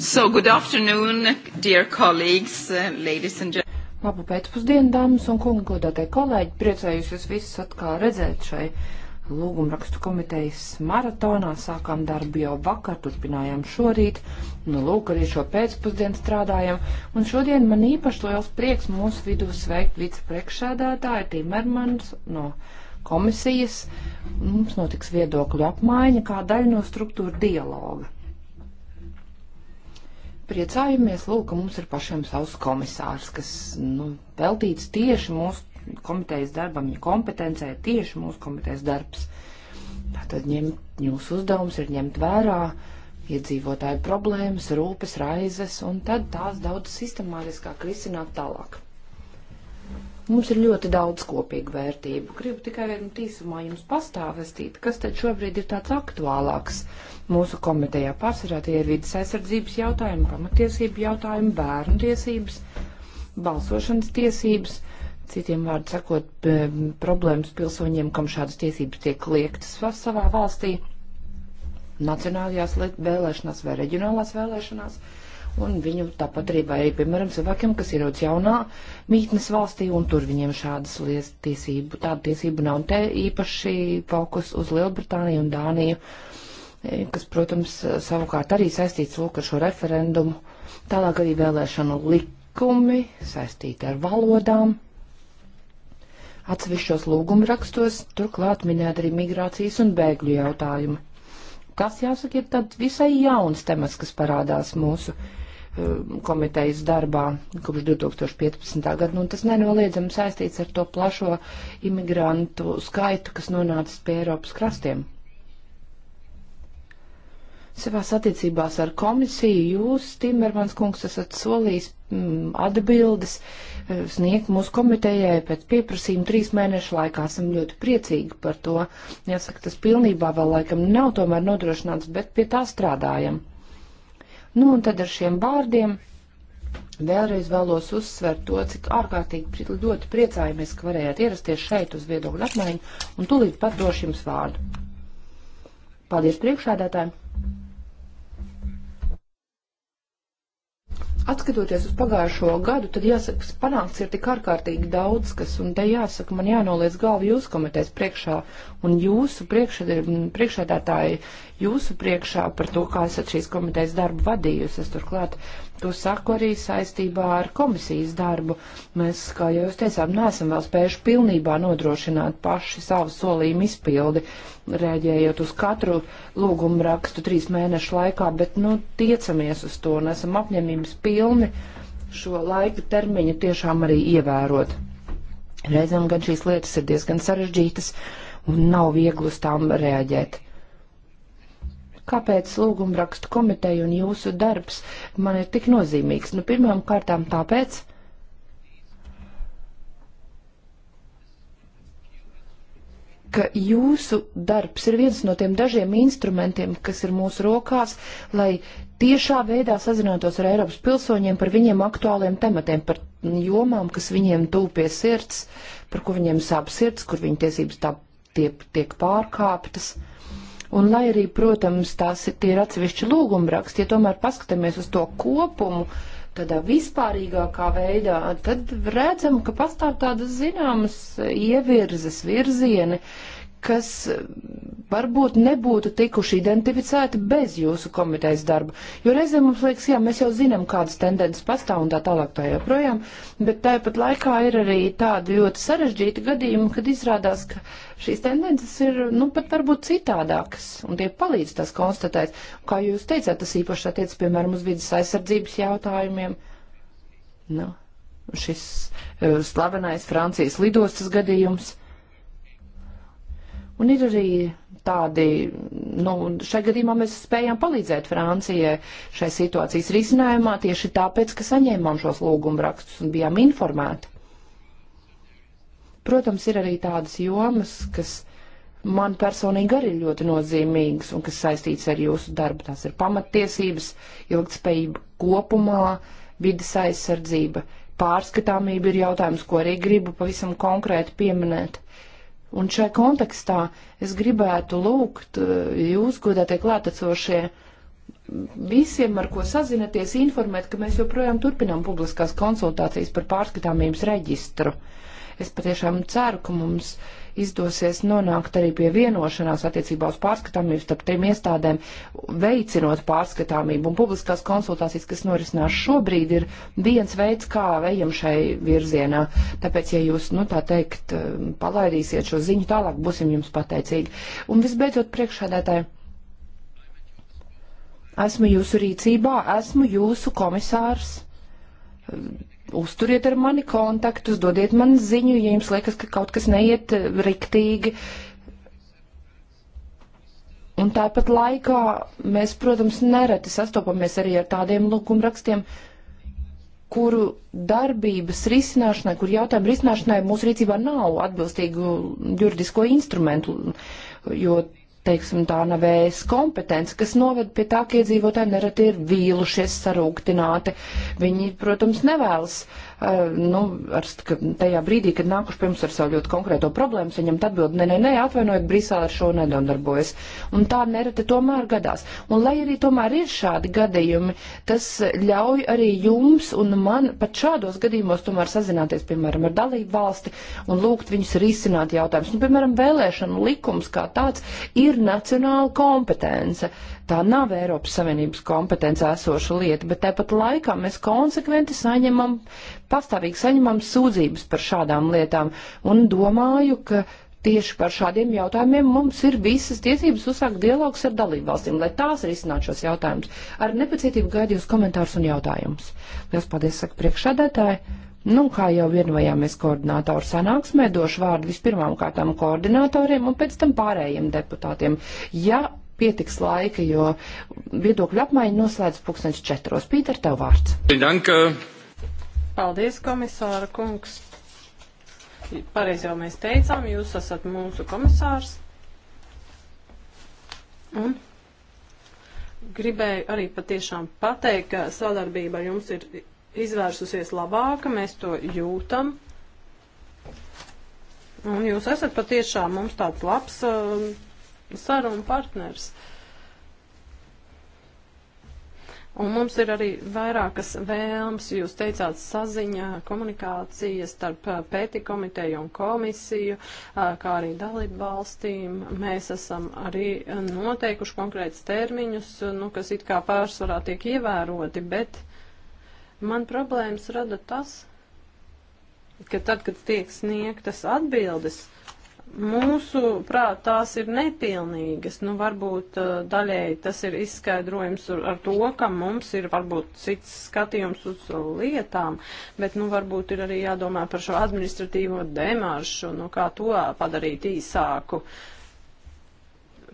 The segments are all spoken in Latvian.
So, good afternoon, dear colleagues, uh, ladies and gentlemen. Labu pēcpusdienu, dāmas un kungi, godātie kolēģi. Priecājos jūs visus atkal redzēt šai lūgumrakstu komitejas maratonā. Sākām darbu jau vakar, turpinājām šorīt. Nu, lūk, arī šo pēcpusdienu strādājam. Un šodien man īpaši liels prieks mūsu vidū sveikt vicepriekšēdētāju Timermans no komisijas. Mums notiks viedokļu apmaiņa kā daļa no struktūra dialoga priecājamies, lūk, ka mums ir pašiem savs komisārs, kas nu, veltīts tieši mūsu komitejas darbam, viņa kompetencē ir tieši mūsu komitejas darbs. Tātad ņemt, jūsu uzdevums ir ņemt vērā iedzīvotāju problēmas, rūpes, raizes un tad tās daudz sistemātiskāk risināt tālāk. Mums ir ļoti daudz kopīgu vērtību. Gribu tikai vienu tīsumā jums pastāvestīt, kas tad šobrīd ir tāds aktuālāks mūsu komitejā. Pārsvarā tie ir vidas aizsardzības jautājumi, pamatiesību jautājumi, bērnu tiesības, balsošanas tiesības citiem vārdu sakot, problēmas pilsoņiem, kam šādas tiesības tiek liektas savā valstī, nacionālajās vēlēšanās vai reģionālās vēlēšanās un viņu tāpat arī vajag, piemēram, cilvēkiem, kas ierodas jaunā mītnes valstī, un tur viņiem šādas lies, tiesību, tāda tiesība nav, un te īpaši fokus uz Lielbritāniju un Dāniju, e, kas, protams, savukārt arī saistīts lūk ar šo referendumu, tālāk arī vēlēšanu likumi saistīti ar valodām. Atsevišķos lūgumrakstos turklāt minēt arī migrācijas un bēgļu jautājumu. Tas, jāsaka, ir tāds visai jauns temats, kas parādās mūsu uh, Um, komitejas darbā kopš 2015. gada, nu, un tas nenoliedzami saistīts ar to plašo imigrantu skaitu, kas nonācis pie Eiropas krastiem. Savās attiecībās ar komisiju jūs, Timermans kungs, esat solījis mm, atbildes eh, sniegt mūsu komitejai pēc pieprasījuma trīs mēnešu laikā. Esam ļoti priecīgi par to. Jāsaka, tas pilnībā vēl laikam nav tomēr nodrošināts, bet pie tā strādājam. Nu, un tad ar šiem vārdiem vēlreiz vēlos uzsvert to, cik ārkārtīgi ļoti priecājamies, ka varējāt ierasties šeit uz viedokļu apmaiņu, un tūlīt pat došu jums vārdu. Paldies priekšādātājiem! Atskatoties uz pagājušo gadu, tad jāsaka, panākts ir tik ārkārtīgi daudz, kas, un te jāsaka, man jānoliec galvu jūsu komitejas priekšā, un jūsu priekšādātāji jūsu priekšā par to, kā esat šīs komitejas darbu vadījusi. Es turklāt To saku arī saistībā ar komisijas darbu. Mēs, kā jau jūs teicām, neesam vēl spējuši pilnībā nodrošināt paši savu solījumu izpildi, rēģējot uz katru lūgumu rakstu trīs mēnešu laikā, bet, nu, tiecamies uz to un esam apņemības pilni šo laika termiņu tiešām arī ievērot. Reizēm gan šīs lietas ir diezgan sarežģītas un nav viegli uz tām reaģēt. Kāpēc lūgumrakstu komiteju un jūsu darbs man ir tik nozīmīgs? Nu, pirmām kārtām tāpēc, ka jūsu darbs ir viens no tiem dažiem instrumentiem, kas ir mūsu rokās, lai tiešā veidā sazinātos ar Eiropas pilsoņiem par viņiem aktuāliem tematiem, par jomām, kas viņiem tūpie sirds, par ko viņiem sāp sirds, kur viņu tiesības tā tiek, tiek pārkāptas. Uh, Un lai arī, protams, tās tie ir atsevišķi lūgumraksti, ja tomēr paskatāmies uz to kopumu, tādā vispārīgākā veidā, tad redzam, ka pastāv tādas zināmas ievirzes virzieni. Uh, kas varbūt nebūtu tikuši identificēti bez jūsu komitejas darba. Jo reizēm mums liekas, jā, mēs jau zinām, kādas tendences pastāv un tā tālāk tā joprojām, bet tāpat laikā ir arī tādi ļoti sarežģīti gadījumi, kad izrādās, ka šīs tendences ir, nu, pat varbūt citādākas, un tie palīdz tas konstatēt. Kā jūs teicāt, tas īpaši attiec, piemēram, uz vidas aizsardzības jautājumiem. Nu, šis uh, slavenais Francijas lidostas gadījums. Uh, Un ir arī tādi, nu, šajā gadījumā mēs spējām palīdzēt Francijai šai situācijas risinājumā tieši tāpēc, ka saņēmām šos lūgumrakstus un bijām informēti. Protams, ir arī tādas jomas, kas man personīgi arī ļoti nozīmīgas un kas saistīts ar jūsu darbu. Tās ir pamattiesības, ilgtspējība kopumā, vidas aizsardzība, pārskatāmība ir jautājums, ko arī gribu pavisam konkrēti pieminēt. Un šai kontekstā es gribētu lūgt eh, jūs, godātie klātecošie, visiem, ar ko sazināties, informēt, ka mēs joprojām turpinām publiskās konsultācijas par pārskatāmības reģistru. Uh, Es patiešām ceru, ka mums izdosies nonākt arī pie vienošanās attiecībā uz pārskatāmību starp tiem iestādēm, veicinot pārskatāmību. Un publiskās konsultācijas, kas norisinās šobrīd, ir viens veids, kā ejam šai virzienā. Tāpēc, ja jūs, nu tā teikt, um, palaidīsiet šo ziņu tālāk, būsim jums pateicīgi. Un visbeidzot, priekšādētāji. Esmu jūsu rīcībā, esmu jūsu komisārs uzturiet ar mani kontaktus, dodiet man ziņu, ja jums liekas, ka kaut kas neiet eh, riktīgi. Un tāpat laikā mēs, protams, nereti sastopamies arī ar tādiem lūgumrakstiem, kuru darbības risināšanai, kur jautājumu risināšanai mūsu rīcībā nav atbilstīgu juridisko instrumentu, jo teiksim, tā nav ēs kompetence, kas noved pie tā, ka iedzīvotāji nereti ir vīlušies, sarūktināti. Viņi, protams, nevēlas uh, Eh, nu, ar, ka tajā brīdī, kad nākuši pie mums ar savu ļoti konkrēto problēmu, saņemt atbildi, nē, nē, nē, atvainojiet, Brisele ar šo nedarbojas. Un tā nereti tomēr gadās. Un lai arī tomēr ir šādi gadījumi, tas ļauj arī jums un man pat šādos gadījumos tomēr sazināties, piemēram, ar dalību valsti un lūgt viņus risināt jautājumus. Nu, piemēram, vēlēšanu likums kā tāds ir nacionāla kompetence tā nav Eiropas Savienības kompetencē esoša lieta, bet tāpat laikā mēs konsekventi saņemam, pastāvīgi saņemam sūdzības par šādām lietām un domāju, ka tieši par šādiem jautājumiem mums ir visas tiesības uzsākt dialogus ar dalībvalstīm, lai tās risinātu šos jautājumus. Ar nepacietību gaidu jūs komentārus un jautājumus. Lielas paldies, saka priekšsēdētāji. Nu, kā jau vienojāmies koordinātoru sanāksmē, došu vārdu vispirmām kārtām koordinātoriem un pēc tam pārējiem deputātiem. Ja pietiks laika, jo viedokļu apmaiņa noslēdz pulkstens četros. Pīter, tev vārds. Danka. Paldies, komisāra kungs. Pareiz jau mēs teicām, jūs esat mūsu komisārs. Un gribēju arī patiešām pateikt, ka sadarbība jums ir izvērsusies labāka, mēs to jūtam. Un jūs esat patiešām mums tāds labs. Uh, sarunu partners. Un mums ir arī vairākas vēlmes, jūs teicāt, saziņa, komunikācija starp pēti komiteju un komisiju, kā arī dalību valstīm. Mēs esam arī noteikuši konkrētus termiņus, nu, kas it kā pārsvarā tiek ievēroti, bet man problēmas rada tas, ka tad, kad tiek sniegtas atbildes, uh, Mūsu prāt tās ir nepilnīgas, nu varbūt uh, daļēji tas ir izskaidrojums ar to, ka mums ir varbūt cits skatījums uz lietām, bet nu varbūt ir arī jādomā par šo administratīvo demaršu, nu kā to padarīt īsāku.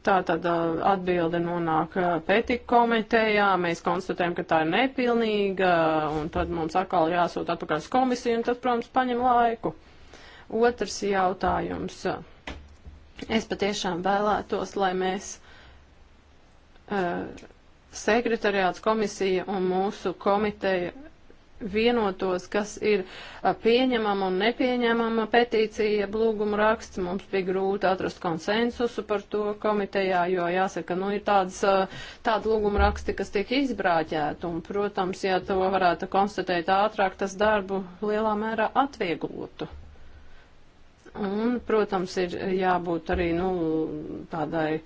Tā tad uh, atbilde nonāk uh, pētika komitejā, mēs konstatējam, ka tā ir nepilnīga, un tad mums atkal jāsūt atpakaļ uz komisiju, un tad, protams, paņem laiku. Otrs jautājums. Es patiešām vēlētos, lai mēs uh, sekretariāts komisija un mūsu komiteja vienotos, kas ir uh, pieņemama un nepieņemama petīcija blūguma raksts. Mums bija grūti atrast konsensusu par to komitejā, jo jāsaka, nu ir tāds, uh, tāda lūguma raksti, kas tiek izbrāķēta. Un, protams, ja to varētu konstatēt ātrāk, tas darbu lielā mērā atvieglotu. Un, protams, ir jābūt arī nu, tādai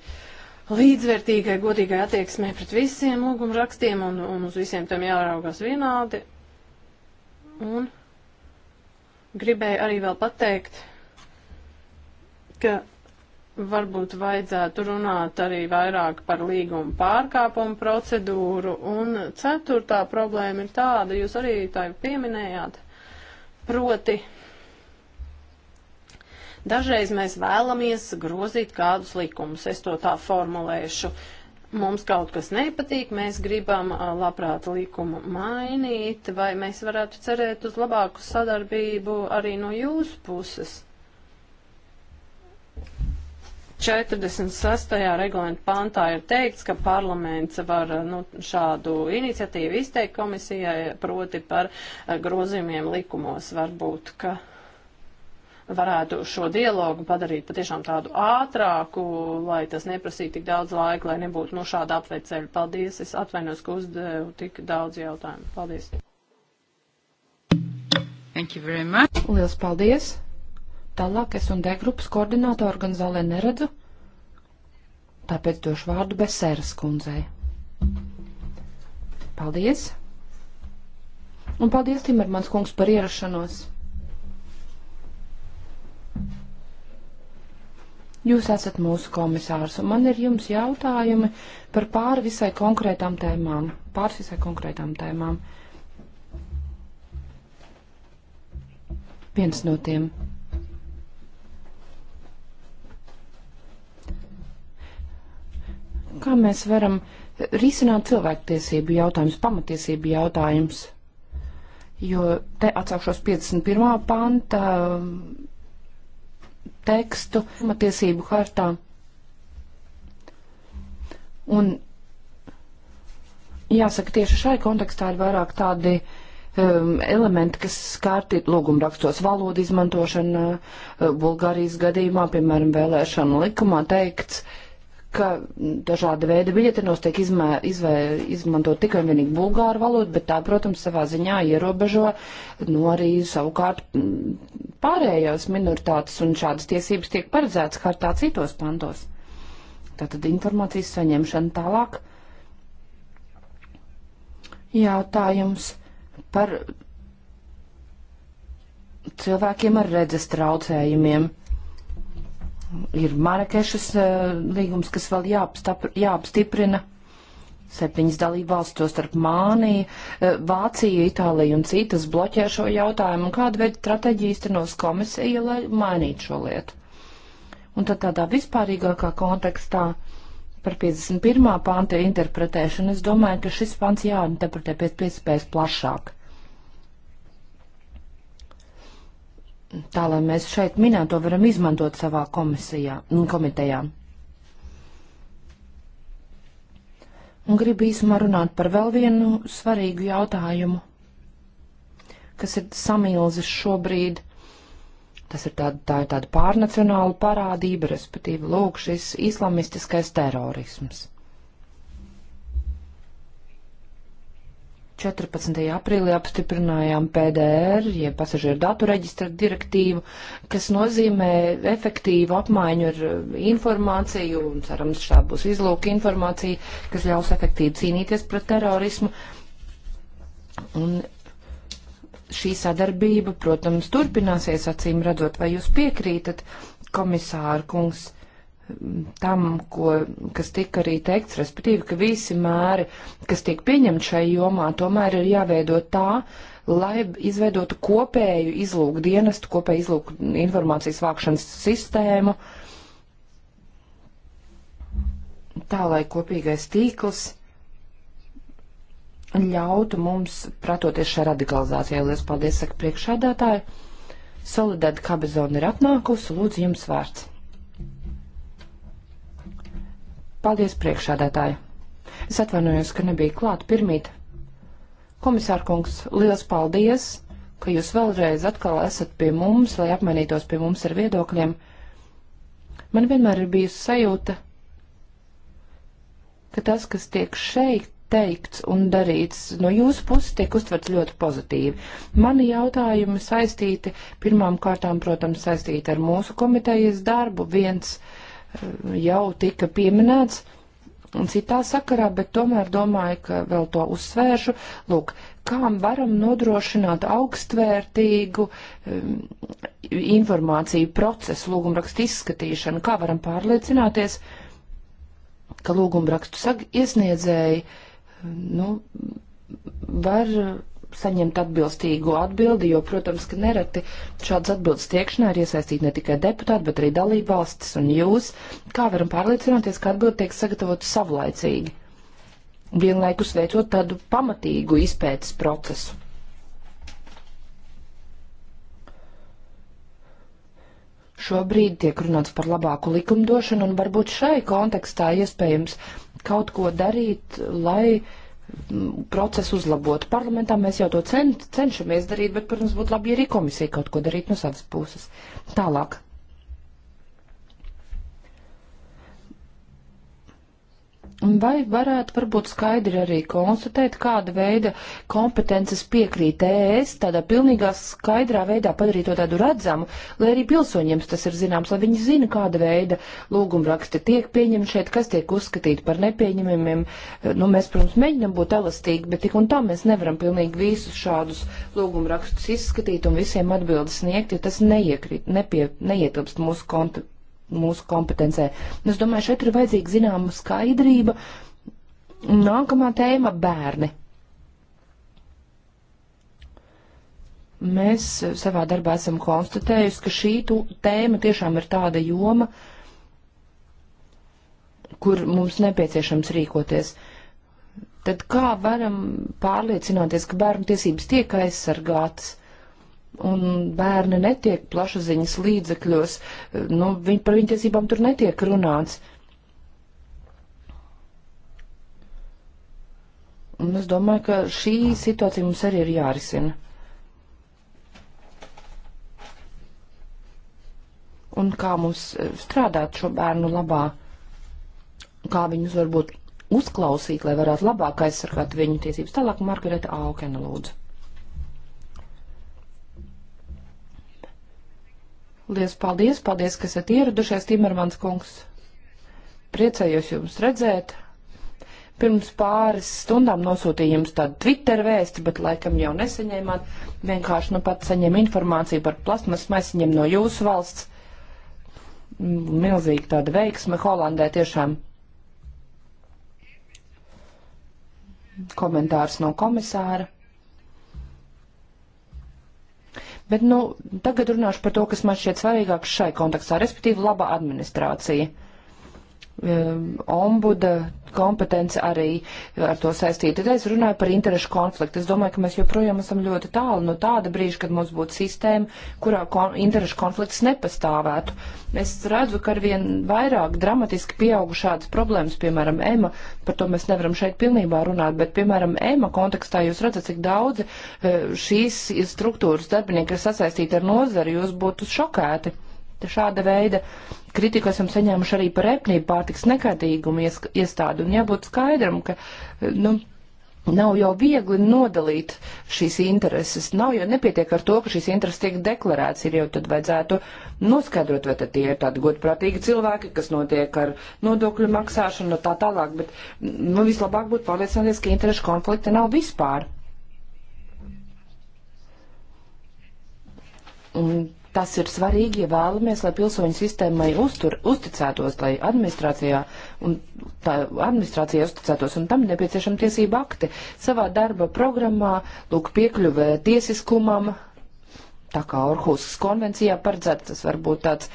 līdzvērtīgai, godīgai attieksmē pret visiem lūgumrakstiem un, un uz visiem tam jāraugās vienādi. Un gribēju arī vēl pateikt, ka varbūt vajadzētu runāt arī vairāk par līguma pārkāpumu procedūru. Un ceturtā problēma ir tāda, jūs arī tā pieminējāt, proti Dažreiz mēs vēlamies grozīt kādus likumus, es to tā formulēšu. Mums kaut kas nepatīk, mēs gribam labprāt likumu mainīt, vai mēs varētu cerēt uz labāku sadarbību arī no jūsu puses. 46. regulēta pantā ir teikts, ka parlaments var nu, šādu iniciatīvu izteikt komisijai, proti par grozījumiem likumos. Varbūt, ka varētu šo dialogu padarīt patiešām tādu ātrāku, lai tas neprasītu tik daudz laika, lai nebūtu no šāda apveceļa. Paldies, es atvainos, ka uzdevu tik daudz jautājumu. Paldies. Thank you very much. Lielas paldies. Tālāk es un D grupas koordinātoru gan zālē neredzu, tāpēc došu vārdu Beseras kundzei. Paldies! Un paldies, Timermans kungs, par ierašanos! Jūs esat mūsu komisārs, un man ir jums jautājumi par pāri visai konkrētām tēmām. Pāris visai konkrētām tēmām. Viens no tiem. Kā mēs varam risināt cilvēktiesību jautājumus, pamatiesību jautājumus? Jo te atsākšos 51. panta tekstu matiesību hartā. Un jāsaka, tieši šai kontekstā ir vairāk tādi um, elementi, kas skārti lūgumrakstos valodu izmantošana, uh, Bulgārijas gadījumā, piemēram, vēlēšana likumā teikts, uh, ka dažāda veida biļetenos tiek izmē, izvē, izmantot tikai un vienīgi bulgāru valodu, bet tā, protams, savā ziņā ierobežo nu, arī savukārt mm, pārējās minoritātes, un šādas tiesības tiek paredzētas hartā citos pantos. Tātad informācijas saņemšana tālāk. Jautājums par cilvēkiem ar redzes traucējumiem ir Marakešas eh, līgums, kas vēl jāapstiprina. Septiņas dalībvalsts, to starp Māniju, eh, Vācija, Itālija un citas bloķē šo jautājumu. Un kādu veidu strateģiju īstenos komisija, lai mainītu šo lietu? Un tad tādā vispārīgākā kontekstā par 51. pānta interpretēšanu, es domāju, ka šis pāns jāinterpretē pēc iespējas plašāk tā lai mēs šeit minēto varam izmantot savā komisijā, mm, komitejā. Un gribu īsumā runāt par vēl vienu svarīgu jautājumu, kas ir samilzis šobrīd. Tas ir tāda, tā ir tāda pārnacionāla parādība, respektīvi lūk šis islamistiskais terorisms. 14. aprīlī apstiprinājām PDR, jeb ja pasažieru datu reģistra direktīvu, kas nozīmē efektīvu apmaiņu ar uh, informāciju, un cerams, šā būs izlūka informācija, kas ļaus efektīvi cīnīties pret terorismu. Un šī sadarbība, protams, turpināsies, acīm redzot, vai jūs piekrītat, komisāra kungs tam, ko, kas tika arī teikts, respektīvi, ka visi mēri, kas tiek pieņemti šai jomā, tomēr ir jāveido tā, lai izveidotu kopēju izlūku dienestu, kopēju izlūku informācijas vākšanas sistēmu, tā lai kopīgais tīkls ļautu mums pratoties šai radikalizācijai. Lielas paldies, saka priekšādātāji. Solidēta Kabezona ir atnākusi, lūdzu jums vārds. Paldies, priekšādētāji. Es atvainojos, ka nebija klāt pirmīt. Komisārkungs, liels paldies, ka jūs vēlreiz atkal esat pie mums, lai apmainītos pie mums ar viedokļiem. Man vienmēr ir bijusi sajūta, ka tas, kas tiek šeit teikts un darīts no jūsu puses, tiek uztverts ļoti pozitīvi. Mani jautājumi saistīti pirmām kārtām, protams, saistīti ar mūsu komitejas darbu. Viens uh, jau tika pieminēts un citā sakarā, bet tomēr domāju, ka vēl to uzsvēršu. Lūk, kā varam nodrošināt augstvērtīgu um, informāciju procesu, lūgumrakstu izskatīšanu, kā varam pārliecināties, ka lūgumrakstu iesniedzēji, um, nu, var saņemt atbilstīgo atbildi, jo, protams, ka nereti šādas atbildes tiekšanā ir iesaistīti ne tikai deputāti, bet arī dalībvalstis un jūs. Kā varam pārliecināties, ka atbildi tiek sagatavot savlaicīgi, vienlaikus veicot tādu pamatīgu izpētes procesu? Šobrīd tiek runāts par labāku likumdošanu, un varbūt šai kontekstā iespējams kaut ko darīt, lai uh, procesu uzlabotu. Parlamentā mēs jau to cen, cenšamies darīt, bet, protams, būtu labi, ja arī komisija kaut ko darītu no savas puses. Tālāk Vai varētu varbūt skaidri arī konstatēt, kāda veida kompetences piekrīt ES, tādā pilnīgā skaidrā veidā padarīt to tādu redzamu, lai arī pilsoņiem tas ir zināms, lai viņi zina, kāda veida lūgumraksti tiek pieņemti šeit, kas tiek uzskatīti par nepieņemamiem. Nu, mēs, protams, mēģinam būt elastīgi, bet tik un tā mēs nevaram pilnīgi visus šādus lūgumrakstus izskatīt un visiem atbildes sniegt, jo tas neiekrīt, nepie, neietilpst mūsu kontaktu mūsu kompetencē. Es domāju, šeit ir vajadzīga zināma skaidrība. Nākamā tēma - bērni. Mēs savā darbā esam konstatējusi, ka šī tēma tiešām ir tāda joma, kur mums nepieciešams rīkoties. Tad kā varam pārliecināties, ka bērnu tiesības tiek aizsargātas? un bērni netiek plašaziņas līdzekļos, nu, viņ, par viņu tiesībām tur netiek runāts. Un es domāju, ka šī situācija mums arī ir jārisina. Un kā mums eh, strādāt šo bērnu labā, kā viņus varbūt uzklausīt, lai varētu labāk aizsargāt viņu tiesības. Tālāk Margareta Aukena lūdzu. Lies paldies, paldies, ka esat ieradušies, Timermans kungs. Priecējos jums redzēt. Pirms pāris stundām nosūtīju jums tādu Twitter vēstu, bet laikam jau nesaņēmāt. Vienkārši nu pat saņem informāciju par plasmas maisiņiem no jūsu valsts. Milzīgi tāda veiksme Holandē tiešām. Komentārs no komisāra. Bet, nu, tagad runāšu par to, kas man šķiet svarīgāks šai kontekstā, respektīvi laba administrācija. Ehm, ombuda kompetence arī ar to saistīta. Tad es runāju par interešu konfliktu. Es domāju, ka mēs joprojām esam ļoti tālu no tāda brīža, kad mums būtu sistēma, kurā kon interešu konflikts nepastāvētu. Es redzu, ka arvien vairāk dramatiski pieaugu šādas problēmas, piemēram, EMA, par to mēs nevaram šeit pilnībā runāt, bet, piemēram, EMA kontekstā jūs redzat, cik daudzi eh, šīs struktūras darbinieki ir sasaistīti ar nozari, jūs būtu šokēti šāda veida kritiku esam saņēmuši arī par repnību pārtiks nekaitīgumu iestādi. Un jābūt skaidram, ka, nu, Nav jau viegli nodalīt šīs intereses. Nav jau nepietiek ar to, ka šīs intereses tiek deklarēts. Ir jau tad vajadzētu noskaidrot, vai tie ir tādi godprātīgi cilvēki, kas notiek ar nodokļu maksāšanu un tā tālāk. Bet nu, vislabāk būtu pārliecināties, ka interešu konflikta nav vispār. Un Tas ir svarīgi, ja vēlamies, lai pilsoņu sistēmai uztur, uzticētos, lai administrācijā, un, tā, administrācijā uzticētos, un tam nepieciešama tiesība akti savā darba programmā, lūk, piekļuvē tiesiskumam, tā kā Orhusas konvencijā paredzēts, tas varbūt tāds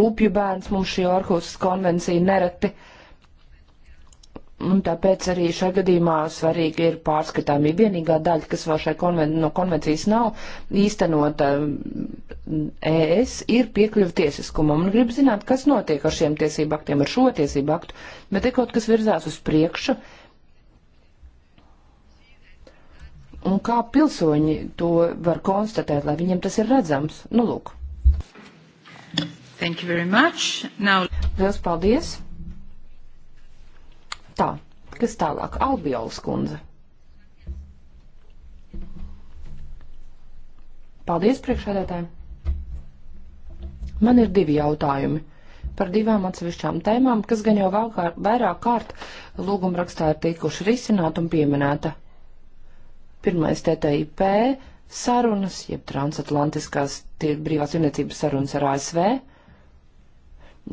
rūpju bērns mums šī Orhusas konvencija nereti. Uh, Un tāpēc arī šajā gadījumā svarīgi ir pārskatāmība. Vienīgā daļa, kas vēl šai konven no konvencijas nav īstenota mm, ES, ir piekļuva tiesiskumam. Un grib zināt, kas notiek ar šiem tiesību aktiem, ar šo tiesību aktu. Bet ir kaut kas virzās uz priekšu. Un kā pilsoņi to var konstatēt, lai viņiem tas ir redzams? Nu, lūk. Thank you very much. Now... Liels paldies tā, kas tālāk? Albiols kundze. Paldies priekšādētājiem. Man ir divi jautājumi par divām atsevišķām tēmām, kas gan jau vēlkār, vairāk kārt lūgumrakstā ir tikuši risināt un pieminēta. Pirmais TTIP sarunas, jeb transatlantiskās brīvās vienniecības sarunas ar ASV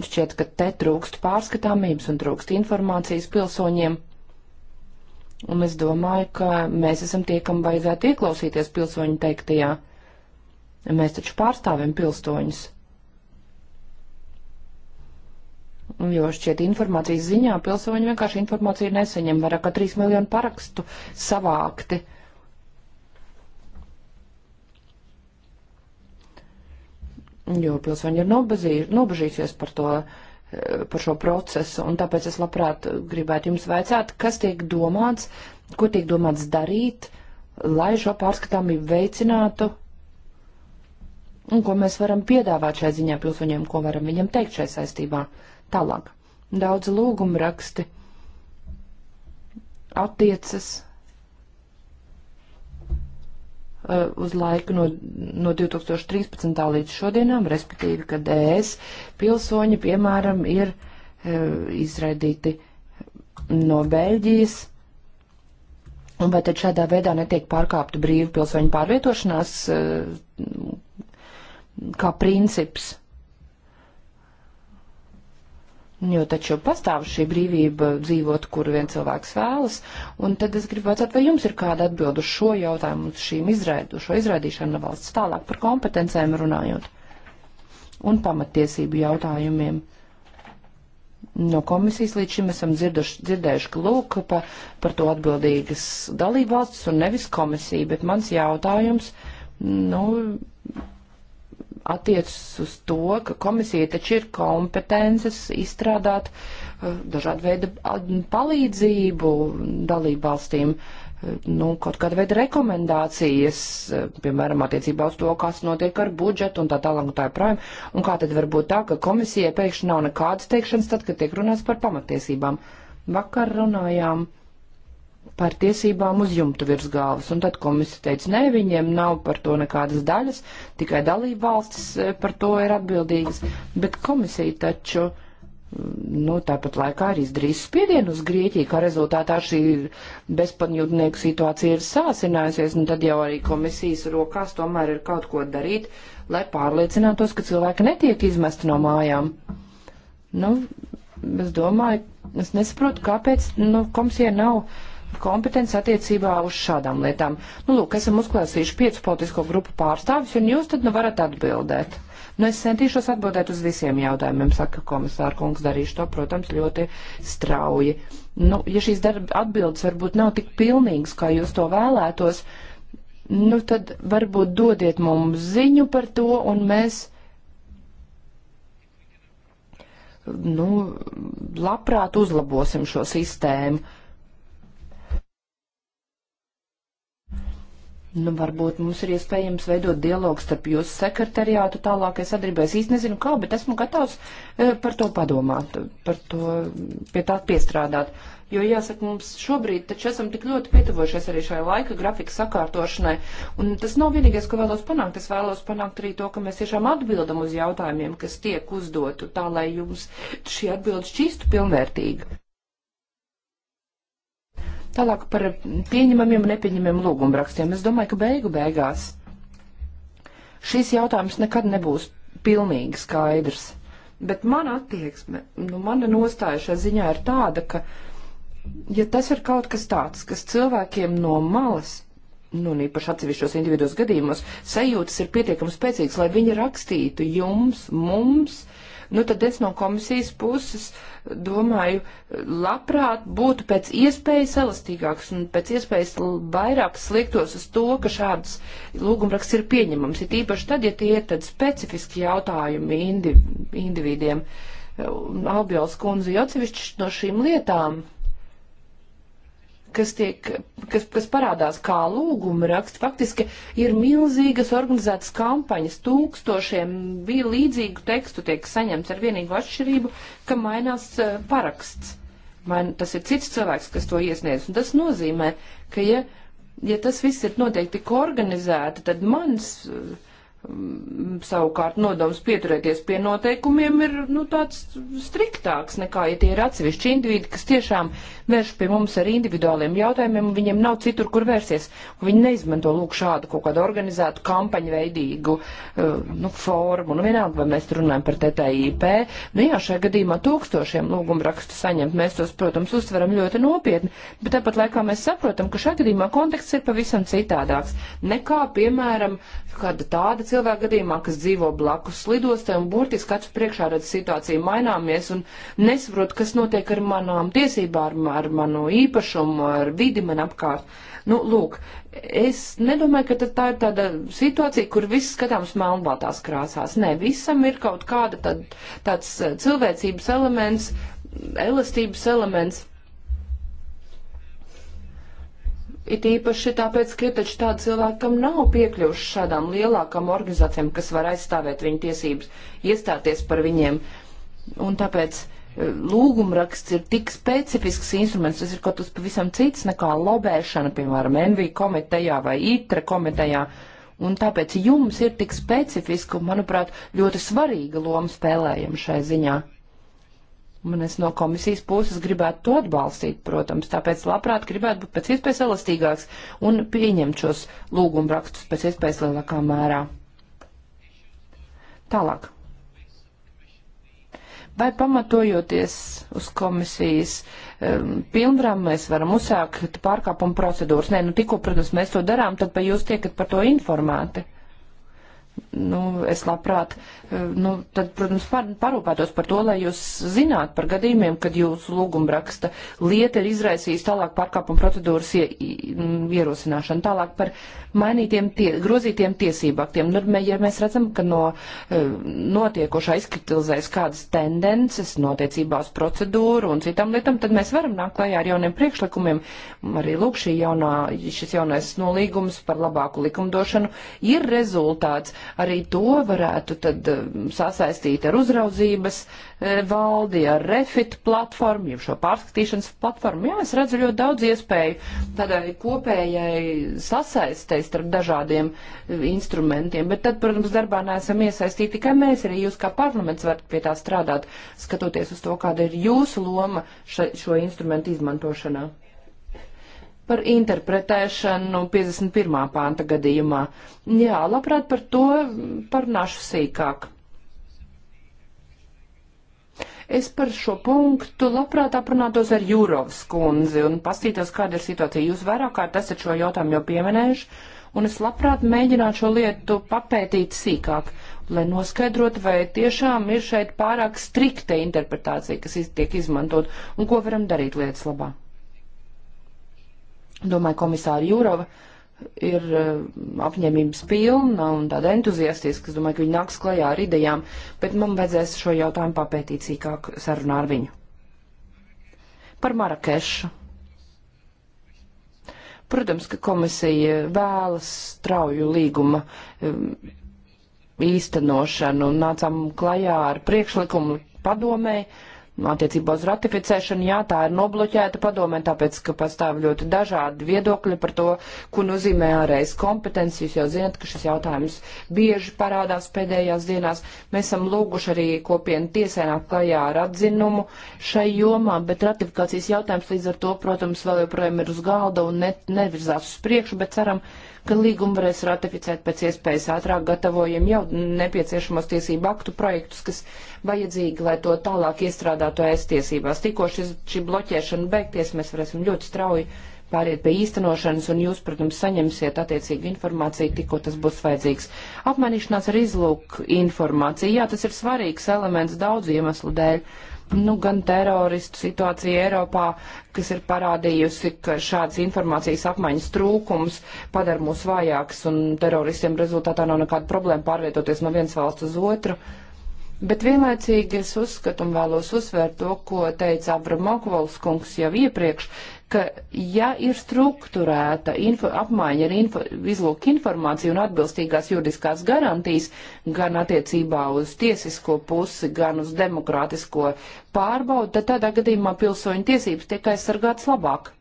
Šķiet, ka te trūkst pārskatāmības un trūkst informācijas pilsoņiem. Un es domāju, ka mēs esam tie, kam vajadzētu ieklausīties pilsoņu teiktajā. Mēs taču pārstāvim pilsoņus. Jo šķiet informācijas ziņā pilsoņi vienkārši informāciju neseņem. Vairāk kā 3 miljonu parakstu savākti. Uh, jo pilsoņi ir nobežī, nobežījušies par to, eh, par šo procesu, un tāpēc es labprāt gribētu jums vaicāt, kas tiek domāts, ko tiek domāts darīt, lai šo pārskatāmību veicinātu, un ko mēs varam piedāvāt šai ziņā pilsoņiem, ko varam viņam teikt šai saistībā. Tālāk. Daudz lūgumu raksti attiecas Uh, uz laiku no, no 2013. līdz šodienām, respektīvi, kad ES pilsoņi, piemēram, ir uh, izraidīti no Beļģijas. Un vai tad šādā veidā netiek pārkāpta brīva pilsoņu pārvietošanās uh, kā princips? Jo taču pastāv šī brīvība dzīvot, kur vien cilvēks vēlas, un tad es gribu vaicāt, vai jums ir kāda atbild uz šo jautājumu, uz šīm izraidu, šo izraidīšanu no valsts tālāk par kompetencēm runājot un pamatiesību jautājumiem. No komisijas līdz šim esam dzirduši, dzirdējuši, ka lūk, pa, par to atbildīgas dalībvalstis un nevis komisija, bet mans jautājums, nu, attiecas uz to, ka komisija taču ir kompetences izstrādāt eh, dažādu veidu palīdzību dalību valstīm, eh, nu, kaut kāda veida rekomendācijas, eh, piemēram, attiecībā uz to, kas notiek ar budžetu un tā tālāk un tā joprojām, un kā tad var būt tā, ka komisijai pēkšņi nav nekādas teikšanas tad, kad tiek runāts par pamatiesībām. Vakar runājām par tiesībām uz jumtu virs galvas. Un tad komisija teica, nē, viņiem nav par to nekādas daļas, tikai dalība valstis e, par to ir atbildīgas. Bet komisija taču, mm, nu, tāpat laikā arī izdarīs spiedienu uz Grieķiju, kā rezultātā šī bezpanjūtnieku situācija ir sāsinājusies, un tad jau arī komisijas rokās tomēr ir kaut ko darīt, lai pārliecinātos, ka cilvēki netiek izmesti no mājām. Nu, es domāju, es nesaprotu, kāpēc, nu, komisija nav kompetence attiecībā uz šādām lietām. Nu, lūk, esam uzklāsījuši piecu politisko grupu pārstāvis, un jūs tad nu varat atbildēt. Nu, es centīšos atbildēt uz visiem jautājumiem, saka komisāra kungs, darīšu to, protams, ļoti strauji. Nu, ja šīs darba atbildes varbūt nav tik pilnīgas, kā jūs to vēlētos, nu, tad varbūt dodiet mums ziņu par to, un mēs nu, labprāt uzlabosim šo sistēmu. Nu, varbūt mums ir iespējams veidot dialogu starp jūsu sekretariātu tālākai sadarbībai. Es īsti nezinu kā, bet esmu gatavs e, par to padomāt, par to pie tā piestrādāt. Jo, jāsaka, mums šobrīd taču esam tik ļoti pietuvojušies arī šai laika grafika sakārtošanai. Un tas nav vienīgais, ko vēlos panākt. Es vēlos panākt arī to, ka mēs tiešām atbildam uz jautājumiem, kas tiek uzdotu, tā lai jums šī atbilde šķīstu pilnvērtīga. Tālāk par pieņemamiem un nepieņemamiem lūgumrakstiem. Es domāju, ka beigu beigās šīs jautājums nekad nebūs pilnīgi skaidrs. Bet mana attieksme, nu, mana nostāja šajā ziņā ir tāda, ka, ja tas ir kaut kas tāds, kas cilvēkiem no malas nu, un īpaši atsevišķos individuos gadījumos, sajūtas ir pietiekami spēcīgas, lai viņi rakstītu jums, mums, nu tad es no komisijas puses domāju, labprāt būtu pēc iespējas elastīgāks un pēc iespējas vairāk sliektos uz to, ka šāds lūgumraksts ir pieņemams. Ir īpaši tad, ja tie ir tad specifiski jautājumi indiv individiem. Albjāls kundze, jo atsevišķi no šīm lietām kas, tiek, kas, kas parādās kā lūguma raksts, faktiski ir milzīgas organizētas kampaņas, tūkstošiem bija līdzīgu tekstu tiek saņemts ar vienīgu atšķirību, ka mainās e, paraksts. Main, tas ir cits cilvēks, kas to iesniedz, un tas nozīmē, ka ja, ja tas viss ir noteikti organizēti, tad mans uh, Mm, savukārt nodoms pieturēties pie noteikumiem ir nu, tāds striktāks nekā, ja tie ir atsevišķi individi, kas tiešām vērš pie mums ar individuāliem jautājumiem, un viņiem nav citur, kur vērsties. Viņi neizmanto lūk šādu kaut kādu organizētu kampaņu veidīgu eh, nu, formu. Nu, vienalga, vai mēs runājam par TTIP, nu jā, šajā gadījumā tūkstošiem lūgumu rakstu saņemt. Mēs tos, protams, uztveram ļoti nopietni, bet tāpat laikā mēs saprotam, ka šajā gadījumā konteksts ir pavisam citādāks nekā, piemēram, kāda tāda cilvēku gadījumā, kas dzīvo blakus lidostē un burtiski acu priekšā redz situāciju maināmies un nesaprot, kas notiek ar manām tiesībām, ar, ar manu īpašumu, ar vidi man apkārt. Nu, lūk, es nedomāju, ka tā ir tāda situācija, kur viss skatāms melnbaltās krāsās. Nē, visam ir kaut kāda tad, tāds eh, cilvēcības elements, elastības elements. It īpaši tāpēc, ka ir taču tādi cilvēki, kam nav piekļuvuši šādām lielākām organizācijām, kas var aizstāvēt viņu tiesības, iestāties par viņiem. Un tāpēc e, lūgumraksts ir tik specifisks instruments, tas ir kaut kas pavisam cits nekā lobēšana, piemēram, NV komitejā vai ITRA e komitejā. Un tāpēc jums ir tik specifiska un, manuprāt, ļoti svarīga loma spēlējama šai ziņā. Un es no komisijas puses gribētu to atbalstīt, protams, tāpēc labprāt gribētu būt pēc iespējas elastīgāks un pieņemt šos lūgumu rakstus pēc iespējas lielākā mērā. Tālāk. Vai pamatojoties uz komisijas um, pilnvarām, mēs varam uzsākt pārkāpumu procedūras? Nē, nu tikko, protams, mēs to darām, tad vai jūs tiekat par to informēti? Uh, nu, es labprāt, eh, nu, tad, protams, par, parūpētos par to, lai jūs zinātu par gadījumiem, kad jūsu lūgumraksta lieta ir izraisījusi tālāk pārkāpuma procedūras ie, ierosināšanu, tālāk par mainītiem, tie, grozītiem tiesību aktiem. Nu, mē, ja mēs redzam, ka no eh, notiekošā izkristalizējas kādas tendences notiecībā uz procedūru un citām lietām, tad mēs varam nākt klajā ar jauniem priekšlikumiem. Arī lūk, šī jaunā, šis jaunais nolīgums par labāku likumdošanu ir rezultāts arī to varētu tad eh, sasaistīt ar uzraudzības eh, valdi, ar refit platformu, jau šo pārskatīšanas platformu. Jā, es redzu ļoti daudz iespēju tādai kopējai sasaistei starp dažādiem eh, instrumentiem, bet tad, protams, darbā neesam iesaistīti tikai mēs, arī jūs kā parlaments varat pie tā strādāt, skatoties uz to, kāda ir jūsu loma šo instrumentu izmantošanā par interpretēšanu 51. panta gadījumā. Jā, labprāt par to parunāšu sīkāk. Es par šo punktu labprāt aprunātos ar Jūrovas kundzi un pastītos, kāda ir situācija. Jūs vairāk kārt esat šo jautājumu jau pieminējuši, un es labprāt mēģinātu šo lietu papētīt sīkāk, lai noskaidrotu, vai tiešām ir šeit pārāk strikta interpretācija, kas tiek izmantot, un ko varam darīt lietas labāk. Domāju, komisāra Jurova ir eh, apņēmības pilna un tāda entuziastiska. Es domāju, ka viņi nāks klajā ar idejām, bet man vajadzēs šo jautājumu papētīt sīkāk sarunā ar viņu. Par Marakešu. Protams, ka komisija vēlas strauju līguma eh, īstenošanu un nācām klajā ar priekšlikumu padomēji attiecībā uz ratificēšanu, jā, tā ir nobloķēta padomē, tāpēc, ka pastāv ļoti dažādi viedokļi par to, ko nozīmē ārējas kompetences. Jūs jau zināt, ka šis jautājums bieži parādās pēdējās dienās. Mēs esam lūguši arī kopienu tiesē nāk klajā ar atzinumu šai jomā, bet ratifikācijas jautājums līdz ar to, protams, vēl joprojām ir uz galda un ne, nevirzās uz priekšu, bet ceram, ka ka līgumu varēs ratificēt pēc iespējas ātrāk, gatavojam jau nepieciešamos tiesību aktu projektus, kas vajadzīgi, lai to tālāk iestrādātu ēst tiesībās. Tikko šis, šī bloķēšana beigties, mēs varēsim ļoti strauji pāriet pie īstenošanas, un jūs, protams, saņemsiet attiecīgu informāciju, tikko tas būs vajadzīgs. Apmainīšanās ar izlūk informāciju, jā, tas ir svarīgs elements daudzu iemeslu dēļ nu, gan teroristu situācija Eiropā, kas ir parādījusi, ka šāds informācijas apmaiņas trūkums padara mūs vājāks un teroristiem rezultātā nav nekāda problēma pārvietoties no vienas valsts uz otru. Uh, Bet vienlaicīgi es uzskatu un vēlos uzsvērt to, ko teica Avramokovs kungs jau iepriekš, ka ja ir struktūrēta info, apmaiņa ar info, izlūk informāciju un atbilstīgās juridiskās garantijas gan attiecībā uz tiesisko pusi, gan uz demokrātisko pārbaudu, tad tādā gadījumā pilsoņu tiesības tiek aizsargāts labāk.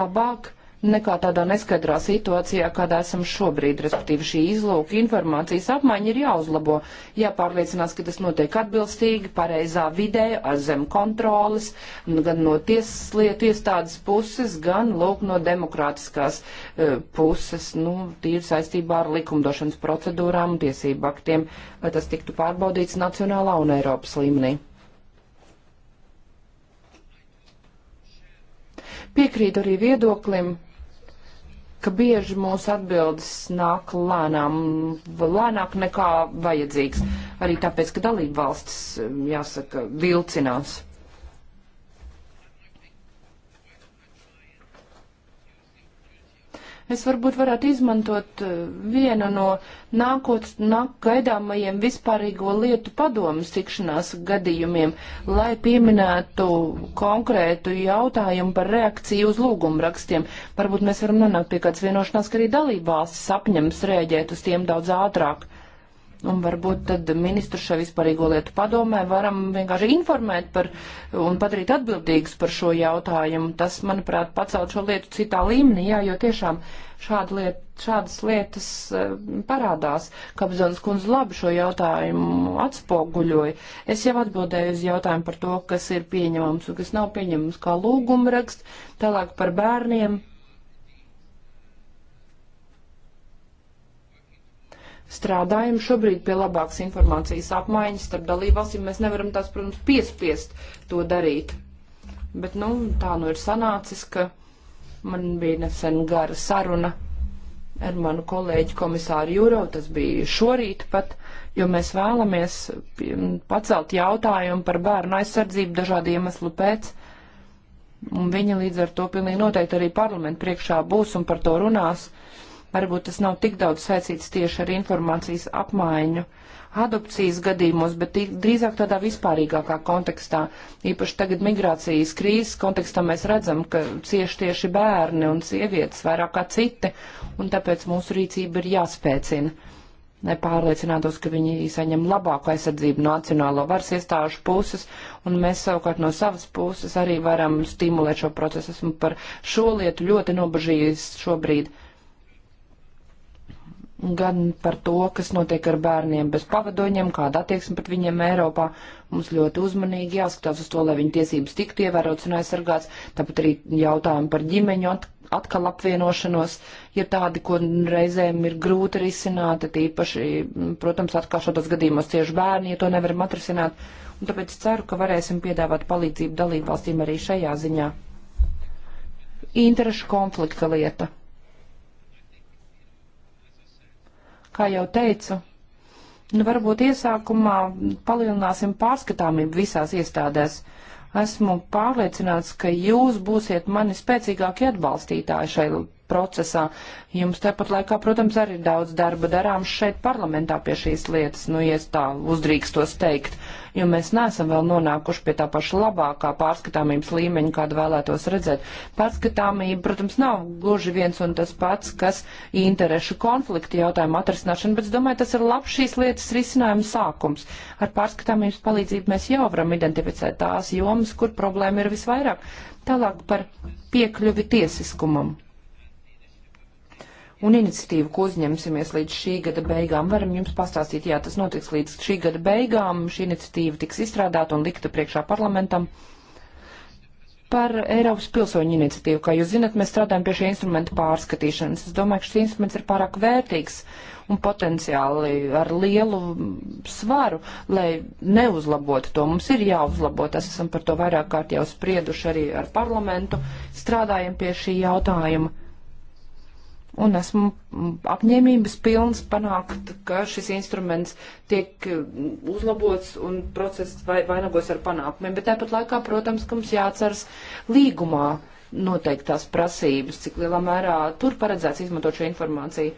Labāk nekā tādā neskaidrā situācijā, kādā esam šobrīd, respektīvi šī izlūka informācijas apmaiņa ir jāuzlabo, jāpārliecinās, ka tas notiek atbilstīgi, pareizā vidē, ar zem kontrolas, nu, gan no tiesas lietu iestādes puses, gan lūk no demokrātiskās uh, puses, nu, tīri saistībā ar likumdošanas procedūrām un tiesību aktiem, lai tas tiktu pārbaudīts nacionālā un Eiropas līmenī. Piekrītu arī viedoklim, ka bieži mūsu atbildes nāk lēnām, lēnāk nekā vajadzīgs. Arī tāpēc, ka dalība valstis, jāsaka, vilcinās. Es varbūt varētu izmantot eh, vienu no nākotnes nāk gaidāmajiem vispārīgo lietu padomu tikšanās gadījumiem, lai pieminētu konkrētu jautājumu par reakciju uz lūgumrakstiem. Varbūt mēs varam nonākt pie kādas vienošanās, ka arī dalībvalstis apņems rēģēt uz tiem daudz ātrāk. Un varbūt tad ministru šai vispārīgo lietu padomē varam vienkārši informēt par un padarīt atbildīgus par šo jautājumu. Tas, manuprāt, pacelt šo lietu citā līmenī, jā, jo tiešām šāda liet, šādas lietas e, parādās. Kapzonas kundze labi šo jautājumu atspoguļoja. Es jau atbildēju uz jautājumu par to, kas ir pieņemams un kas nav pieņemams kā lūgumraksts, tālāk par bērniem strādājam šobrīd pie labākas informācijas apmaiņas starp dalībvalstīm. Mēs nevaram tās, protams, piespiest to darīt. Bet, nu, tā nu ir sanācis, ka man bija nesen gara saruna ar manu kolēģi komisāru Jūro, tas bija šorīt pat, jo mēs vēlamies pacelt jautājumu par bērnu aizsardzību dažādu iemeslu pēc. Un viņa līdz ar to pilnīgi noteikti arī parlamentu priekšā būs un par to runās. Uh, Varbūt tas nav tik daudz saistīts tieši ar informācijas apmaiņu adopcijas gadījumos, bet drīzāk tādā vispārīgākā kontekstā. Īpaši tagad migrācijas krīzes kontekstā mēs redzam, ka cieši tieši bērni un sievietes vairāk kā citi, un tāpēc mūsu rīcība ir jāspēcina. Nepārliecinātos, ka viņi saņem labāku aizsardzību no nacionālo varas iestāžu puses, un mēs savukārt no savas puses arī varam stimulēt šo procesu. Esmu par šo lietu ļoti nobažījis šobrīd gan par to, kas notiek ar bērniem bez pavadoņiem, kāda attieksme pret viņiem Eiropā. Mums ļoti uzmanīgi jāskatās uz to, lai viņu tiesības tiktu ievērotas un aizsargāts. Tāpat arī jautājumi par ģimeņu at atkal apvienošanos ir tādi, ko reizēm ir grūti risināt, tīpaši, protams, atkal šādos gadījumos cieši bērni, ja to nevaram atrisināt. Un tāpēc ceru, ka varēsim piedāvāt palīdzību dalībvalstīm arī šajā ziņā. Interešu konflikta lieta Kā jau teicu, nu varbūt iesākumā palielināsim pārskatāmību visās iestādēs. Esmu pārliecināts, ka jūs būsiet mani spēcīgākie atbalstītāji šai procesā. Jums tepat laikā, protams, arī daudz darba darāms šeit parlamentā pie šīs lietas, nu, ja es tā uzdrīkstos teikt. Uh, jo mēs neesam vēl nonākuši pie tā paša labākā pārskatāmības līmeņa, kādu vēlētos redzēt. Pārskatāmība, protams, nav gluži viens un tas pats, kas interešu konflikta jautājumu atrisināšana, bet es domāju, tas ir labs šīs lietas risinājuma sākums. Ar pārskatāmības palīdzību mēs jau varam identificēt tās jomas, kur problēma ir visvairāk. Tālāk par piekļuvi tiesiskumam un iniciatīvu, ko uzņemsimies līdz šī gada beigām. Varam jums pastāstīt, jā, tas notiks līdz šī gada beigām. Šī iniciatīva tiks izstrādāta un likta priekšā parlamentam. Par Eiropas pilsoņu iniciatīvu, kā jūs zinat, mēs strādājam pie šī instrumenta pārskatīšanas. Es domāju, ka šis instruments ir pārāk vērtīgs un potenciāli ar lielu svaru, lai neuzlabotu to. Mums ir jāuzlabo, tas esam par to vairāk kārt jau sprieduši arī ar parlamentu, strādājam pie šī jautājuma Un esmu apņēmības pilns panākt, ka šis instruments tiek mm, uzlabots un process vai, vainagos ar panākumiem. Bet tāpat laikā, protams, ka mums jāatceras līgumā noteiktās prasības, cik lielā mērā tur paredzēts izmantot šo informāciju.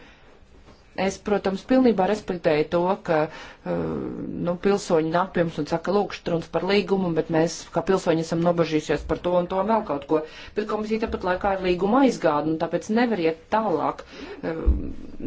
Es, protams, pilnībā respektēju to, ka eh, nu, pilsoņi nāk pie mums un saka, lūk, štruns par līgumu, bet mēs, kā pilsoņi, esam nobažījušies par to un to un vēl kaut ko. Bet komisija tāpat laikā ir līguma aizgāda, un tāpēc nevar iet tālāk eh,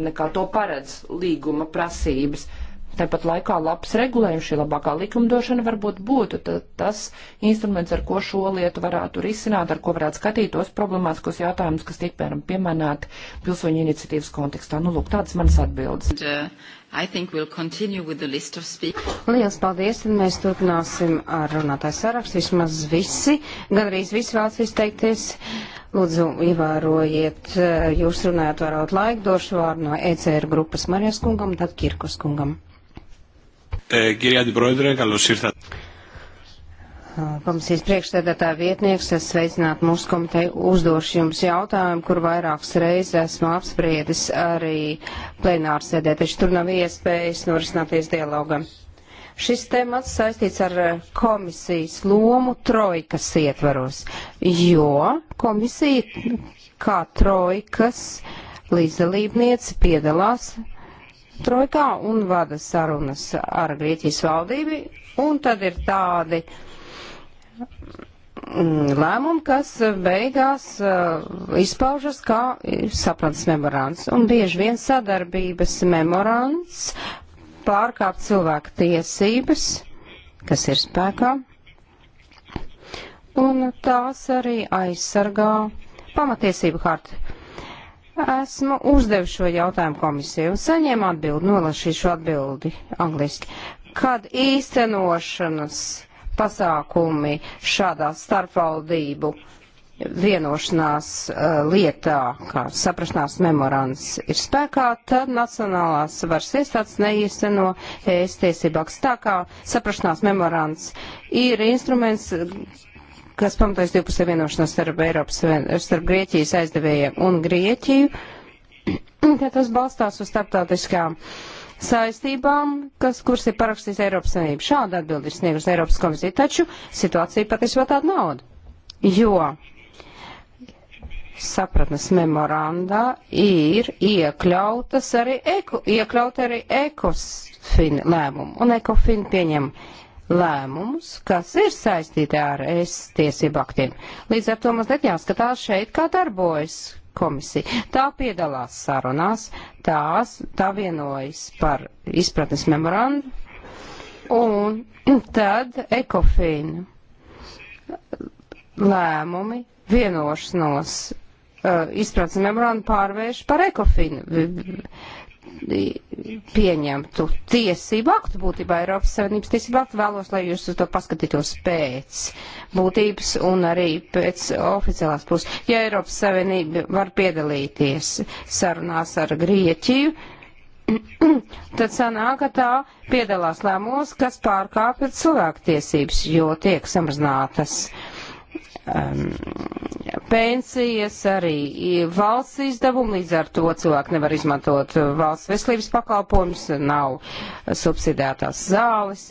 nekā to paredz līguma prasības. Uh, Tāpat laikā labs regulējums, šī labākā likumdošana varbūt būtu tas instruments, ar ko šo lietu varētu risināt, ar ko varētu skatīt tos problemātiskos jautājumus, kas tiek piemēram pieminēti pilsoņu iniciatīvas kontekstā. Nu, lūk, tādas manas atbildes. And, uh, we'll Lielas paldies, tad mēs turpināsim ar runātāju sarakstu. Vismaz visi, gan arī visi vēlas izteikties. Lūdzu, ievērojiet, uh, jūs runājat varot laiku, došu vārdu no ECR grupas Marijas kungam, tad Kirkus kungam. Ε, κυρία Αντιπρόεδρε, καλώ ήρθατε. Komisijas priekšstādātāja vietnieks, es sveicinātu mūsu komiteju, uzdošu jums jautājumu, kur vairākas reizes esmu apspriedis arī plenāru sēdē, taču tur nav iespējas norisināties dialogam. Šis temats saistīts ar eh, komisijas lomu trojkas ietvaros, jo komisija kā trojkas līdzdalībniece piedalās trojkā un vada sarunas ar Grieķijas valdību, un tad ir tādi mm, lēmumi, kas beigās uh, izpaužas kā saprats memorands. Un bieži vien sadarbības memorands pārkāp cilvēku tiesības, kas ir spēkā, un tās arī aizsargā pamatiesību hartu. Esmu uzdevis šo jautājumu komisiju un saņēmu atbildi, nolasīšu atbildi angliski. Kad īstenošanas pasākumi šādā starpvaldību vienošanās uh, lietā, kā saprašanās memorands ir spēkā, tad nacionālās varas iestādes neīsteno ēst tiesībāks. Tā kā saprašanās memorands ir instruments, kas pamatojas divpusē vienošanās starp, Eiropas, starp Grieķijas aizdevējiem un Grieķiju, ka tas balstās uz starptautiskām saistībām, kas, kuras ir parakstījis Eiropas Savienība. Šāda atbildi ir sniegus Eiropas komisija, taču situācija patiesībā tāda nav. Jo sapratnes memorandā ir iekļautas arī, eko, iekļaut arī ekosfin lēmumu un ekofin pieņem uh, lēmumus, kas ir saistīti ar es tiesību aktiem. Līdz ar to mazliet jāskatās šeit, kā darbojas komisija. Tā piedalās sarunās, tās, tā vienojas par izpratnes memorandu, un tad ekofīna lēmumi vienošanos uh, izpratnes memorandu pārvērš par ekofīnu pieņemtu tiesību aktu, būtībā Eiropas Savienības tiesību aktu, vēlos, lai jūs uz to paskatītos pēc būtības un arī pēc oficiālās puses. Ja Eiropas Savienība var piedalīties sarunās ar Grieķiju, tad sanāk, ka tā piedalās lēmumos, kas pārkāpja cilvēktiesības, jo tiek samazinātas. Uh, um, pensijas, arī valsts izdevumi, līdz ar to cilvēki nevar izmantot uh, valsts veselības pakalpojumus, nav subsidētās zāles.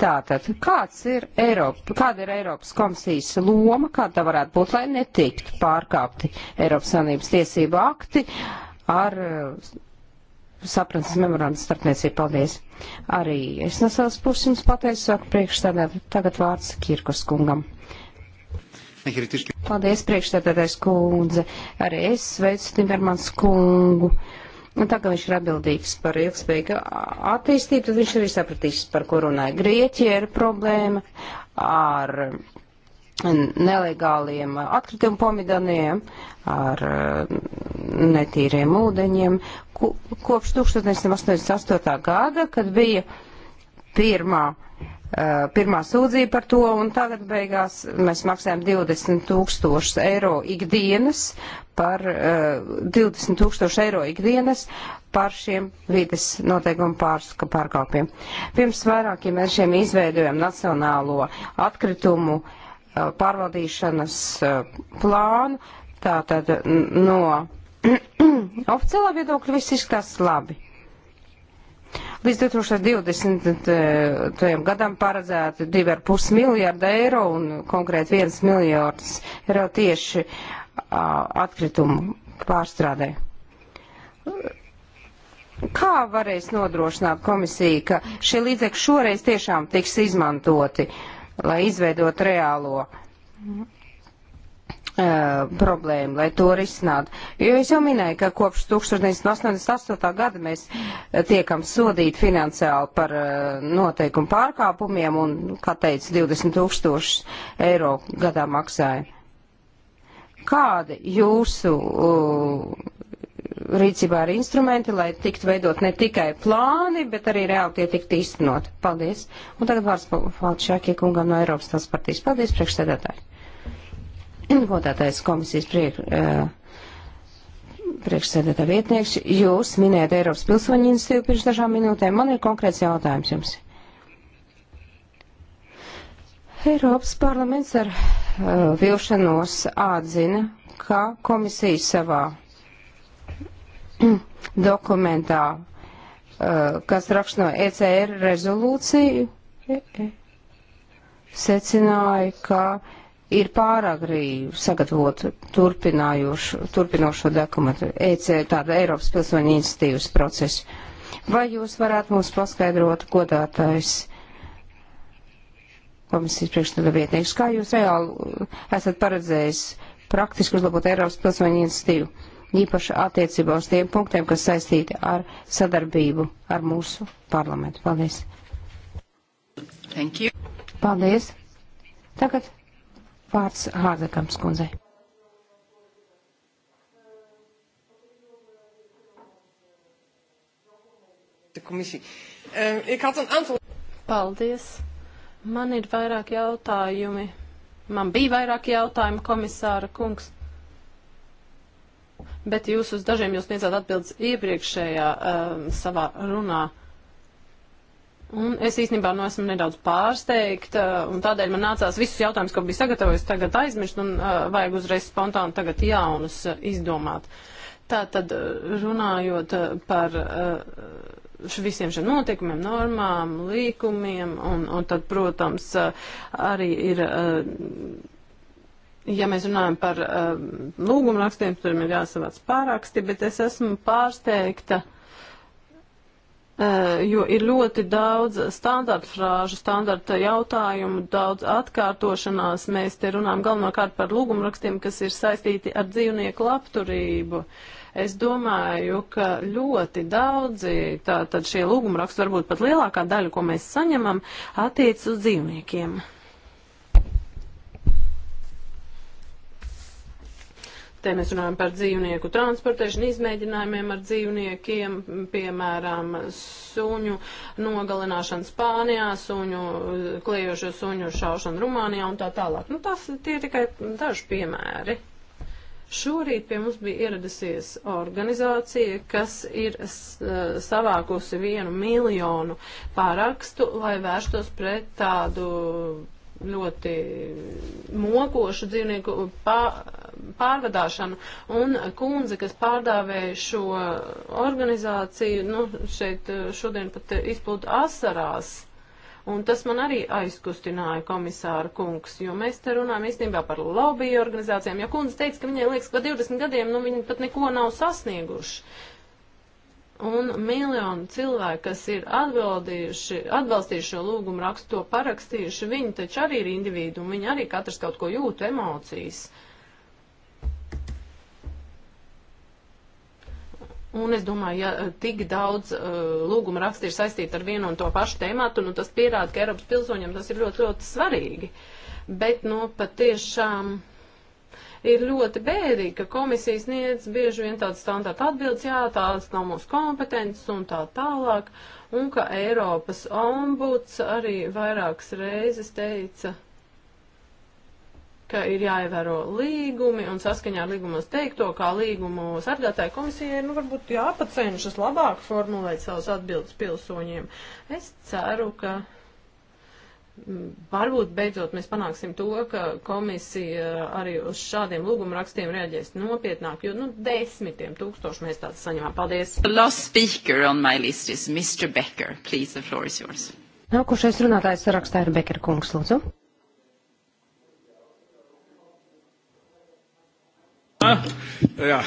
Tātad, kāds ir Eiropa, kāda ir Eiropas komisijas loma, kāda varētu būt, lai netiktu pārkāpti Eiropas Savienības tiesību akti ar uh, sapratnes memorandu starpniecību. Paldies! Arī es no savas puses jums pateicu, saku priekšstādā, tagad vārds Kirkus kungam. Paldies, priekšstādātais kundze. Arī es sveicu Timermans kungu. Un tā kā viņš ir atbildīgs par ilgspējīgu attīstību, tad viņš arī sapratīs, par ko runāja. Grieķija ir problēma ar nelegāliem atkritumu pomidaniem, ar mm, netīriem ūdeņiem. Kopš 1988. gada, kad bija pirmā Eh, pirmā sūdzība par to, un tagad beigās mēs maksājam 20 tūkstošus eiro ikdienas par uh, eh, 20 tūkstošu eiro ikdienas par šiem vides noteikumu pārkāpiem. Pirms vairākiem mēnešiem izveidojam nacionālo atkritumu uh, pārvaldīšanas uh, plānu, tātad no oficiālā viedokļa viss izskatās labi. Līdz 2020. gadam paredzēti 2,5 miljārda eiro un konkrēti 1 miljārds eiro tieši atkritumu pārstrādē. Kā varēs nodrošināt komisija, ka šie līdzekļi šoreiz tiešām tiks izmantoti, lai izveidot reālo Uh, problēmu, lai to risinātu. Jo es jau minēju, ka kopš 1988. gada mēs uh, tiekam sodīti finansiāli par uh, noteikumu pārkāpumiem un, nu, kā teica, 20 tūkstoši eiro gadā maksāja. Kādi jūsu uh, rīcībā ir instrumenti, lai tiktu veidot ne tikai plāni, bet arī reāli tie tiktu īstenot? Paldies. Un tagad vārds Falčākie kungam no Eiropas tās partijas. Paldies, priekšsēdētāji. godātais komisijas priek, eh, priekšsēdētā vietnieks, jūs minējat Eiropas pilsoņu institīvu pirms dažām minūtēm. Man ir konkrēts jautājums jums. Eiropas parlaments ar uh, vilšanos atzina, ka komisija savā dokumentā, uh, kas raksta no ECR rezolūciju, secināja, ka uh, ir pāragri sagatavot turpinošo dokumentu, EC, tāda Eiropas pilsoņu institīvas procesu. Vai jūs varētu mums paskaidrot, godātais komisijas priekšstādā vietnieks, kā jūs reāli uh, esat paredzējis praktiski uzlabot Eiropas pilsoņu institīvu, īpaši attiecībā uz tiem punktiem, kas saistīti ar sadarbību ar mūsu parlamentu? Paldies! Thank you. Paldies! Tagad Vārds Hārdekams kundzei. Eh, Paldies. Man ir vairāk jautājumi. Man bija vairāk jautājumu, komisāra kungs. Bet jūs uz dažiem jūs sniedzāt atbildes iepriekšējā um, savā runā. Uh, Un es īstenībā nu, esmu nedaudz pārsteigta, un tādēļ man nācās visus jautājumus, ko biju sagatavojis, tagad aizmirst, un uh, vajag uzreiz spontāni tagad jaunus uh, izdomāt. Tā tad runājot uh, par uh, visiem šiem notikumiem, normām, līkumiem, un, un tad, protams, uh, arī ir. Uh, ja mēs runājam par uh, lūgumrakstiem, tur ir jāsavāc pāraksti, bet es esmu pārsteigta Eh, jo ir ļoti daudz standarta frāžu, standarta jautājumu, daudz atkārtošanās. Mēs te runājam galvenokārt par lūgumrakstiem, kas ir saistīti ar dzīvnieku labturību. Es domāju, ka ļoti daudzi tātad šie lūgumraksti, varbūt pat lielākā daļa, ko mēs saņemam, attiec uz dzīvniekiem. Te mēs runājam par dzīvnieku transportēšanu, izmēģinājumiem ar dzīvniekiem, piemēram, suņu nogalināšanu Spānijā, suņu, kliejošo suņu šaušanu Rumānijā un tā tālāk. Nu, tas tie tikai daži piemēri. Šorīt pie mums bija ieradusies organizācija, kas ir e, savākusi vienu miljonu parakstu, lai vērstos pret tādu ļoti mokošu dzīvnieku pārvadāšanu. Un kundze, kas pārdāvēja šo organizāciju, nu, šeit eh, šodien pat izplūda asarās. Un tas man arī aizkustināja komisāra kungs, jo mēs te runājam īstenībā par lobby organizācijām. Ja kundze teica, ka viņai liekas, ka 20 gadiem nu, viņi pat neko nav sasnieguši un miljoni cilvēki, kas ir atbalstījuši šo lūgumu rakstu, to parakstījuši, viņi taču arī ir individu, un viņi arī katrs kaut ko jūt, emocijas. Un es domāju, ja eh, tik daudz uh, lūguma raksti ir saistīti ar vienu un to pašu tēmātu, nu tas pierāda, ka Eiropas pilsoņiem tas ir ļoti, ļoti svarīgi. Bet, nu, patiešām. Uh, ir ļoti bēdīgi, ka komisijas niedz bieži vien tādas standarta atbildes, jā, tās nav mūsu kompetences un tā tālāk, un ka Eiropas ombuds arī vairākas reizes teica, ka ir jāievēro līgumi un saskaņā ar līgumos teikto, kā līgumu sargātāja komisijai, nu varbūt jāpacenšas labāk formulēt savus atbildes pilsoņiem. Es ceru, ka Varbūt beidzot mēs panāksim to, ka komisija arī uz šādiem lūgumrakstiem reaģēs nopietnāk, jo nu, desmitiem tūkstoši mēs tādu saņemam. Paldies! Becker. Please, Nākošais runātājs sarakstā ir Bekera kungs, lūdzu. Ah, Jā,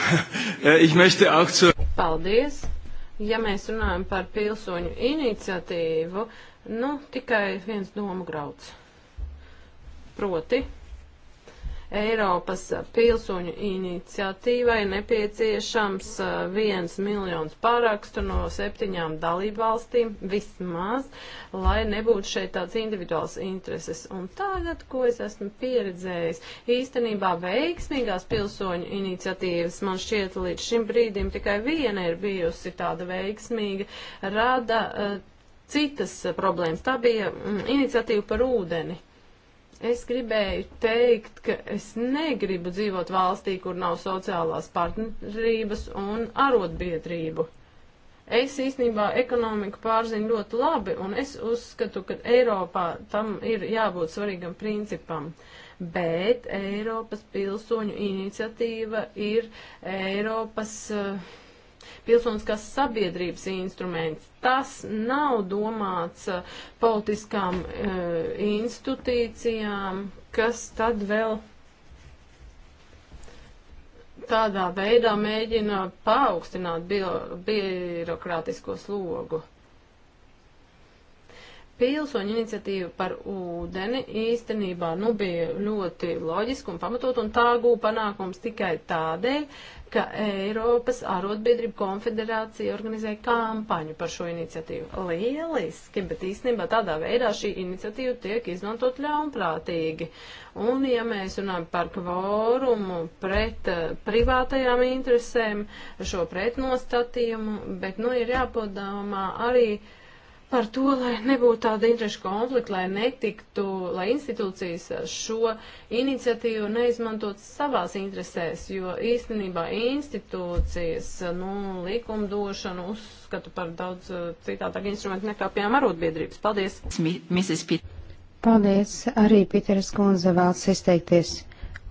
äh, ich möchte auch zu. Paldies! Ja mēs runājam par pilsoņu iniciatīvu, uh, Nu, tikai viens doma grauds. Proti, Eiropas pilsoņu iniciatīvai nepieciešams uh, viens miljons parakstu no septiņām dalību valstīm vismaz, lai nebūtu šeit tāds individuāls intereses. Un tagad, ko es esmu pieredzējis, īstenībā veiksmīgās pilsoņu iniciatīvas man šķiet līdz šim brīdim tikai viena ir bijusi tāda veiksmīga, rada uh, citas eh, problēmas. Tā bija mm, iniciatīva par ūdeni. Es gribēju teikt, ka es negribu dzīvot valstī, kur nav sociālās partnerības un arotbiedrību. Es īstenībā ekonomiku pārzinu ļoti labi, un es uzskatu, ka Eiropā tam ir jābūt svarīgam principam. Bet Eiropas pilsoņu iniciatīva ir Eiropas uh, pilsoniskās sabiedrības instruments. Tas nav domāts uh, politiskām e, institūcijām, kas tad vēl tādā veidā mēģina paaugstināt birokrātisko slogu. Pilsoņu iniciatīva par ūdeni īstenībā nu, bija ļoti loģiska un pamatot, un tā gūpa panākums tikai tādēļ, ka Eiropas arotbiedrība konfederācija organizē kampaņu par šo iniciatīvu. Lieliski, bet īstenībā tādā veidā šī iniciatīva tiek izmantot ļaunprātīgi. Un, ja mēs runājam par kvorumu pret uh, privātajām interesēm, šo pretnostatījumu, bet, nu, ir jāpadomā arī par to, lai nebūtu tāda interešu konflikta, lai netiktu, lai institūcijas šo iniciatīvu neizmantot savās interesēs, jo īstenībā institūcijas, nu, likumdošanu uzskatu par daudz uh, citādāk instrumentu nekā, piemēram, arotbiedrības. Paldies! Mrs. Paldies! Arī Piteras kundze vēlas izteikties.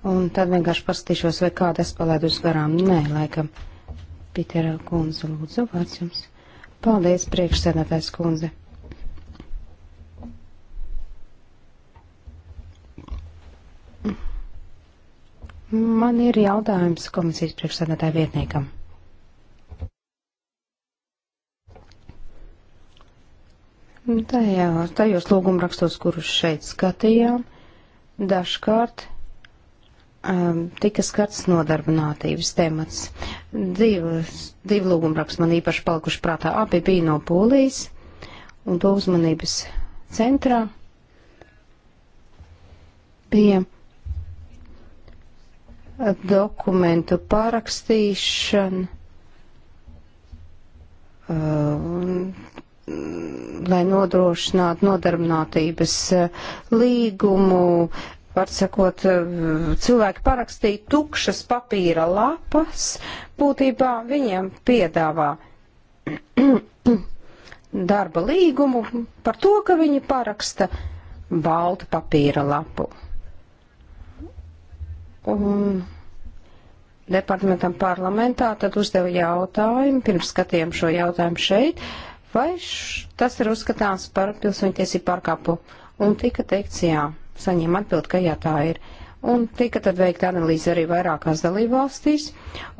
Un tad vienkārši paskatīšos, vai kādu es palaidu uz garām. Nē, laikam. Pitera kundze, lūdzu, vārds jums. Paldies, priekšsēdētājs kundze. Man ir jautājums komisijas priekšsēdētāja vietniekam. Tajā, tajos lūgumrakstos, kurus šeit skatījām, dažkārt um, tika skats nodarbinātības temats. Divas, divi lūgumraksti man īpaši palikuši prātā. Abi bija no Polijas un to uzmanības centrā bija dokumentu pārakstīšana, uh, um, lai nodrošinātu nodarbinātības uh, līgumu, var sakot, eh, cilvēki parakstīja tukšas papīra lapas, būtībā viņiem piedāvā darba līgumu par to, ka viņi paraksta baltu papīra lapu. Un departamentam parlamentā tad uzdeva jautājumu, pirms skatījām šo jautājumu šeit, vai š, tas ir uzskatāms par pilsoņtiesību pārkāpu. Un tika teikts jā saņēma atbild, ka jā, tā ir. Un tika tad veikta analīze arī vairākās dalībvalstīs,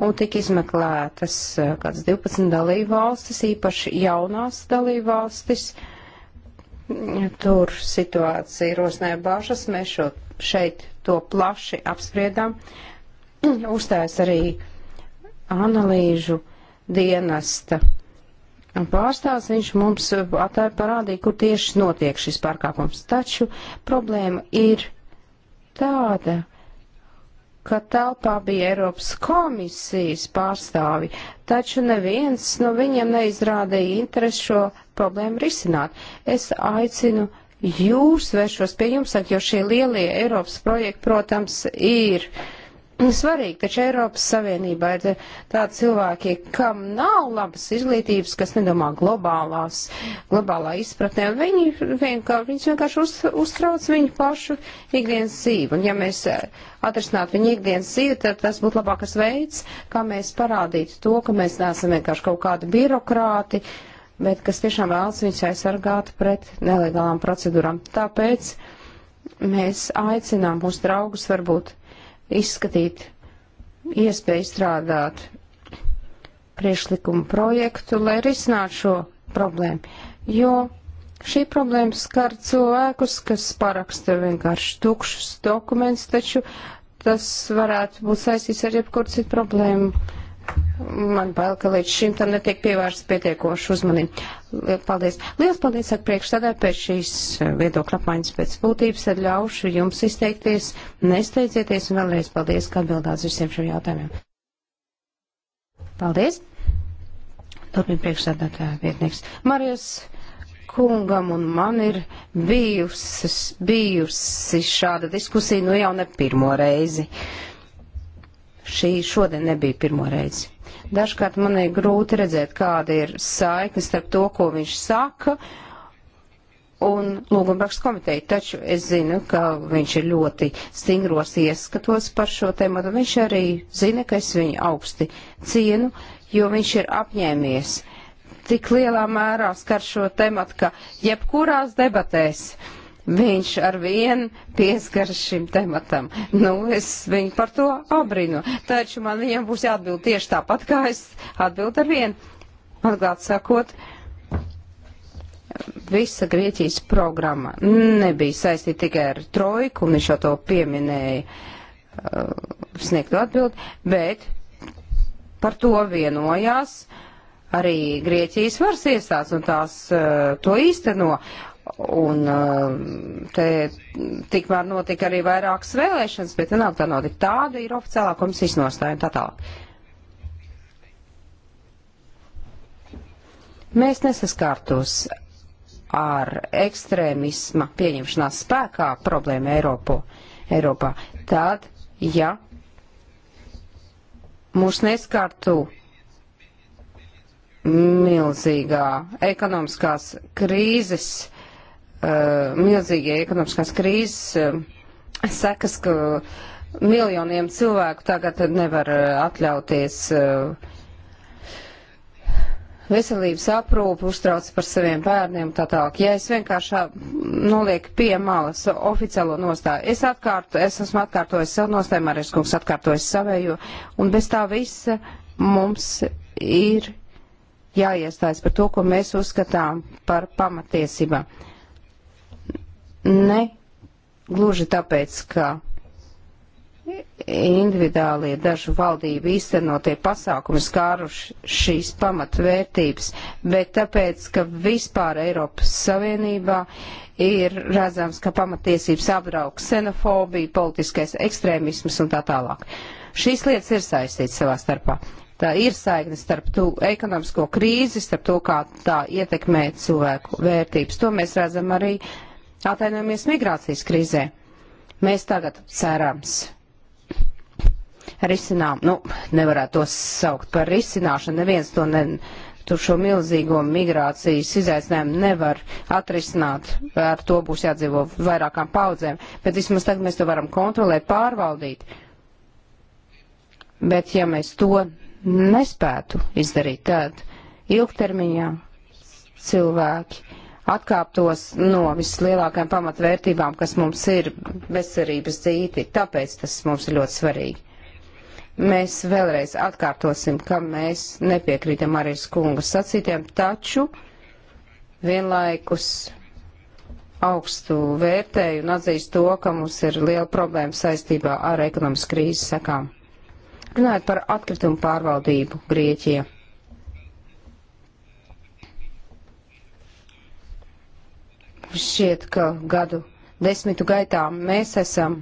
un tika izmeklētas eh, kāds 12 dalībvalstis, īpaši jaunās dalībvalstis. Tur situācija rosināja bāžas, mēs šo, šeit to plaši apspriedām. Uzstājas arī analīžu dienesta pārstāvs, viņš mums eh, atvēr parādīja, kur tieši notiek šis pārkāpums. Taču problēma ir tāda, ka telpā bija Eiropas komisijas pārstāvi, taču neviens no viņiem neizrādīja interesi šo problēmu risināt. Es aicinu jūs, vēršos pie jums, saka, jo šie lielie Eiropas projekti, protams, ir. Uh, svarīgi, taču Eiropas Savienībā ir tādi cilvēki, kam nav labas izglītības, kas nedomā globālās, globālā izpratnē, un viņi vienkārši, viņus vienkārši uz, uztrauc viņu pašu ikdienas dzīvi. Un ja mēs eh, atrisinātu viņu ikdienas dzīvi, tad tas būtu labākas veids, kā mēs parādītu to, ka mēs neesam vienkārši kaut kādi birokrāti, bet kas tiešām vēlas viņus aizsargāt pret nelegālām procedūrām. Tāpēc mēs aicinām mūsu draugus varbūt izskatīt iespēju strādāt priešlikumu projektu, lai risinātu šo problēmu, jo šī problēma skar cilvēkus, kas paraksta vienkārši tukšus dokumentus, taču tas varētu būt saistīts ar jebkuru citu problēmu Man bail, ka līdz šim tam netiek pievērsts pietiekoši uzmanību. Paldies. Lielas paldies, saka priekšstādā, pēc šīs eh, viedokļa apmaiņas pēc būtības tad ļaušu jums izteikties, nesteidzieties un vēlreiz paldies, ka atbildās visiem šiem jautājumiem. Paldies. Turpin priekšsādātāja vietnieks. Marijas kungam un man ir bijusi, bijusi šāda diskusija nu jau ne pirmo reizi. Uh, Šī šodien nebija pirmo reizi. Dažkārt man ir grūti redzēt, kāda ir saikne starp to, ko viņš saka, un lūgumrakstu komiteju. Taču es zinu, ka viņš ir ļoti stingros ieskatos par šo tēmu, un viņš arī zina, ka es viņu augsti cienu, jo viņš ir apņēmies tik lielā mērā skar šo tematu, ka jebkurās debatēs viņš ar vien pieskaras šim tematam. Nu, es viņu par to abrinu. Taču man viņam būs jāatbild tieši tāpat, kā es atbildu ar vienu. Atklāt sakot, visa Grieķijas programma nebija saistīta tikai ar trojku, un viņš jau to pieminēja uh, sniegtu atbildi, bet par to vienojās arī Grieķijas varas iestāsts un tās uh, to īsteno. Un eh, te tikmēr notika arī vairākas vēlēšanas, bet vienalga tā notika. Tāda ir oficiālā komisijas nostāja un tā tālāk. Mēs nesaskārtos ar ekstrēmisma pieņemšanās spēkā problēmu Eiropu, Eiropā. Tad, ja mūs neskārtu milzīgā ekonomiskās krīzes, Uh, milzīgie ekonomiskās krīzes uh, sekas, ka miljoniem cilvēku tagad nevar uh, atļauties veselības aprūpu, uztrauc par saviem bērniem tā tālāk. Ja es vienkārši nolieku pie malas oficiālo nostāju, es, atkārto, es esmu atkārtojis savu nostāju, Marijas kungs atkārtojis savējo, un bez tā visa mums ir jāiestājas par to, ko mēs uzskatām par pamatiesībām Ne gluži tāpēc, ka individuālie dažu valdību īstenotie pasākumi skāruši šīs pamatvērtības, bet tāpēc, ka vispār Eiropas Savienībā ir redzams, ka pamatiesības apdraug ksenofobija, politiskais ekstrēmisms un tā tālāk. Šīs lietas ir saistītas savā starpā. Tā ir saikne starp to ekonomisko krīzi, starp to, kā tā ietekmē cilvēku vērtības. To mēs redzam arī atainojamies migrācijas krīzē. Mēs tagad cerams risinām, nu, nevarētu to saukt par risināšanu, neviens to ne, tur šo milzīgo migrācijas izaicinājumu nevar atrisināt, ar to būs jādzīvo vairākām paudzēm, bet vismaz tagad mēs to varam kontrolēt, pārvaldīt. Bet ja mēs to nespētu izdarīt, tad ilgtermiņā cilvēki atkāptos no vislielākajām pamatvērtībām, kas mums ir bezcerības dzīti. Tāpēc tas mums ir ļoti svarīgi. Mēs vēlreiz atkārtosim, ka mēs nepiekrītam arī skunga sacītiem, taču vienlaikus augstu vērtēju un atzīst to, ka mums ir liela problēma saistībā ar ekonomiskas krīzes sekām. Runājot par atkritumu pārvaldību Grieķijā. Šķiet, ka gadu desmitu gaitā mēs esam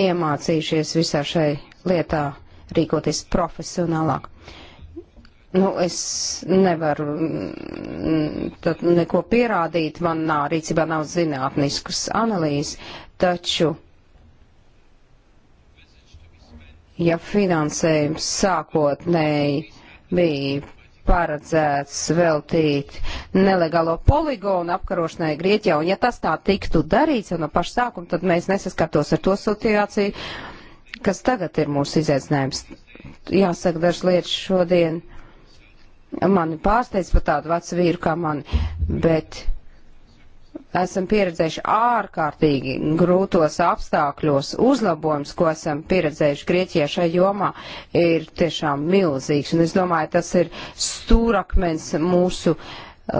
iemācījušies visā šai lietā rīkoties profesionālāk. Nu, es nevaru mm, neko pierādīt, man nā, rīcībā nav zinātniskas analīzes, taču, ja finansējums sākotnēji bija paredzēts veltīt nelegālo poligonu apkarošanai Grieķijā, un ja tas tā tiktu darīts jau no paša sākuma, tad mēs nesaskartos ar to situāciju, kas tagad ir mūsu izaicinājums. Jāsaka dažas lietas šodien. Mani pārsteidz pat tādu vecu vīru kā mani, bet esam pieredzējuši ārkārtīgi grūtos apstākļos. Uzlabojums, ko esam pieredzējuši Grieķijā šajā jomā, ir tiešām milzīgs. Un es domāju, tas ir stūrakmens mūsu uh,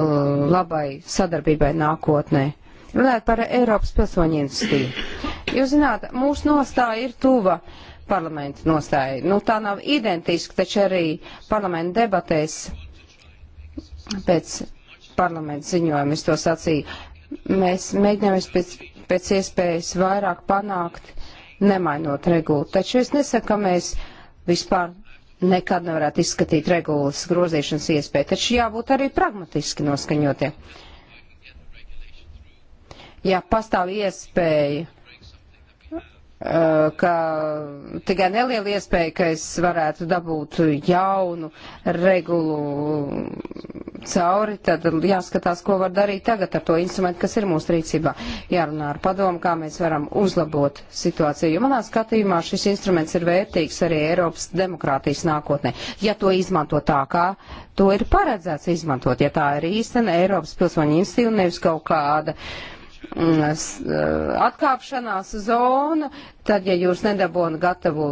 labai sadarbībai nākotnē. Runājot par Eiropas pilsoņu institīvu. Jūs zināt, mūsu nostāja ir tuva parlamenta nostāja. Nu, tā nav identiska, taču arī parlamenta debatēs pēc parlamenta ziņojumu, es to sacīju mēs mēģinājām pēc, pēc iespējas vairāk panākt, nemainot regulu. Taču es nesaku, ka mēs vispār nekad nevarētu izskatīt regulas grozīšanas iespēju, taču jābūt arī pragmatiski noskaņotiem. Ja pastāv iespēja Eh, ka tikai neliela iespēja, ka es varētu dabūt jaunu regulu cauri, tad jāskatās, ko var darīt tagad ar to instrumentu, kas ir mūsu rīcībā. Jārunā ar padomu, kā mēs varam uzlabot situāciju, jo manā skatījumā šis instruments ir vērtīgs arī Eiropas demokrātijas nākotnē, ja to izmanto tā, kā to ir paredzēts izmantot, ja tā ir īstena Eiropas pilsoņu institīva, nevis kaut kāda. Uh, Mm, eh, atkāpšanās zonu, tad, ja jūs nedabūna gatavu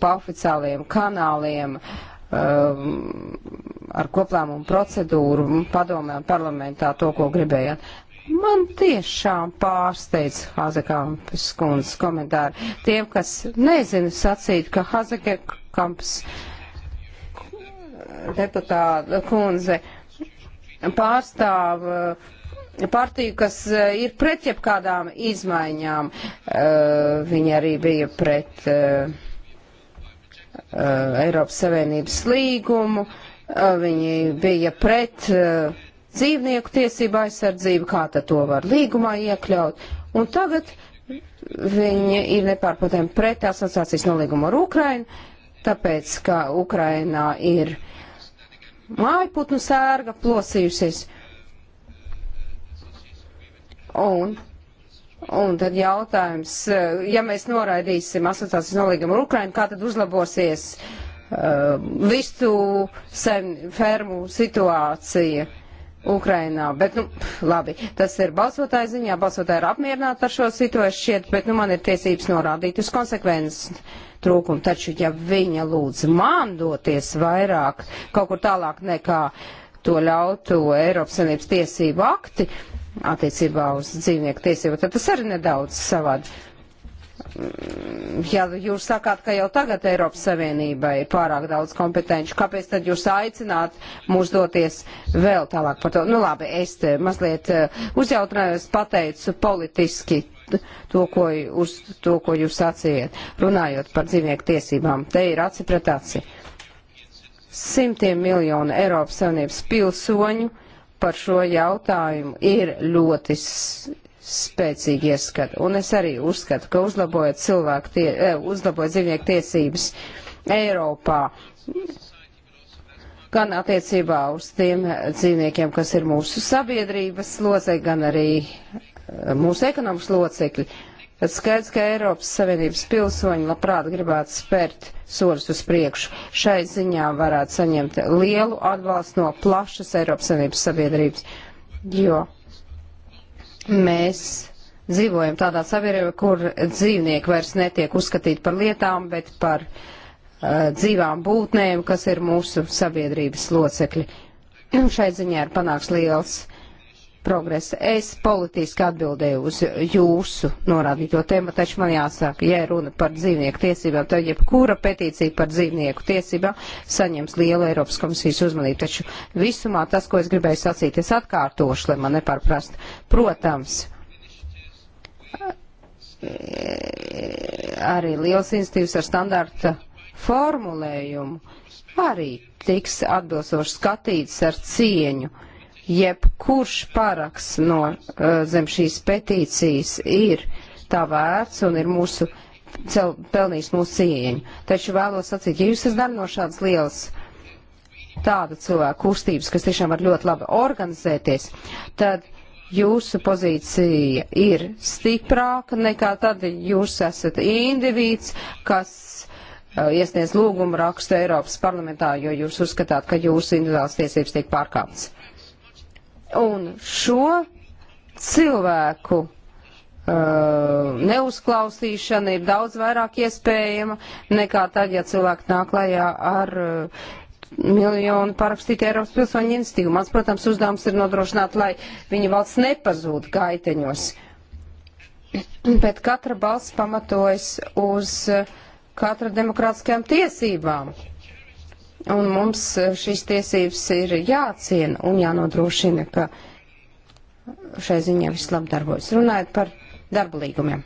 pa oficiāliem kanāliem um, ar koplēmumu procedūru padomē un parlamentā to, ko gribējāt. Man tiešām pārsteidz Hazekampis kundzes komentāri. Tiem, kas nezinu sacīt, ka Hazekampis deputāta kundze pārstāv uh, partiju, kas eh, ir pret jebkādām izmaiņām. Eh, viņi arī bija pret eh, Eiropas Savienības līgumu, viņi bija pret dzīvnieku tiesību aizsardzību, kā tad to var līgumā iekļaut. Un tagad viņi ir nepārprotami pret asociācijas nolīgumu ar Ukrainu, tāpēc, ka Ukrainā ir mājputnu sērga plosījusies. Un, un tad jautājums, eh, ja mēs noraidīsim asociācijas nolīgumu ar Ukrainu, kā tad uzlabosies uh, vistu sen, fermu situācija? Ukrainā, bet, nu, labi, tas ir balsotāja ziņā, balsotāja ir apmierināta ar šo situāciju šķiet, bet, nu, man ir tiesības norādīt uz konsekvences trūkumu. Taču, ja viņa lūdz man doties vairāk, kaut kur tālāk nekā to ļautu Eiropas Savienības tiesību akti, attiecībā uz dzīvnieku tiesību, tad tas arī nedaudz savādi. Mm, ja jūs sakāt, ka jau tagad Eiropas Savienībai ir pārāk daudz kompetenci, kāpēc tad jūs aicināt mūs doties vēl tālāk par to? Nu labi, es te mazliet eh, uzjautrinājos, pateicu politiski to, ko, uz, to, ko jūs sacījāt, runājot par dzīvnieku tiesībām. Te ir aci pret aci. Simtiem miljonu Eiropas Savienības pilsoņu par šo jautājumu ir ļoti spēcīgi ieskati. Un es arī uzskatu, ka uzlabojot, cilvēku tie, eh, uzlabojot dzīvnieku tiesības Eiropā, gan attiecībā uz tiem dzīvniekiem, kas ir mūsu sabiedrības locekļi, gan arī eh, mūsu ekonomikas locekļi, Tad skaidrs, ka Eiropas Savienības pilsoņi labprāt gribētu spērt soļus uz priekšu. Šai ziņā varētu saņemt lielu atbalstu no plašas Eiropas Savienības sabiedrības, jo mēs dzīvojam tādā sabiedrībā, kur dzīvnieki vairs netiek uzskatīti par lietām, bet par uh, dzīvām būtnēm, kas ir mūsu sabiedrības locekļi. Un šai ziņā ir panāks liels progresa. Es politiski atbildēju uz jūsu norādīto tēmu, taču man jāsaka, ja runa par dzīvnieku tiesībām, tad jebkura petīcija par dzīvnieku tiesībām saņems lielu Eiropas komisijas uzmanību. Taču visumā tas, ko es gribēju sacīt, es atkārtošu, lai man nepārprast. Protams, arī liels institīvs ar standarta formulējumu arī tiks atbilstoši skatīts ar cieņu jebkurš paraks no uh, zem šīs petīcijas ir tā vērts un ir mūsu cel, pelnījis mūsu cieņu. Taču vēlos sacīt, ja jūs esat daļa no šādas lielas tāda cilvēka kustības, kas tiešām var ļoti labi organizēties, tad jūsu pozīcija ir stiprāka nekā tad, ja jūs esat indivīds, kas uh, iesniedz lūgumu rakstu Eiropas parlamentā, jo jūs uzskatāt, ka jūsu individuālas tiesības tiek pārkāptas. Un šo cilvēku uh, neuzklausīšana ir daudz vairāk iespējama nekā tad, ja cilvēki nāk lajā ar uh, miljonu parakstīti Eiropas pilsoņu institīvu. Mans, protams, uzdevums ir nodrošināt, lai viņa valsts nepazūd gaiteņos. Bet katra balss pamatojas uz uh, katra demokrātiskajām tiesībām. Un mums e, šīs tiesības ir jāciena un jānodrošina, ka šai ziņā viss labi darbojas. Runājot par darba līgumiem.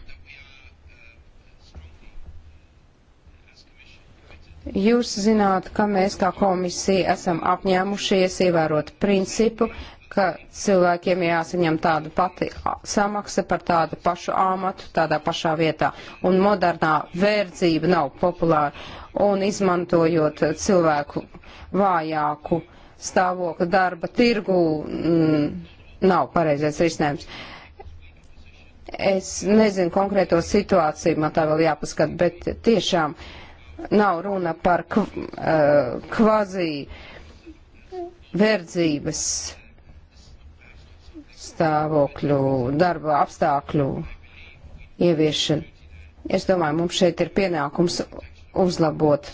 Jūs zināt, ka mēs kā komisija esam apņēmušies ievērot principu, ka cilvēkiem jāsaņem tāda pati samaksa par tādu pašu āmatu tādā pašā vietā. Un modernā verdzība nav populāra. Un izmantojot cilvēku vājāku stāvokli darba tirgu, m, mm, nav pareizais risinājums. Es nezinu konkrēto situāciju, man tā vēl jāpaskat, bet tiešām nav runa par kv, eh, kvazi verdzības stāvokļu, darba apstākļu ieviešana. Es domāju, mums šeit ir pienākums uzlabot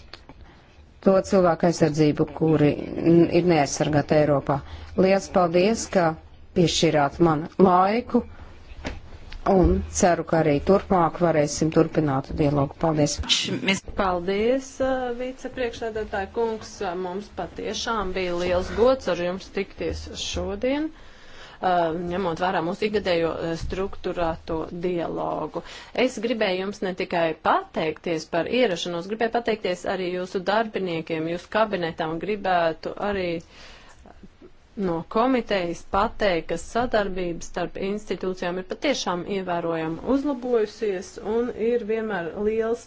to cilvēku aizsardzību, kuri ir neaizsargāti Eiropā. Liels paldies, ka piešķirāt man laiku un ceru, ka arī turpmāk varēsim turpināt dialogu. Paldies! Paldies, uh, vicepriekšsēdētāji kungs! Mums patiešām bija liels gods ar jums tikties šodien. Uh, ņemot vērā mūsu ikgadējo uh, struktūrāto dialogu. Es gribēju jums ne tikai pateikties par ierašanos, gribēju pateikties arī jūsu darbiniekiem, jūsu kabinetam, gribētu arī no komitejas pateikt, ka sadarbība starp institūcijām ir patiešām ievērojami uzlabojusies un ir vienmēr liels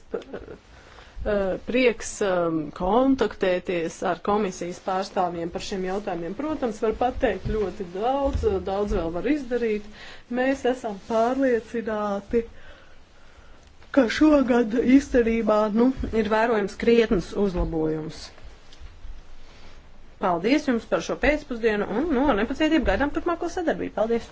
Eh, prieks ehm, kontaktēties ar komisijas pārstāvjiem par šiem jautājumiem. Protams, var pateikt ļoti daudz, eh, daudz vēl var izdarīt. Mēs esam pārliecināti, ka šogad izcerībā nu, ir vērojams krietnes uzlabojums. Paldies jums par šo pēcpusdienu un no nu, nepacietību gaidām turpmāko sadarbību. Paldies!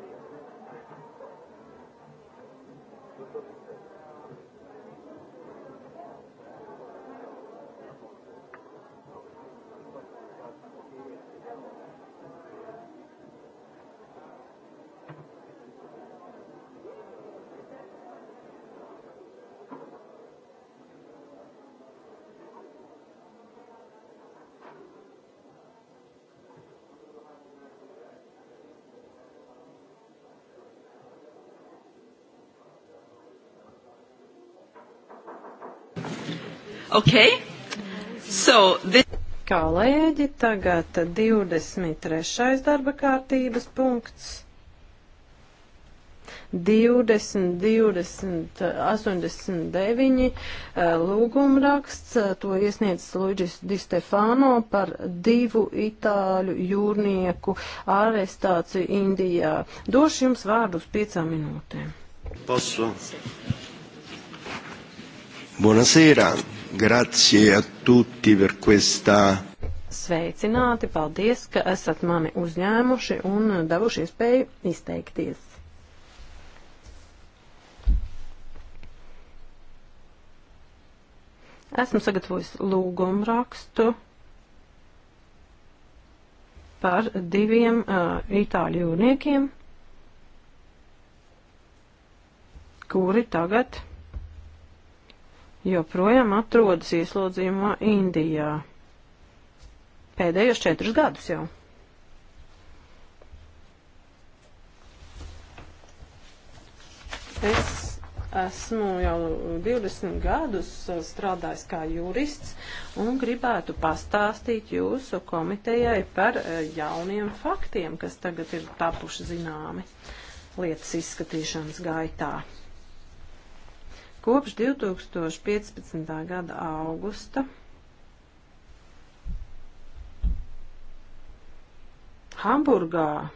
Okay. So, this... Kolēģi, tagad 23. darba kārtības punkts. 20, 20, 89 lūguma raksts, to iesniedz Luģis Di Stefano par divu itāļu jūrnieku arestāciju Indijā. Došu jums vārdu uz piecām minūtēm. Pasu. Buonasera. Grazie a tutti per questa. Sveicināti, paldies, ka esat mani uzņēmuši un devuši iespēju izteikties. Esmu sagatavojis lūgumu rakstu par diviem uh, itāļu jūrniekiem, kuri tagad joprojām atrodas ieslodzījumā Indijā. Pēdējos četrus gadus jau. Es esmu jau 20 gadus strādājis kā jurists un gribētu pastāstīt jūsu komitejai par eh, jauniem faktiem, kas tagad ir tapuši zināmi lietas izskatīšanas gaitā. Kopš 2015. gada augusta Hamburgā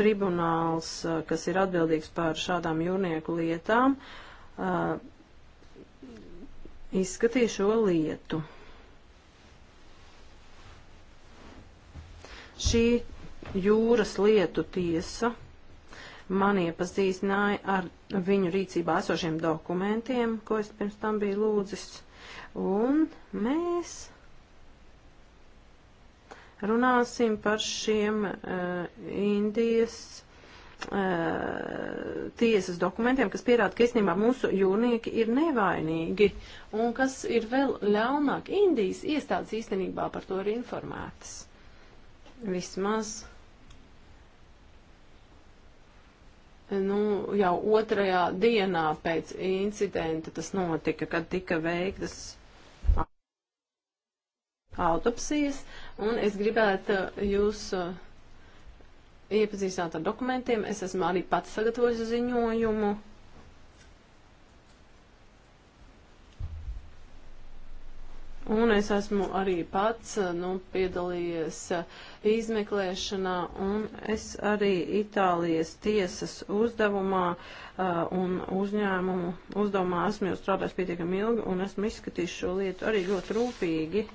tribunāls, eh, kas ir atbildīgs par šādām jūrnieku lietām, eh, izskatīja šo lietu. Šī jūras lietu tiesa man iepazīstināja ar viņu rīcībā esošiem dokumentiem, ko es pirms tam biju lūdzis. Un mēs runāsim par šiem uh, Indijas uh, tiesas dokumentiem, kas pierāda, ka īstenībā mūsu jūrnieki ir nevainīgi. Un kas ir vēl ļaunāk, Indijas iestādes īstenībā par to ir informētas. Vismaz nu, jau otrajā dienā pēc incidenta tas notika, kad tika veiktas autopsijas, un es gribētu jūs uh, iepazīstināt ar dokumentiem. Es esmu arī pats sagatavojis ziņojumu. Un es esmu arī pats eh, nu, piedalījies eh, izmeklēšanā, un es arī Itālijas tiesas uzdevumā eh, un uzņēmumu uzdevumā esmu jau strādājis pietiekami ilgi, un esmu izskatījis šo lietu arī ļoti rūpīgi.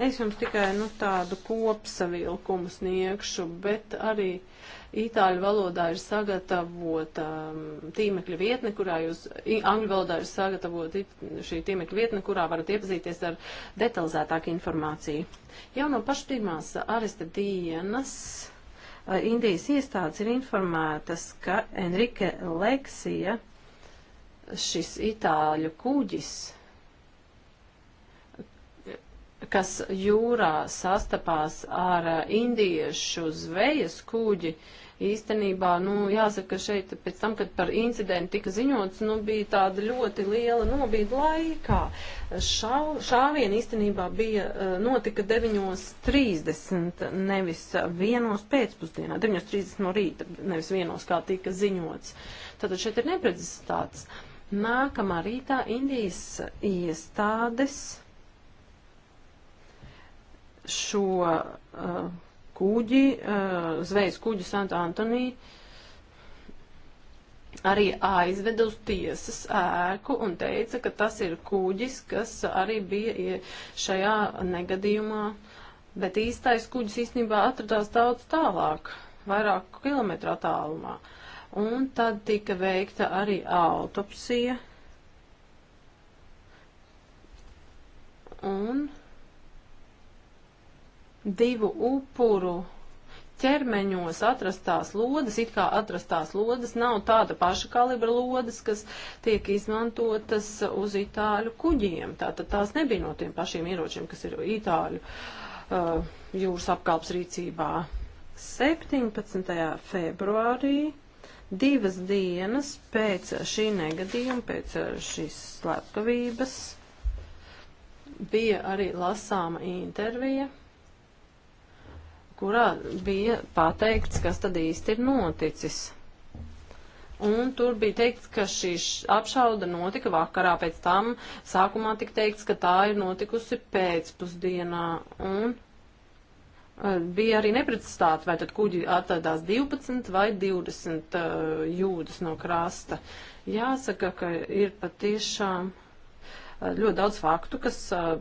Es jums tikai nu, tādu kopsavilkumu sniegšu, bet arī uh, Itāļu valodā ir sagatavota um, tīmekļa vietne, kurā jūs, angļu valodā ir sagatavota šī tīmekļa vietne, kurā varat iepazīties ar detalizētāku informāciju. Jau no paša pirmās aresta dienas uh, Indijas iestādes ir informētas, ka Enrique Leksija, šis itāļu kuģis, kas jūrā sastapās ar uh, indiešu zvejas kuģi, īstenībā, nu, jāsaka, šeit pēc tam, kad par incidentu tika ziņots, nu, bija tāda ļoti liela nobīda laikā. Šā, šāvien īstenībā bija, uh, notika 9.30, nevis 1.00 pēcpusdienā, 9.30 no rīta, nevis 1.00, kā tika ziņots. Tātad šeit ir neprecizitāts. Nākamā rītā Indijas iestādes šo uh, kuģi, uh, zvejas kuģi Santa Antonija, arī aizveda uz tiesas ēku un teica, ka tas ir kuģis, kas arī bija šajā negadījumā, bet īstais kuģis īstenībā atradās daudz tālāk, vairāku kilometru attālumā. Un tad tika veikta arī autopsija. Un divu upuru ķermeņos atrastās lodes, it kā atrastās lodes, nav tāda paša kalibra lodes, kas tiek izmantotas uz itāļu kuģiem. Tātad tās nebija no tiem pašiem ieročiem, kas ir itāļu uh, jūras apkalps rīcībā. 17. februārī divas dienas pēc šī negadījuma, pēc šīs slepkavības, bija arī lasāma intervija kurā bija pateikts, kas tad īsti ir noticis. Un tur bija teikts, ka šī apšauda notika vakarā, pēc tam sākumā tika teikts, ka tā ir notikusi pēcpusdienā. Un eh, bija arī nepretstāti, vai tad kuģi atradās 12 vai 20 eh, jūdas no krasta. Jāsaka, ka ir patiešām ļoti daudz faktu, kas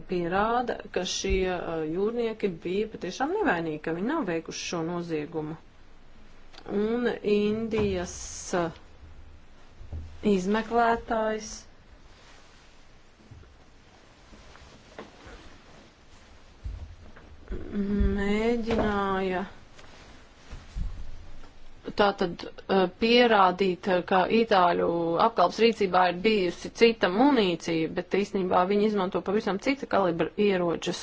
pierāda, ka šie jūrnieki bija patiešām nevainīgi, ka viņi nav veikuši šo noziegumu. Un Indijas izmeklētājs. Mēģināja tātad eh, pierādīt, eh, ka itāļu apkalps rīcībā ir bijusi cita munīcija, bet īstenībā viņi izmanto pavisam cita kalibra ieročus.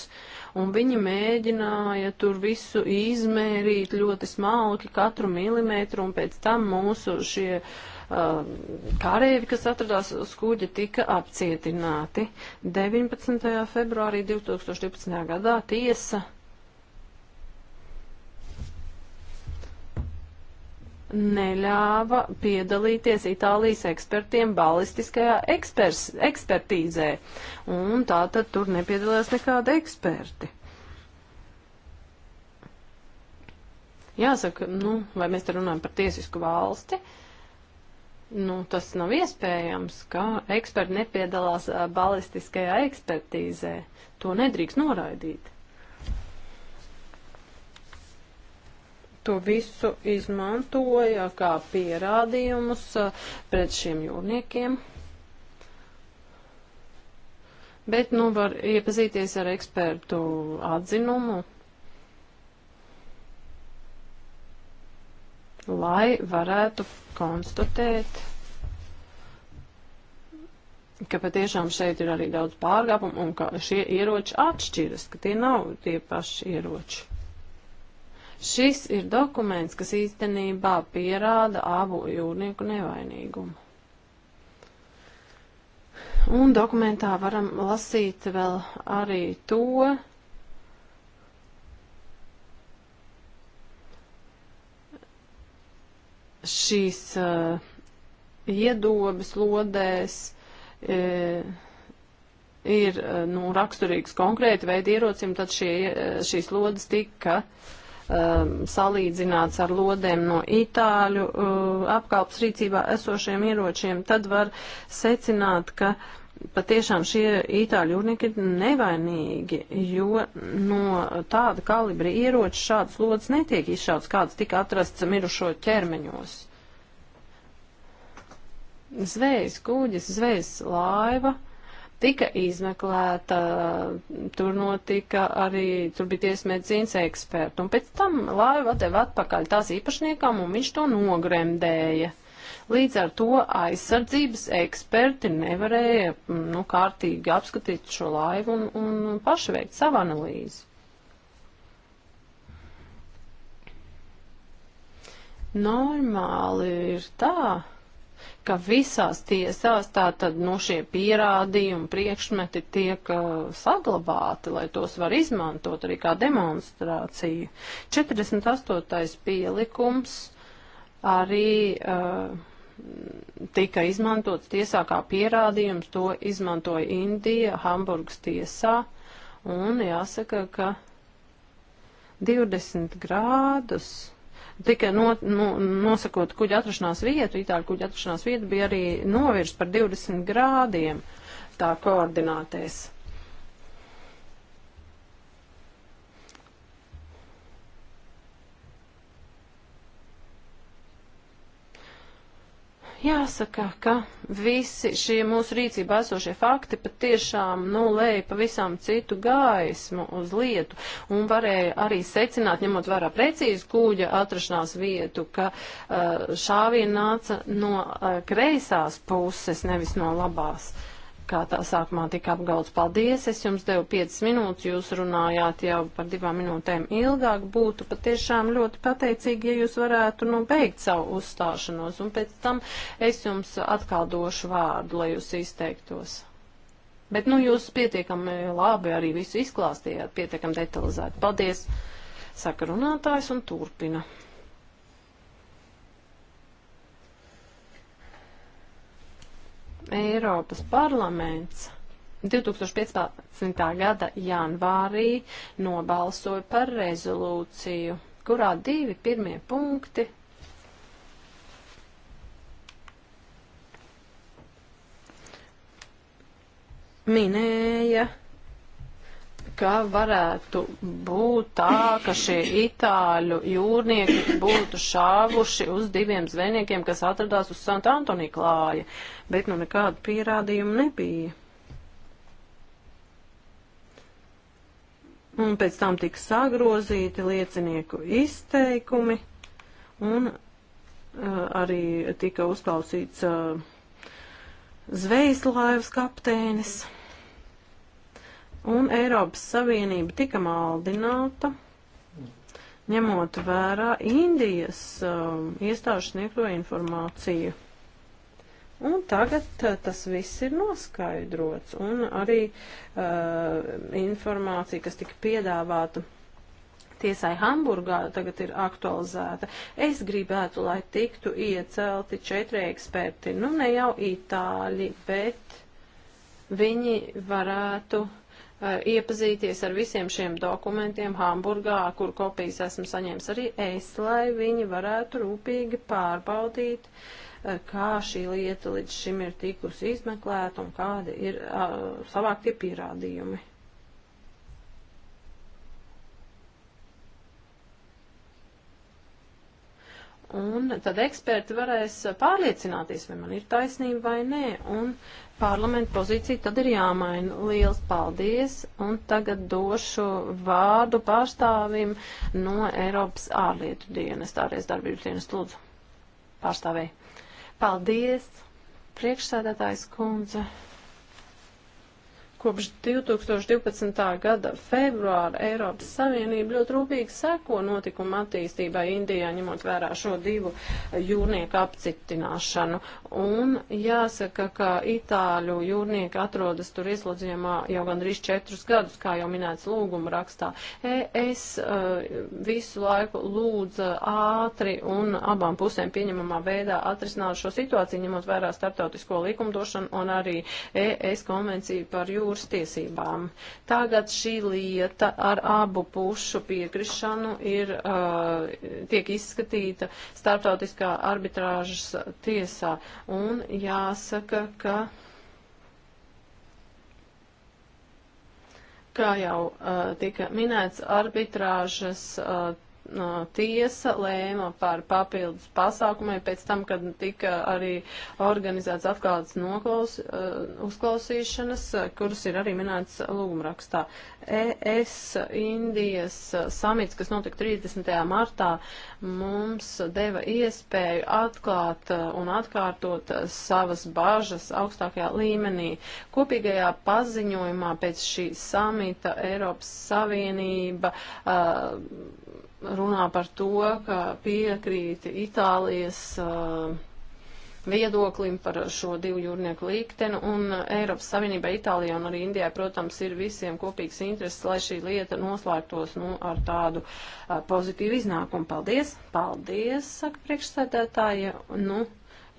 Un viņi mēģināja tur visu izmērīt ļoti smalki katru milimetru, un pēc tam mūsu šie uh, eh, karēvi, kas atradās uz kuģa, tika apcietināti. 19. februārī 2012. gadā tiesa neļāva piedalīties Itālijas ekspertiem balistiskajā ekspers, ekspertīzē. Un tā tad tur nepiedalījās nekāda eksperti. Jāsaka, nu, vai mēs te runājam par tiesisku valsti, nu, tas nav iespējams, ka eksperti nepiedalās balistiskajā ekspertīzē. To nedrīkst noraidīt. to visu izmantoja kā pierādījumus pret šiem jūrniekiem. Bet, nu, var iepazīties ar ekspertu atzinumu, lai varētu konstatēt, ka patiešām šeit ir arī daudz pārkāpumu un ka šie ieroči atšķiras, ka tie nav tie paši ieroči. Šis ir dokuments, kas īstenībā pierāda abu jūrnieku nevainīgumu. Un dokumentā varam lasīt vēl arī to, šīs uh, iedobas lodēs uh, ir uh, nu, raksturīgs konkrēti veidi ierocim, tad šie, uh, šīs lodas tika uh, Um, salīdzināts ar lodēm no itāļu uh, apkalps rīcībā esošiem ieročiem, tad var secināt, ka patiešām šie itāļu jūrnieki ir nevainīgi, jo no tāda kalibra ieroča šāds lods netiek izšauts, kāds tika atrasts mirušo ķermeņos. Zvejas kuģis, zvejas laiva. Uh, tika izmeklēta, tur notika arī, tur bija tiesmedzījums eksperti, un pēc tam laiva deva atpakaļ tās īpašniekam, un viņš to nogremdēja. Līdz ar to aizsardzības eksperti nevarēja, nu, kārtīgi apskatīt šo laivu un, un paši veikt savu analīzi. Normāli ir tā ka visās tiesās tā tad no nu, šie pierādījumi priekšmeti tiek uh, saglabāti, lai tos var izmantot arī kā demonstrāciju. 48. pielikums arī uh, tika izmantots tiesā kā pierādījums, to izmantoja Indija, Hamburgas tiesā, un jāsaka, ka 20 grādus tika no, no, nu, nosakot kuģa atrašanās vietu, itāļu kuģa atrašanās vietu bija arī novirs par 20 grādiem tā koordināties. Jāsaka, ka visi šie mūsu rīcībā esošie fakti patiešām nolēja nu, pavisam citu gaismu uz lietu un varēja arī secināt, ņemot vērā precīzi kūģa atrašanās vietu, ka uh, šāviena nāca no uh, kreisās puses, nevis no labās. Uh, kā tā sākumā tika apgalvots. Paldies, es jums devu 5 minūtes, jūs runājāt jau par divām minūtēm ilgāk. Būtu patiešām ļoti pateicīgi, ja jūs varētu nu, beigt savu uzstāšanos, un pēc tam es jums atkal došu vārdu, lai jūs izteiktos. Bet nu, jūs pietiekami labi arī visu izklāstījāt, pietiekami detalizēti. Paldies, saka runātājs un turpina. Eiropas parlaments 2015. gada janvārī nobalsoja par rezolūciju, kurā divi pirmie punkti minēja ka varētu būt tā, ka šie itāļu jūrnieki būtu šāvuši uz diviem zvejniekiem, kas atradās uz Sant Antonija klāja, bet nu nekādu pierādījumu nebija. Un pēc tam tika sagrozīti liecinieku izteikumi, un uh, arī tika uzklausīts uh, zvejas laivas kapteinis. Mm. Un Eiropas Savienība tika maldināta, ņemot vērā Indijas um, iestāžu sniegto informāciju. Un tagad uh, tas viss ir noskaidrots, un arī uh, informācija, kas tika piedāvāta tiesai Hamburgā tagad ir aktualizēta. Es gribētu, lai tiktu iecelti četri eksperti, nu ne jau itāļi, bet viņi varētu iepazīties ar visiem šiem dokumentiem Hamburgā, kur kopijas esmu saņēmis arī es, lai viņi varētu rūpīgi pārbaudīt, kā šī lieta līdz šim ir tikusi izmeklēta un kādi ir savāktie pierādījumi. Un tad eksperti varēs pārliecināties, vai man ir taisnība vai nē. Un uh, parlamentu pozīcija tad ir jāmaina. Liels paldies! Un tagad došu vārdu pārstāvim no Eiropas ārlietu dienas, ārlietas darbības dienas lūdzu. Pārstāvēji. Paldies! Priekšsēdētājs kundze. Kopš 2012. gada februāra Eiropas Savienība ļoti rūpīgi seko notikuma attīstībai Indijā, ņemot vērā šo divu jūrnieku apcietināšanu. Un jāsaka, ka itāļu jūrnieki atrodas tur ieslodzījumā jau gandrīz četrus gadus, kā jau minēts lūguma rakstā. Es uh, visu laiku lūdzu uh, ātri un abām pusēm pieņemamā veidā atrisināt šo situāciju, ņemot vērā starptautisko likumdošanu un arī ES konvenciju par jūru jūras tiesībām. Tagad šī lieta ar abu pušu piekrišanu ir, uh, tiek izskatīta starptautiskā arbitrāžas tiesā. Un jāsaka, ka. Kā jau uh, tika minēts, arbitrāžas uh, tiesa lēma par papildus pasākumiem pēc tam, kad tika arī organizēts atklātas noklaus, uzklausīšanas, kuras ir arī minētas lūgumrakstā. ES Indijas samits, kas notika 30. martā, mums deva iespēju atklāt un atkārtot savas bažas augstākajā līmenī. Kopīgajā paziņojumā pēc šī samita Eiropas Savienība uh, runā par to, ka piekrīt Itālijas uh, viedoklim par šo divu jūrnieku likteni, un Eiropas Savienībai, Itālijai un arī Indijai, protams, ir visiem kopīgs intereses, lai šī lieta noslēgtos nu, ar tādu uh, pozitīvu iznākumu. Paldies! Paldies, saka priekšsēdētāji. Nu,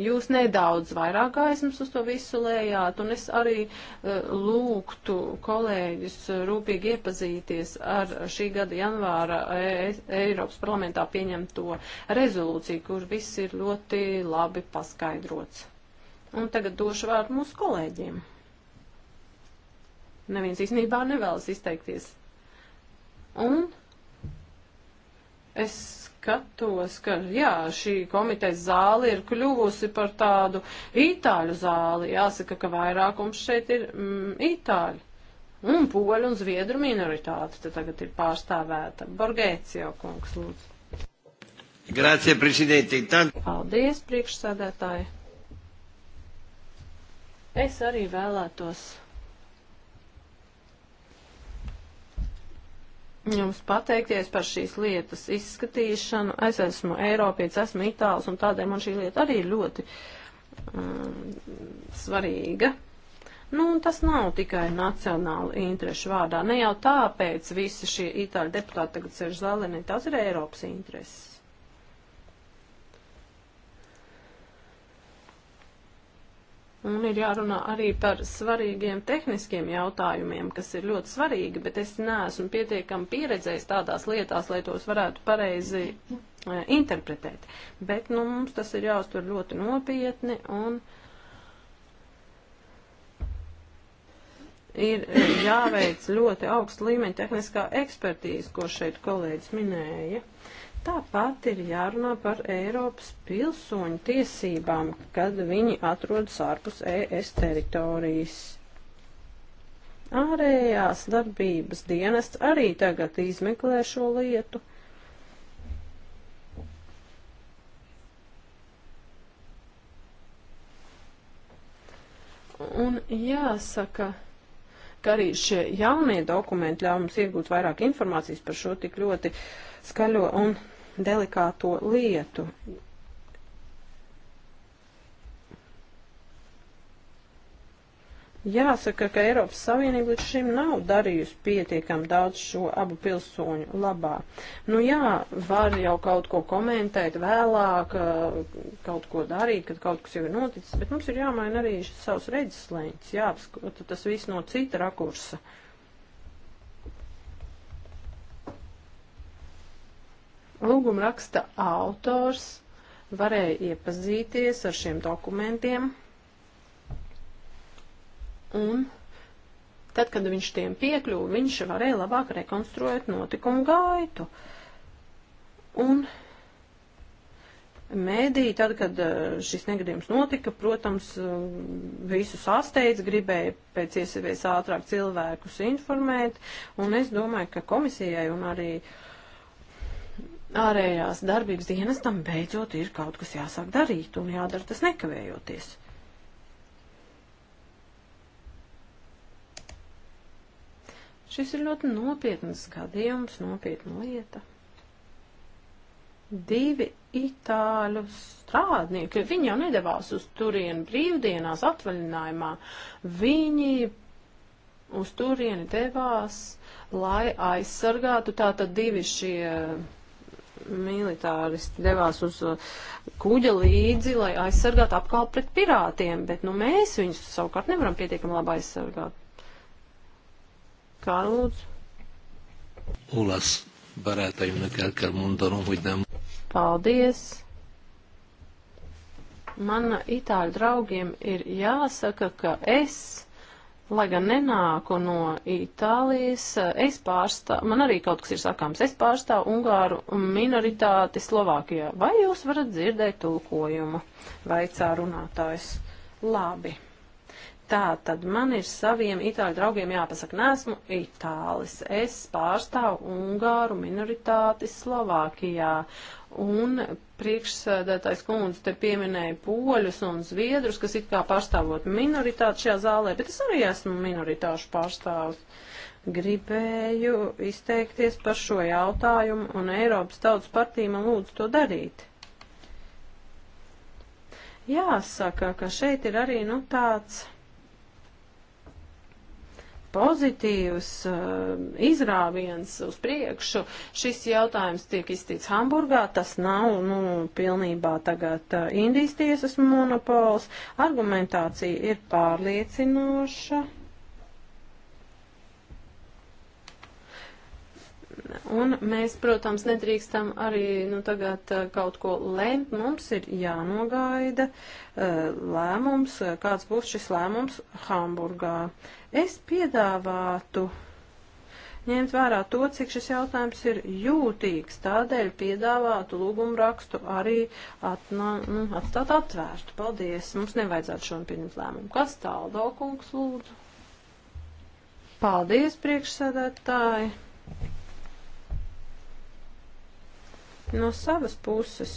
Jūs nedaudz vairāk gaismas uz to visu lējāt, un es arī uh, lūgtu kolēģis eh, rūpīgi iepazīties ar šī gada janvāra e Eiropas parlamentā pieņemto rezolūciju, kur viss ir ļoti labi paskaidrots. Un tagad došu vārdu mūsu kolēģiem. Neviens īstenībā nevēlas izteikties. Un Es skatos, ka jā, šī komitejas zāle ir kļuvusi par tādu itāļu zāli. Jāsaka, ka vairākums šeit ir mm, itāļi. Un poļu un zviedru minoritāte te tagad ir pārstāvēta. Borgēcijo kungs, lūdzu. Grācie, prezidenti. Tad... Paldies, priekšsēdētāji. Es arī vēlētos jums pateikties par šīs lietas izskatīšanu. Es esmu Eiropietis, esmu Itāls, un tādēļ man šī lieta arī ir ļoti um, svarīga. Nu, un tas nav tikai nacionāli interešu vārdā. Ne jau tāpēc visi šie itāļu deputāti tagad sēž zālē, ne tās ir Eiropas intereses. Un ir jārunā arī par svarīgiem tehniskiem jautājumiem, kas ir ļoti svarīgi, bet es neesmu pietiekami pieredzējis tādās lietās, lai tos varētu pareizi e, interpretēt. Bet nu, mums tas ir jāuztver ļoti nopietni un ir e, jāveic ļoti augsta līmeņa tehniskā ekspertīze, ko šeit kolēģis minēja. Tāpat ir jārunā par Eiropas pilsoņu tiesībām, kad viņi atrodas ārpus ES teritorijas. Ārējās darbības dienests arī tagad izmeklē šo lietu. Un jāsaka, ka arī šie jaunie dokumenti ļauj mums iegūt vairāk informācijas par šo tik ļoti skaļo un delikāto lietu. Jāsaka, ka Eiropas Savienība līdz šim nav darījusi pietiekam daudz šo abu pilsoņu labā. Nu jā, var jau kaut ko komentēt vēlāk, eh, kaut ko darīt, kad kaut kas jau ir noticis, bet mums ir jāmaina arī savs redzeslēņas, jāapskata tas viss no cita rakursa. Uh, Lūguma raksta autors varēja iepazīties ar šiem dokumentiem, un tad, kad viņš tiem piekļuva, viņš varēja labāk rekonstruēt notikumu gaitu. Un Mēdī, tad, kad uh, šis negadījums notika, protams, uh, visu sasteidz, gribēja pēc iespējas ātrāk cilvēkus informēt, un es domāju, ka komisijai un arī uh, ārējās darbības dienestam beidzot ir kaut kas jāsāk darīt un jādara tas nekavējoties. Šis ir ļoti nopietnas gadījums, nopietna lieta. Divi itāļu strādnieki, viņi jau nedavās uz turieni brīvdienās atvaļinājumā, viņi uz turieni devās, lai aizsargātu tātad divi šie militāristi devās uz uh, kuģa līdzi, lai aizsargātu apkalpu pret pirātiem, bet nu, mēs viņus savukārt nevaram pietiekami labi aizsargāt. Kā lūdzu? Olasz barátaimnak el kell mondanom, hogy nem. Paldies! Man itāļu draugiem ir jāsaka, ka es Lai gan nenāku no Itālijas, es pārstāvu, man arī kaut kas ir sakāms, es pārstāvu Ungāru minoritāti Slovākijā. Vai jūs varat dzirdēt tulkojumu? Vaicā runātājs. Labi. Tā tad man ir saviem itāļu draugiem jāpasaka, nesmu itālis, es pārstāvu ungāru minoritāti Slovākijā. Un priekšsēdētājs kundze te pieminēja poļus un zviedrus, kas it kā pārstāvot minoritāti šajā zālē, bet es arī esmu minoritāšu pārstāvs. Gribēju izteikties par šo jautājumu, un Eiropas tautas partija man lūdzu to darīt. Jāsaka, ka šeit ir arī, nu, tāds pozitīvs um, izrāviens uz priekšu. Šis jautājums tiek izstīts Hamburgā, tas nav nu, pilnībā tagad uh, Indijas tiesas monopols. Argumentācija ir pārliecinoša. Un mēs, protams, nedrīkstam arī nu, tagad eh, kaut ko lēmt. Mums ir jānogaida eh, lēmums, eh, kāds būs šis lēmums Hamburgā. Es piedāvātu ņemt vērā to, cik šis jautājums ir jūtīgs. Tādēļ piedāvātu lūgumu rakstu arī atna, nu, atstāt atvērtu. Paldies. Mums nevajadzētu šodien pieņemt lēmumu. Kas tālāk, kungs, lūdzu? Paldies, priekšsēdētāji. No savas puses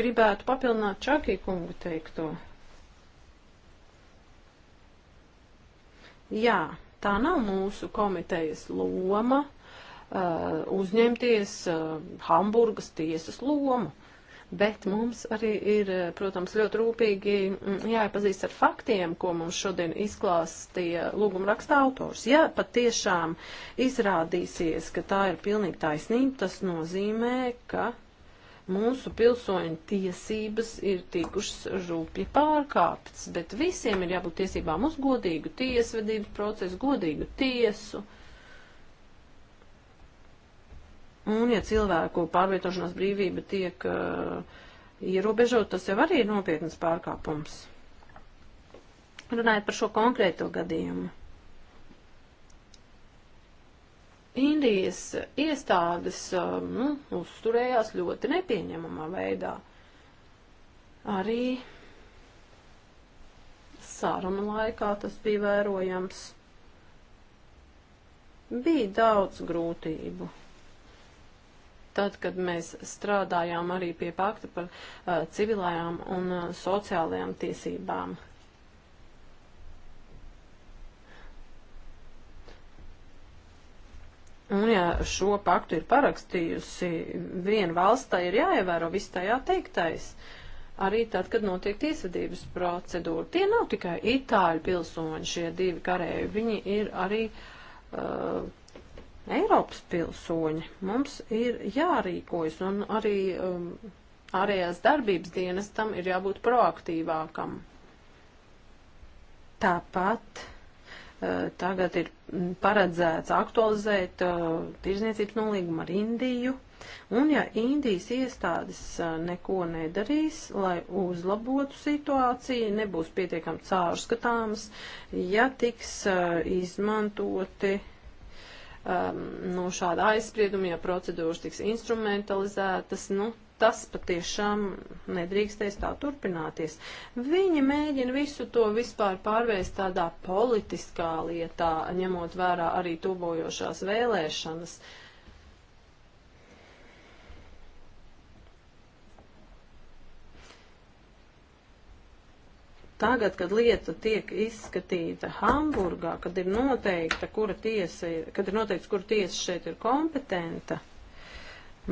gribētu papilnāt Čakī kungu teikto. Jā, tā nav mūsu komitejas loma uh, uzņemties uh, Hamburgas tiesas lomu. Bet mums arī ir, protams, ļoti rūpīgi mm, jāiepazīst ar faktiem, ko mums šodien izklāstīja lūguma raksta autors. Ja pat tiešām izrādīsies, ka tā ir pilnīgi taisnība, tas nozīmē, ka mūsu pilsoņu tiesības ir tikušas rūpīgi pārkāptas, bet visiem ir jābūt tiesībām uz godīgu tiesvedības procesu, godīgu tiesu. Uh, Un, ja cilvēku pārvietošanās brīvība tiek uh, ierobežot, tas jau arī ir nopietnas pārkāpums. Runājot par šo konkrēto gadījumu. Indijas iestādes uh, nu, uzturējās ļoti nepieņemamā veidā. Arī sāruna laikā tas bija vērojams. Bija daudz grūtību tad, kad mēs strādājām arī pie pakta par uh, civilajām un uh, sociālajām tiesībām. Un ja šo paktu ir parakstījusi viena valsts, tai ir jāievēro viss tajā teiktais. Arī tad, kad notiek tiesvedības procedūra. Tie nav tikai itāļu pilsoņi, šie divi karēji. Viņi ir arī uh, Eiropas pilsoņi. Mums ir jārīkojas un arī um, ārējās darbības dienestam ir jābūt proaktīvākam. Tāpat uh, tagad ir paredzēts aktualizēt uh, tirzniecības nolīgumu ar Indiju. Un ja Indijas iestādes uh, neko nedarīs, lai uzlabotu situāciju, nebūs pietiekami cārskatāms, ja tiks uh, izmantoti uh, um, nu, šāda aizsprieduma, ja procedūras tiks instrumentalizētas, nu, tas patiešām nedrīkstēs tā turpināties. Viņi mēģina visu to vispār pārvērst tādā politiskā lietā, ņemot vērā arī tuvojošās vēlēšanas. Uh, Tagad, kad lieta tiek izskatīta Hamburgā, kad ir noteikta, kura tiesa ir, kad ir noteikts, kura tiesa šeit ir kompetenta,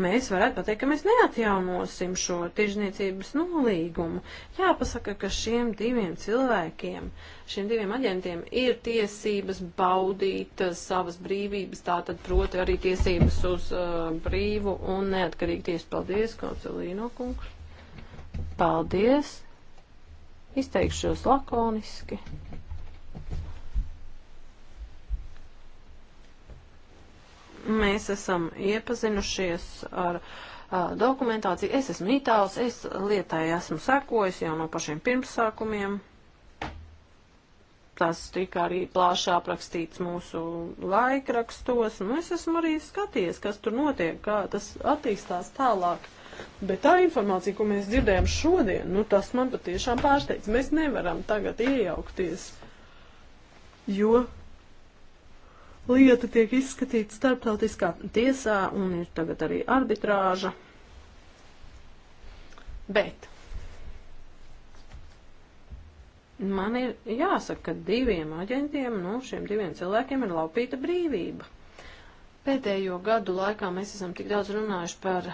mēs varētu pateikt, ka mēs neatjaunosim šo tirzniecības nolīgumu. Jāpasaka, ka šiem diviem cilvēkiem, šiem diviem aģentiem ir tiesības baudīt uh, savas brīvības, tātad proti arī tiesības uz uh, brīvu un neatkarīgu tiesu. Paldies, Konsolīno kungs. Paldies. Izteikšos lakoniski. Mēs esam iepazinušies ar uh, dokumentāciju. Es esmu itāls, es lietai esmu sekojis jau no pašiem pirmsākumiem. Tas tika arī plāši aprakstīts mūsu laikrakstos. Nu, es esmu arī skatījies, kas tur notiek, kā tas attīstās tālāk. Uh, Bet tā informācija, ko mēs dzirdējam šodien, nu, tas man patiešām pārsteidz. Mēs nevaram tagad iejaukties, jo lieta tiek izskatīta starptautiskā tiesā un ir tagad arī arbitrāža. Bet man ir jāsaka, ka diviem aģentiem, nu, šiem diviem cilvēkiem ir laupīta brīvība. Pēdējo gadu laikā mēs esam tik daudz runājuši par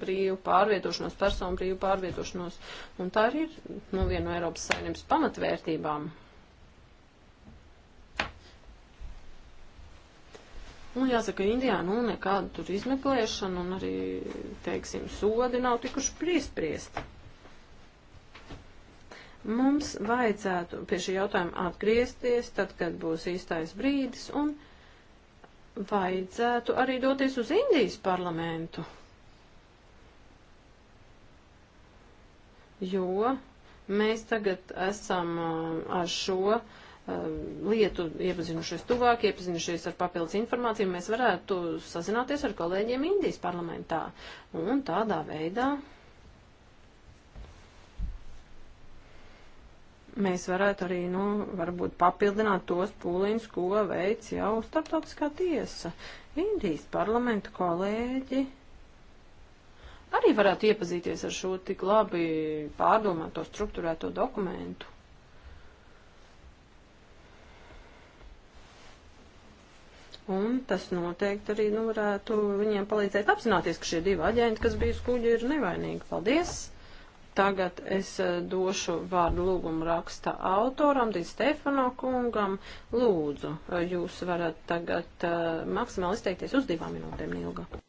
brīvu pārvietošanos, personu brīvu pārvietošanos. Un tā arī ir nu, viena no Eiropas saimnības pamatvērtībām. Un nu, jāsaka, Indijā nu nekāda tur izmeklēšana un arī, teiksim, sodi nav tikuši priespriesti. Mums vajadzētu pie šī jautājuma atgriezties, tad, kad būs īstais brīdis, un vajadzētu arī doties uz Indijas parlamentu. jo mēs tagad esam uh, ar šo uh, lietu iepazinušies tuvāk, iepazinušies ar papildus informāciju, mēs varētu sazināties ar kolēģiem Indijas parlamentā. Un tādā veidā mēs varētu arī, nu, varbūt papildināt tos pūliņus, ko veic jau starptautiskā tiesa. Indijas parlamenta kolēģi arī varētu iepazīties ar šo tik labi pārdomāto, struktūrēto dokumentu. Un tas noteikti arī nu, varētu viņiem palīdzēt apzināties, ka šie divi aģenti, kas bija uz kuģa, ir nevainīgi. Paldies! Tagad es eh, došu vārdu lūgumu raksta autoram, Dīs Stefano kungam. Lūdzu, eh, jūs varat tagad uh, maksimāli izteikties uz divām minūtēm ilgāk.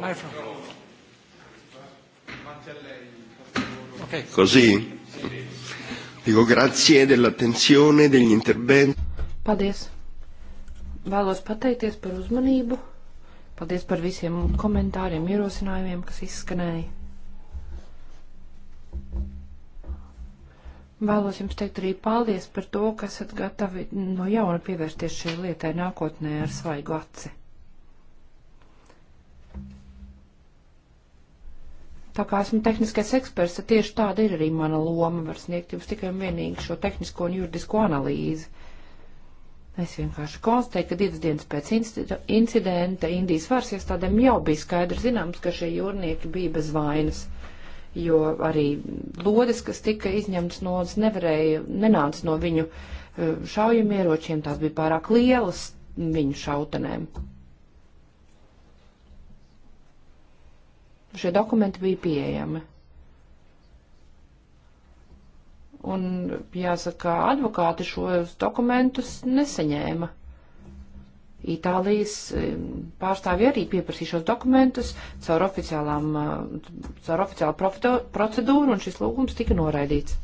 Microphone. Okay. Così? Dico grazie dell'attenzione, degli interventi. Paldies. Vēlos pateikties par uzmanību. Paldies par visiem komentāriem, ierosinājumiem, kas izskanēja. Vēlos jums teikt arī paldies par to, ka esat gatavi no jauna pievērsties šai lietai nākotnē ar svaigu aci. Tā kā esmu tehniskais eksperts, tad tieši tāda ir arī mana loma. Var sniegt jums tikai un vienīgi šo tehnisko un juridisko analīzi. Es vienkārši konstatēju, ka divas dienas pēc incidenta Indijas varas iestādēm jau bija skaidrs zināms, ka šie jūrnieki bija bez vainas, jo arī lodes, kas tika izņemtas no odas, nevarēja, nenāca no viņu eh, šaujamieročiem, tās bija pārāk lielas viņu šautenēm. šie dokumenti bija pieejami. Un, jāsaka, advokāti šos dokumentus nesaņēma. Itālijas pārstāvji arī pieprasīja šos dokumentus caur, eh, caur oficiālu procedūru, un šis lūgums tika noraidīts.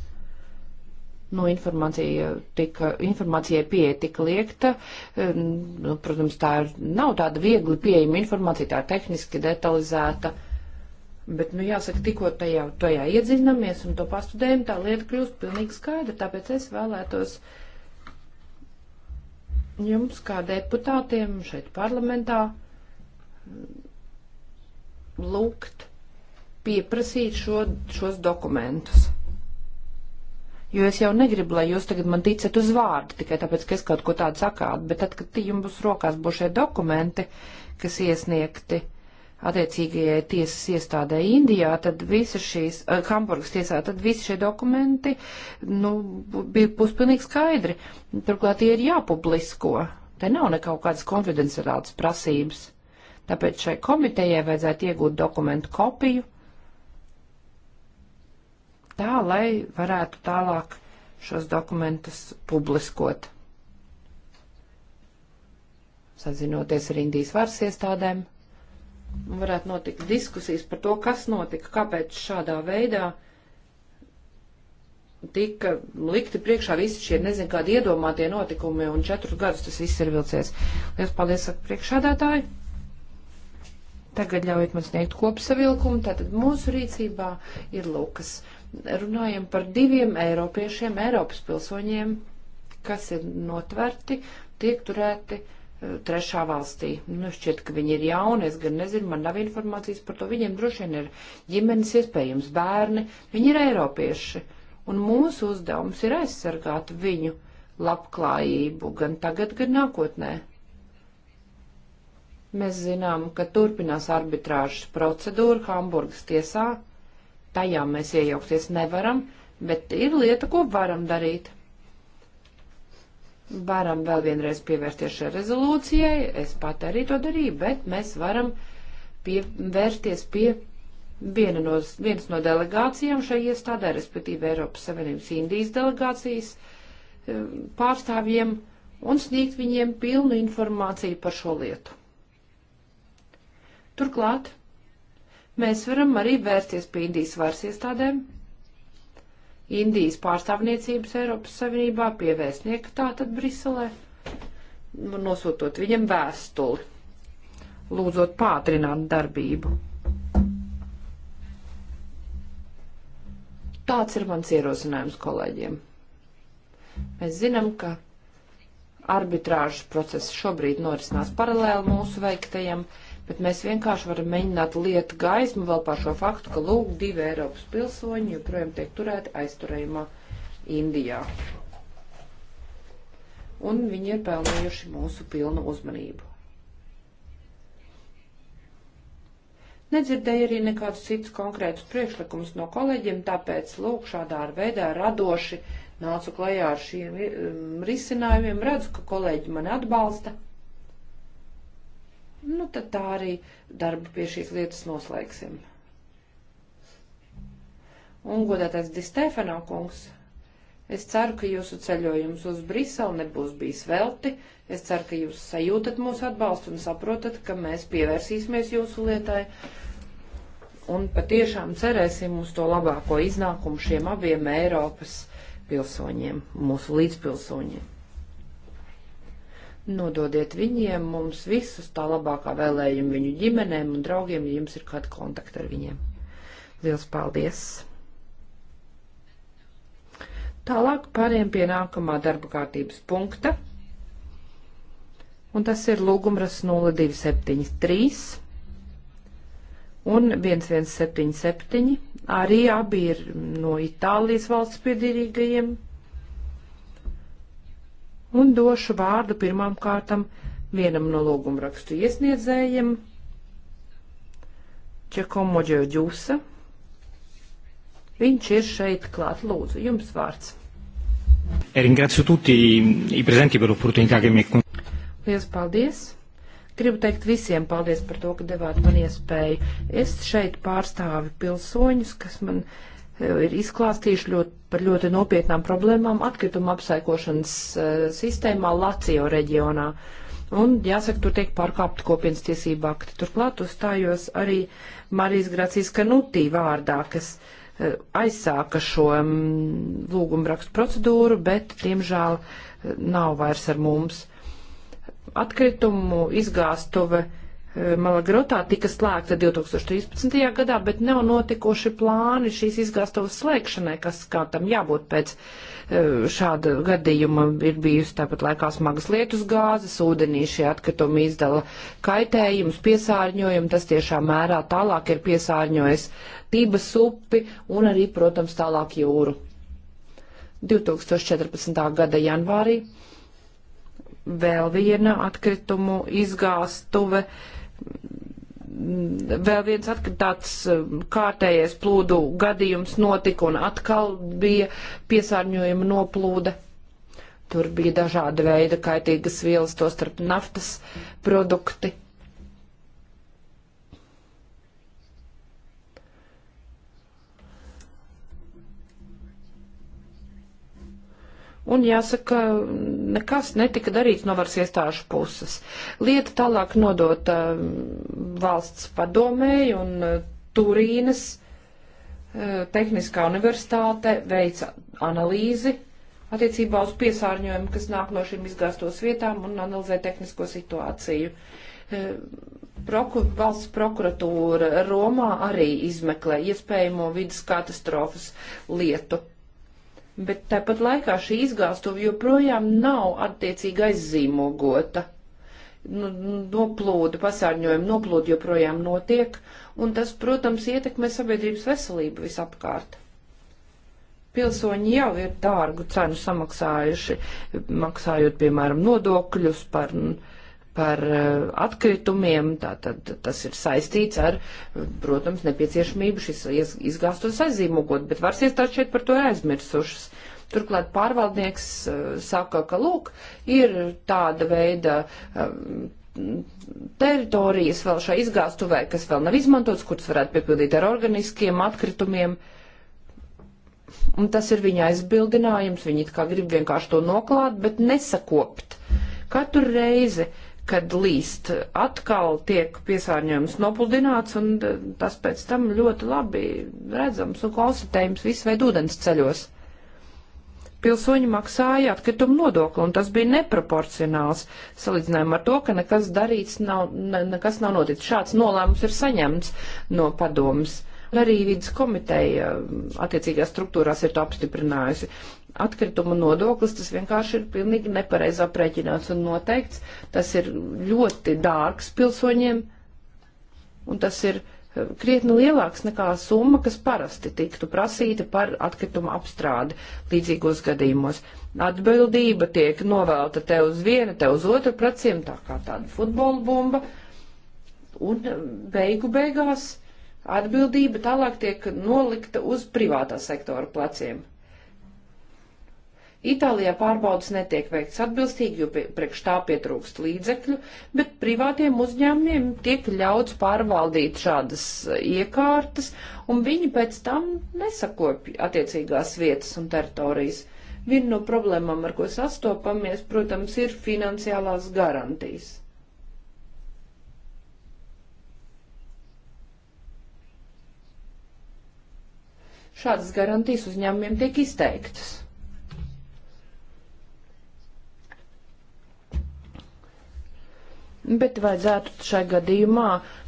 Nu, informācija tika, informācijai pieeja tika liekta. Nu, protams, tā ir, nav tāda viegli pieejama informācija, tā ir tehniski detalizēta. Bet, nu, jāsaka, tikko tajā, tajā iedzinamies un to pastudējam, tā lieta kļūst pilnīgi skaidra. Tāpēc es vēlētos jums, kā deputātiem šeit parlamentā, lūgt pieprasīt šo, šos dokumentus. Jo es jau negribu, lai jūs tagad man ticat uz vārdu, tikai tāpēc, ka es kaut ko tādu sakātu, bet tad, kad jums rokās būs šie dokumenti, kas iesniegti, uh, attiecīgajai tiesas iestādē Indijā, tad visa šīs, uh, Hamburgas tiesā, tad visi šie dokumenti, nu, bija puspilnīgi skaidri. Turklāt tie ir jāpublisko. Te nav nekaut kādas konfidenciālas prasības. Tāpēc šai komitejai vajadzētu iegūt dokumentu kopiju, tā, lai varētu tālāk šos dokumentus publiskot. Sazinoties ar Indijas varas iestādēm varētu notikt diskusijas par to, kas notika, kāpēc šādā veidā tika likti priekšā visi šie nezinu kādi iedomātie notikumi, un četrus gadus tas viss ir vilcies. Lielas paldies, saka priekšādātāji. Tagad ļaujiet man sniegt kopsavilkumu. Tātad mūsu rīcībā ir Lukas. Runājam par diviem eiropiešiem, Eiropas pilsoņiem, kas ir notverti, tiek turēti trešā valstī. Nu, šķiet, ka viņi ir jauni, es gan nezinu, man nav informācijas par to. Viņiem droši vien ir ģimenes, iespējams, bērni, viņi ir eiropieši. Un mūsu uzdevums ir aizsargāt viņu labklājību gan tagad, gan nākotnē. Mēs zinām, ka turpinās arbitrāžas procedūra Hamburgas tiesā. Tajā mēs iejaukties nevaram, bet ir lieta, ko varam darīt varam vēl vienreiz pievērties šai rezolūcijai. Es pat arī to darīju, bet mēs varam pievērsties pie viena no, viens no delegācijām šai iestādē, respektīvi Eiropas Savienības Indijas delegācijas um, pārstāvjiem un sniegt viņiem pilnu informāciju par šo lietu. Turklāt mēs varam arī vērsties pie Indijas varas iestādēm Indijas pārstāvniecības Eiropas Savienībā pie vēstnieka tātad Briselē, nosūtot viņam vēstuli, lūdzot pātrināt darbību. Tāds ir mans ierosinājums kolēģiem. Mēs zinām, ka arbitrāžas process šobrīd norisinās paralēli mūsu veiktajam. Uh, bet mēs vienkārši varam mēģināt liet gaismu vēl par šo faktu, ka lūk, divi Eiropas pilsoņi joprojām tiek turēti aizturējumā Indijā. Un viņi ir pelnījuši mūsu pilnu uzmanību. Nedzirdēju arī nekādus citus konkrētus priekšlikumus no kolēģiem, tāpēc lūk šādā veidā radoši nācu klajā ar šiem um, risinājumiem. Redzu, ka kolēģi mani atbalsta nu tad tā arī darbu pie šīs lietas noslēgsim. Un godātais Di Stefano kungs, es ceru, ka jūsu ceļojums uz Briselu nebūs bijis velti. Es ceru, ka jūs sajūtat mūsu atbalstu un saprotat, ka mēs pievērsīsimies jūsu lietai. Un patiešām cerēsim uz to labāko iznākumu šiem abiem Eiropas pilsoņiem, mūsu līdzpilsoņiem. Nododiet viņiem mums visus tā labākā vēlējumu viņu ģimenēm un draugiem, ja jums ir kāda kontakta ar viņiem. Liels paldies! Tālāk pāriem pie nākamā darba kārtības punkta. Un tas ir lūgumras 0273 un 1177. Arī abi ir no Itālijas valsts piedarīgajiem un došu vārdu pirmām kārtam vienam no lūgumrakstu iesniedzējiem - Čekomo Džeģusa. Viņš ir šeit klāt. Lūdzu, jums vārds. Eh, ringrazio tutti i presenti per l'opportunità che mi è Lielas paldies! Gribu teikt visiem paldies par to, ka devāt man iespēju. Es šeit pārstāvu pilsoņus, kas man ir izklāstījuši ļoti, par ļoti nopietnām problēmām atkrituma apsaikošanas eh, sistēmā Lācijo reģionā. Un, jāsaka, tur tiek pārkāpta kopienas tiesība akti. Turklāt uzstājos arī Marijas Gracijas Kanutī vārdā, kas eh, aizsāka šo mm, lūgumrakstu procedūru, bet, diemžēl, eh, nav vairs ar mums. Atkritumu izgāstuve Eh, Malagrotā tika slēgta 2013. gadā, bet nav notikoši plāni šīs izgāstavas slēgšanai, kas kā tam jābūt pēc eh, šāda gadījuma. Ir bijusi tāpat laikā smagas lietus gāzes, ūdenī šie atkritumi izdala kaitējums, piesārņojumu, tas tiešām mērā tālāk ir piesārņojis Tības upi un arī, protams, tālāk jūru. 2014. gada janvārī vēl viena atkritumu izgāstuve uh, vēl viens tāds um, kārtējais plūdu gadījums notika un atkal bija piesārņojuma noplūde. Tur bija dažāda veida kaitīgas vielas, tostarp naftas produkti. un jāsaka, nekas netika darīts no varas iestāžu puses. Lieta tālāk nodota mm, valsts padomēji un e, Turīnas e, Tehniskā universitāte veica analīzi attiecībā uz piesārņojumu, kas nāk no šīm izgāstos vietām un analizē tehnisko situāciju. E, proku, valsts prokuratūra Romā arī izmeklē iespējamo vidas katastrofas lietu bet tāpat laikā šī izgāstuve joprojām nav attiecīgi aizzīmogota. Nu, noplūda, pasārņojuma noplūda joprojām notiek, un tas, protams, ietekmē sabiedrības veselību visapkārt. Pilsoņi jau ir dārgu cenu samaksājuši, maksājot, piemēram, nodokļus par uh, par eh, atkritumiem, tātad tas ir saistīts ar, eh, protams, nepieciešamību šis izgāstos aizzīmogot, bet varas iestādes šeit par to ir aizmirsušas. Turklāt pārvaldnieks eh, saka, ka lūk, ir tāda veida teritorijas vēl šai izgāstuvē, kas vēl nav izmantotas, kuras varētu piepildīt ar organiskiem atkritumiem. Un tas ir viņa aizbildinājums, viņi it kā grib vienkārši to noklāt, bet nesakopt. Katru reizi uh, kad līst atkal tiek piesārņojums nopludināts, un tas pēc tam ļoti labi redzams un konstatējams visveidu ūdens ceļos. Pilsoņi maksāja atkritumu nodokli, un tas bija neproporcionāls salīdzinājumā ar to, ka nekas darīts nav, ne, nekas nav noticis. Šāds nolēmums ir saņemts no padomas. Arī vidas komiteja attiecīgās struktūrās ir to apstiprinājusi atkrituma nodoklis, tas vienkārši ir pilnīgi nepareiz aprēķināts un noteikts. Tas ir ļoti dārgs pilsoņiem, un tas ir eh, krietni lielāks nekā summa, kas parasti tiktu prasīta par atkrituma apstrādi līdzīgos gadījumos. Atbildība tiek novēlta te uz vienu, te uz otru praciem, tā kā tāda futbola bumba, un eh, beigu beigās atbildība tālāk tiek nolikta uz privātā sektora pleciem. Itālijā pārbaudas netiek veikts atbilstīgi, jo priekš tā pietrūkst līdzekļu, bet privātiem uzņēmumiem tiek ļauts pārvaldīt šādas e, iekārtas, un viņi pēc tam nesakopja attiecīgās vietas un teritorijas. Viena no problēmām, ar ko sastopamies, protams, ir finansiālās garantijas. Šādas garantijas uzņēmumiem tiek izteiktas. bet vajadzētu šai gadījumā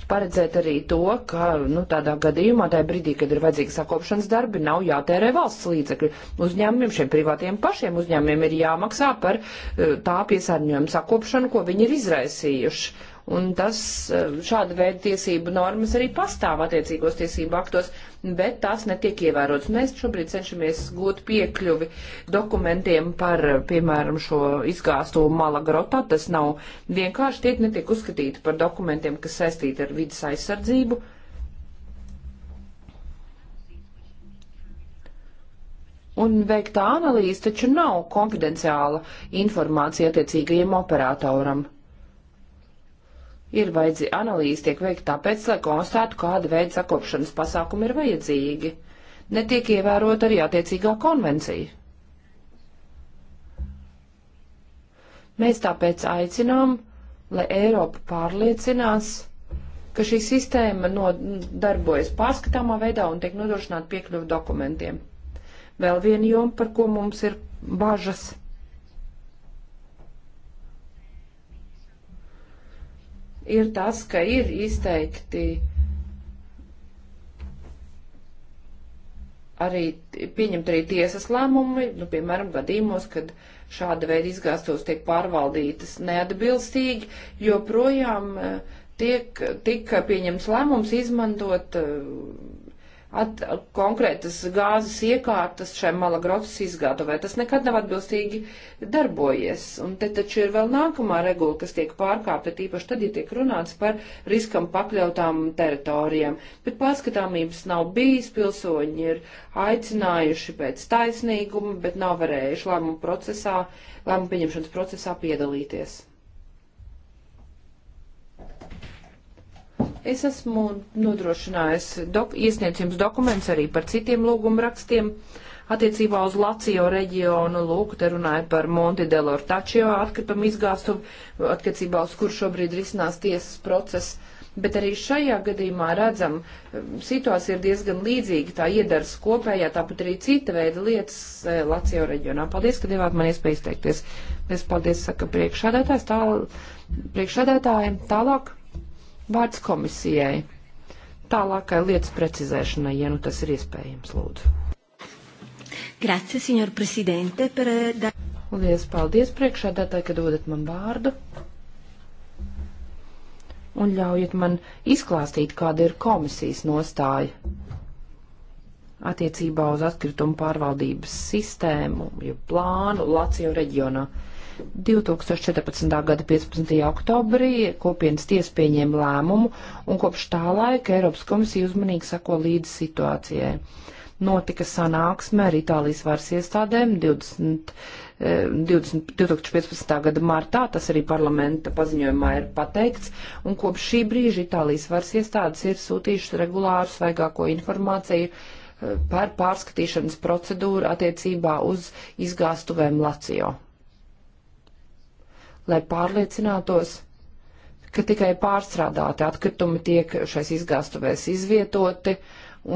paredzēt arī to, ka nu, tādā gadījumā, tajā brīdī, kad ir vajadzīgi sakopšanas darbi, nav jātērē valsts līdzekļi. Uzņēmumiem, šiem privātiem pašiem uzņēmumiem ir jāmaksā par eh, tā piesārņojuma sakopšanu, ko viņi ir izraisījuši. Un tas eh, šāda veida tiesību normas arī pastāv attiecīgos tiesību aktos bet tās netiek ievērotas. Mēs šobrīd cenšamies gūt piekļuvi dokumentiem par, piemēram, šo izgāstu malagrotā. Tas nav vienkārši tiek netiek uzskatīti par dokumentiem, kas saistīti ar vidas aizsardzību. Un veiktā analīze taču nav konfidenciāla informācija attiecīgajiem operatoram ir vajadzīgi, analīze tiek veikta tāpēc, lai konstatētu, kāda veida sakopšanas pasākumi ir vajadzīgi. Netiek ievērot arī attiecīgā konvencija. Mēs tāpēc aicinām, lai Eiropa pārliecinās, ka šī sistēma no, darbojas pārskatāmā veidā un tiek nodrošināta piekļuva dokumentiem. Vēl viena joma, par ko mums ir bažas ir tas, ka ir izteikti arī pieņemt arī tiesas lēmumi, nu, piemēram, gadījumos, kad šāda veida izgāstos tiek pārvaldītas neatbilstīgi, joprojām eh, tiek, tika pieņemts lēmums izmantot uh, at, konkrētas gāzes iekārtas šai malagrotas izgatavē. Tas nekad nav atbilstīgi darbojies. Un te taču ir vēl nākamā regula, kas tiek pārkāpta, tīpaši tad, ja tiek runāts par riskam pakļautām teritorijām. Bet pārskatāmības nav bijis, pilsoņi ir aicinājuši pēc taisnīguma, bet nav varējuši lēmumu procesā, lēmumu pieņemšanas procesā piedalīties. Es esmu nodrošinājis, dok, iesniedz jums dokuments arī par citiem lūgumrakstiem. Attiecībā uz Lācijo reģionu, lūk, te runāja par Monti del Ortačio atkritumu izgāstuvu, attiecībā uz kur šobrīd risinās tiesas process. Bet arī šajā gadījumā redzam, situācija ir diezgan līdzīga, tā iedars kopējā, tāpat arī cita veida lietas e, Lācijo reģionā. Paldies, ka devāt man iespēju izteikties. Es paldies, saka priekšādētājs, tā, priekšādētājiem tālāk. Vārds komisijai. Tālākai lietas precizēšanai, ja nu tas ir iespējams, lūdzu. Grazie, signor Presidente, par... Eh, Lielas paldies priekšādātāji, ka dodat man vārdu. Un ļaujiet man izklāstīt, kāda ir komisijas nostāja attiecībā uz atkritumu pārvaldības sistēmu, ja plānu Lācijo reģionā. Uh, 2014. gada 15. oktobrī kopienas tiesa pieņēma lēmumu, un kopš tā laika Eiropas komisija uzmanīgi sako līdzi situācijai. Notika sanāksme ar Itālijas varas iestādēm 20, 20, 2015. gada martā, tas arī parlamenta paziņojumā ir pateikts, un kopš šī brīža Itālijas varas iestādes ir sūtījušas regulāru svaigāko informāciju eh, par pārskatīšanas procedūru attiecībā uz izgāstuvēm Lacijo lai pārliecinātos, ka tikai pārstrādāti atkritumi tiek šais izgāstuvēs izvietoti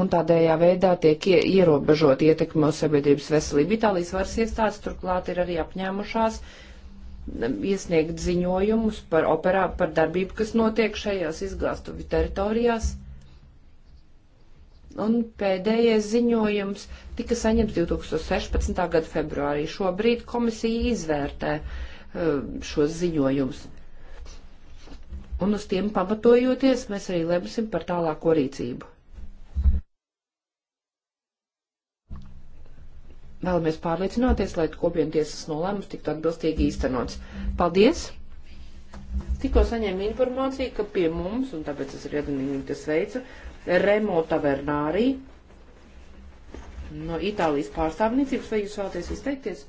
un tādējā veidā tiek ierobežot ietekmi uz sabiedrības veselību. Itālijas varas iestādes turklāt ir arī apņēmušās mm, iesniegt ziņojumus par, operā, par darbību, kas notiek šajās izgāstuvi teritorijās. Un pēdējais ziņojums tika saņemts 2016. gada februārī. Šobrīd komisija izvērtē uh, Eh, šos ziņojumus. Un uz tiem pamatojoties, mēs arī lemsim par tālāko rīcību. Vēlamies pārliecināties, lai kopientiesas nolēmums tiktu atbilstīgi īstenots. Paldies! Tikko saņēmu informāciju, ka pie mums, un tāpēc es arī atzinīgi tas veicu, Remo Tavernārī no Itālijas pārstāvniecības, vai jūs vēlaties izteikties?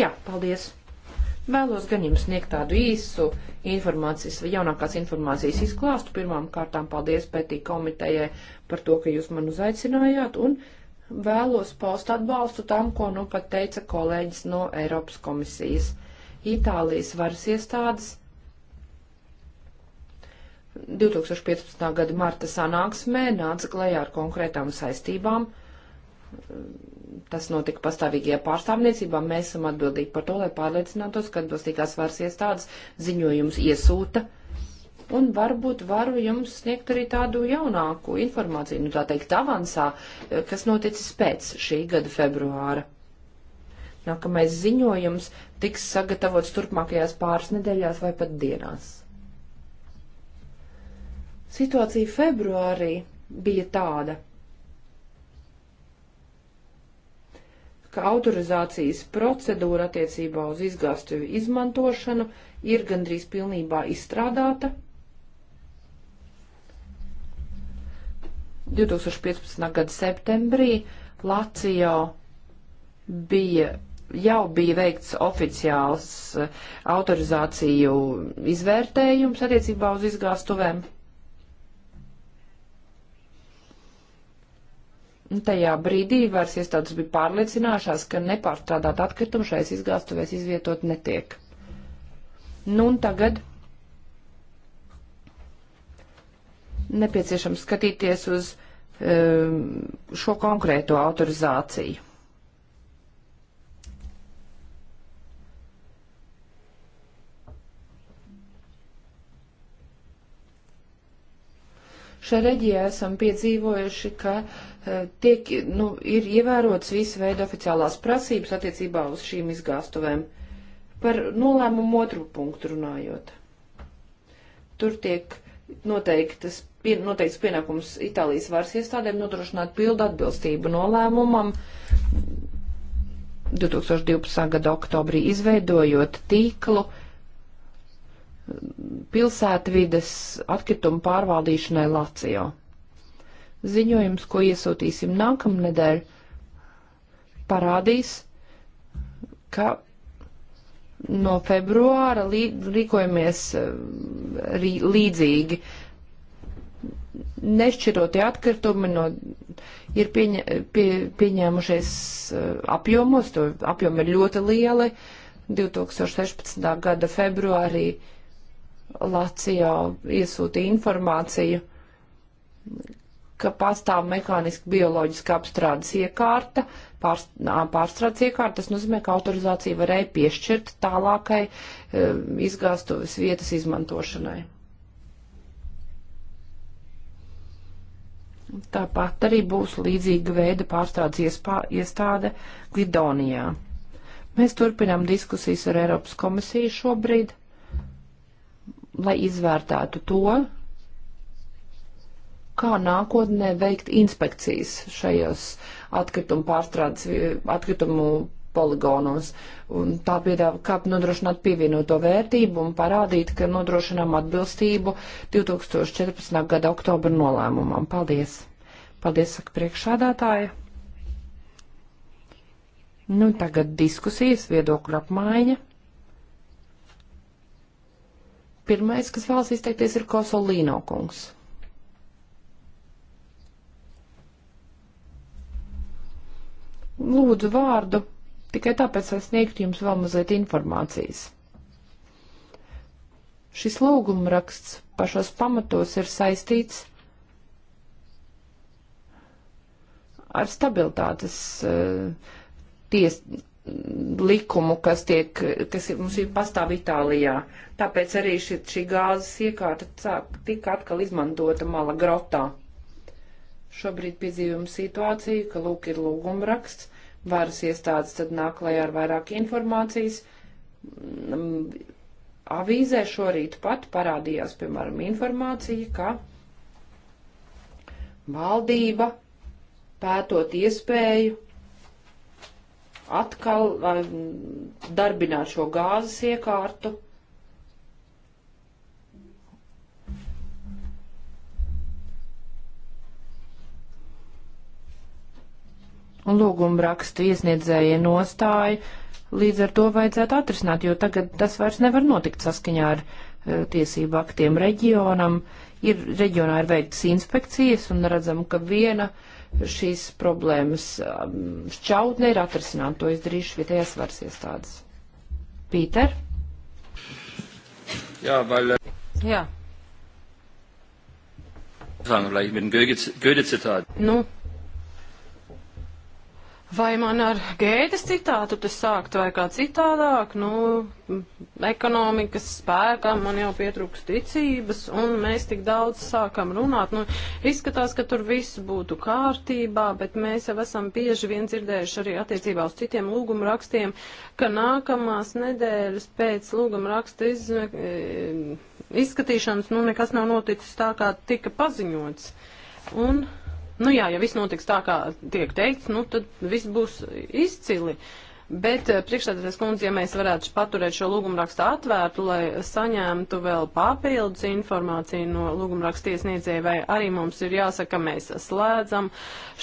Jā, paldies. Vēlos gan jums sniegt tādu īsu informācijas vai jaunākās informācijas izklāstu. Pirmām kārtām paldies pētī komitejai par to, ka jūs man uzaicinājāt un vēlos paust atbalstu tam, ko nu pat teica kolēģis no Eiropas komisijas. Itālijas varas iestādes 2015. gada marta sanāksmē nāca klajā ar konkrētām saistībām tas notika pastāvīgajā pārstāvniecībā. Mēs esam atbildīgi par to, lai pārliecinātos, ka atbilstīgās varas iestādes ziņojums iesūta. Un varbūt varu jums sniegt arī tādu jaunāku informāciju, nu tā teikt, avansā, eh, kas noticis pēc šī gada februāra. Nākamais ziņojums tiks sagatavots turpmākajās pāris nedēļās vai pat dienās. Situācija februārī bija tāda, ka autorizācijas procedūra attiecībā uz izgāstuvi izmantošanu ir gandrīz pilnībā izstrādāta. 2015. gada septembrī Lācijā bija jau bija veikts oficiāls eh, autorizāciju izvērtējums attiecībā uz izgāstuvēm. Tajā brīdī varas iestādes bija pārliecinājušās, ka nepārstrādāt atkritumu šais izgāstuvēs izvietot netiek. Nu un tagad nepieciešams skatīties uz ehm, šo konkrēto autorizāciju. Šajā reģijā esam piedzīvojuši, ka uh, Eh, tiek, nu, ir ievērotas visu veidu oficiālās prasības attiecībā uz šīm izgāstuvēm. Par nolēmumu otru punktu runājot. Tur tiek noteiktas, noteikts pienākums Itālijas varas iestādēm nodrošināt pildu atbilstību nolēmumam 2012. gada oktobrī izveidojot tīklu pilsētvides atkritumu pārvaldīšanai Lācijā. Ziņojums, ko iesūtīsim nākamnedēļ, parādīs, ka no februāra lī, rīkojamies eh, rī, līdzīgi. Nešķirotie atkritumi no, ir pieņa, pie, pieņēmušies eh, apjomos, to apjomi ir ļoti lieli. 2016. gada februārī Lācijā iesūtīja informāciju, ka pastāv mehāniski bioloģiska apstrādes iekārta, pār, pārstrādes iekārta, tas nozīmē, ka autorizācija varēja piešķirt tālākai e, izgāstuves vietas izmantošanai. Tāpat arī būs līdzīga veida pārstrādes iespā, iestāde Glidonijā. Mēs turpinām diskusijas ar Eiropas komisiju šobrīd, lai izvērtētu to, kā nākotnē veikt inspekcijas šajos atkritumu pārstrādes, atkritumu poligonos. Un tā piedāva, kā nodrošināt pievienoto vērtību un parādīt, ka nodrošinām atbilstību 2014. gada oktobra nolēmumam. Paldies! Paldies, saka priekšādātāja! Nu, tagad diskusijas, viedokļu apmaiņa. Pirmais, kas vēlas izteikties, ir Kosolīno kungs. lūdzu vārdu, tikai tāpēc, lai sniegtu jums vēl mazliet informācijas. Šis lūgumraksts pašos pamatos ir saistīts ar stabilitātes uh, ties, likumu, kas, tiek, kas ir, mums ir pastāv Itālijā. Tāpēc arī šī, šī gāzes iekārta tika atkal izmantota mala grotā. Šobrīd piedzīvojam situāciju, ka lūk ir lūgumraksts, varas iestādes tad nāk klajā ar vairāk informācijas. Mm, avīzē šorīt pat parādījās, piemēram, informācija, ka valdība pētot iespēju atkal darbināt šo gāzes iekārtu un lūguma rakstu iesniedzēja nostāja. Līdz ar to vajadzētu atrisināt, jo tagad tas vairs nevar notikt saskaņā ar uh, tiesību aktiem reģionam. Ir, reģionā ir veiktas inspekcijas un redzam, ka viena šīs problēmas um, šķautne ir atrisināt. To izdarīšu vietējās varas iestādes. Pīter? Jā, vai... Eh, Jā. Nu, Vai man ar gēdes citātu te sākt vai kā citādāk? Nu, ekonomikas spēkam man jau pietrūks ticības, un mēs tik daudz sākam runāt. Nu, izskatās, ka tur viss būtu kārtībā, bet mēs jau esam bieži vien dzirdējuši arī attiecībā uz citiem lūgumrakstiem, ka nākamās nedēļas pēc lūgumraksta iz, e, izskatīšanas, nu, nekas nav noticis tā, kā tika paziņots. Un, Nu jā, ja viss notiks tā, kā tiek teikts, nu tad viss būs izcili. Uh, Bet eh, priekšstādātais kundze, ja mēs varētu paturēt šo lūgumrakstu atvērtu, lai saņemtu vēl papildus informāciju no lūgumrakstu iesniedzēja, vai arī mums ir jāsaka, ka mēs slēdzam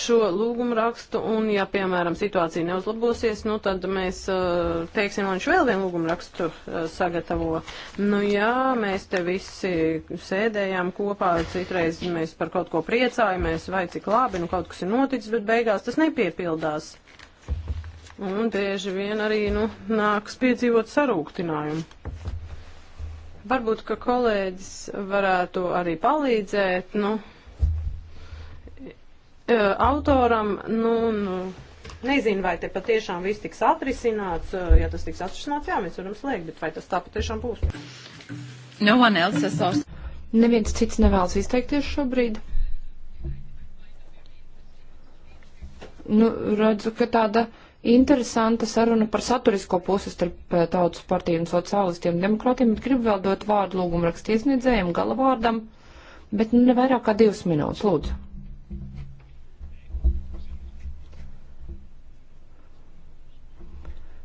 šo lūgumrakstu, un ja, piemēram, situācija neuzlabosies, nu tad mēs eh, teiksim, viņš vēl vienu lūgumrakstu eh, sagatavo. Nu jā, mēs te visi sēdējām kopā, citreiz mēs par kaut ko priecājamies, vai cik labi, nu kaut kas ir noticis, bet beigās tas nepiepildās un bieži vien arī nu, nāks piedzīvot sarūktinājumu. Varbūt, ka kolēģis varētu arī palīdzēt, nu, e, autoram, nu, nu, nezinu, vai te patiešām viss tiks atrisināts, e, ja tas tiks atrisināts, jā, mēs varam slēgt, bet vai tas tā patiešām būs? No one else has also... Neviens cits nevēlas izteikties šobrīd. Nu, redzu, ka tāda interesanta saruna par saturisko pusi starp eh, tautas partiju un sociālistiem demokrātiem, bet gribu vēl dot vārdu lūgumu rakstiesniedzējiem, gala vārdam, bet nu ne vairāk kā divas minūtes, lūdzu.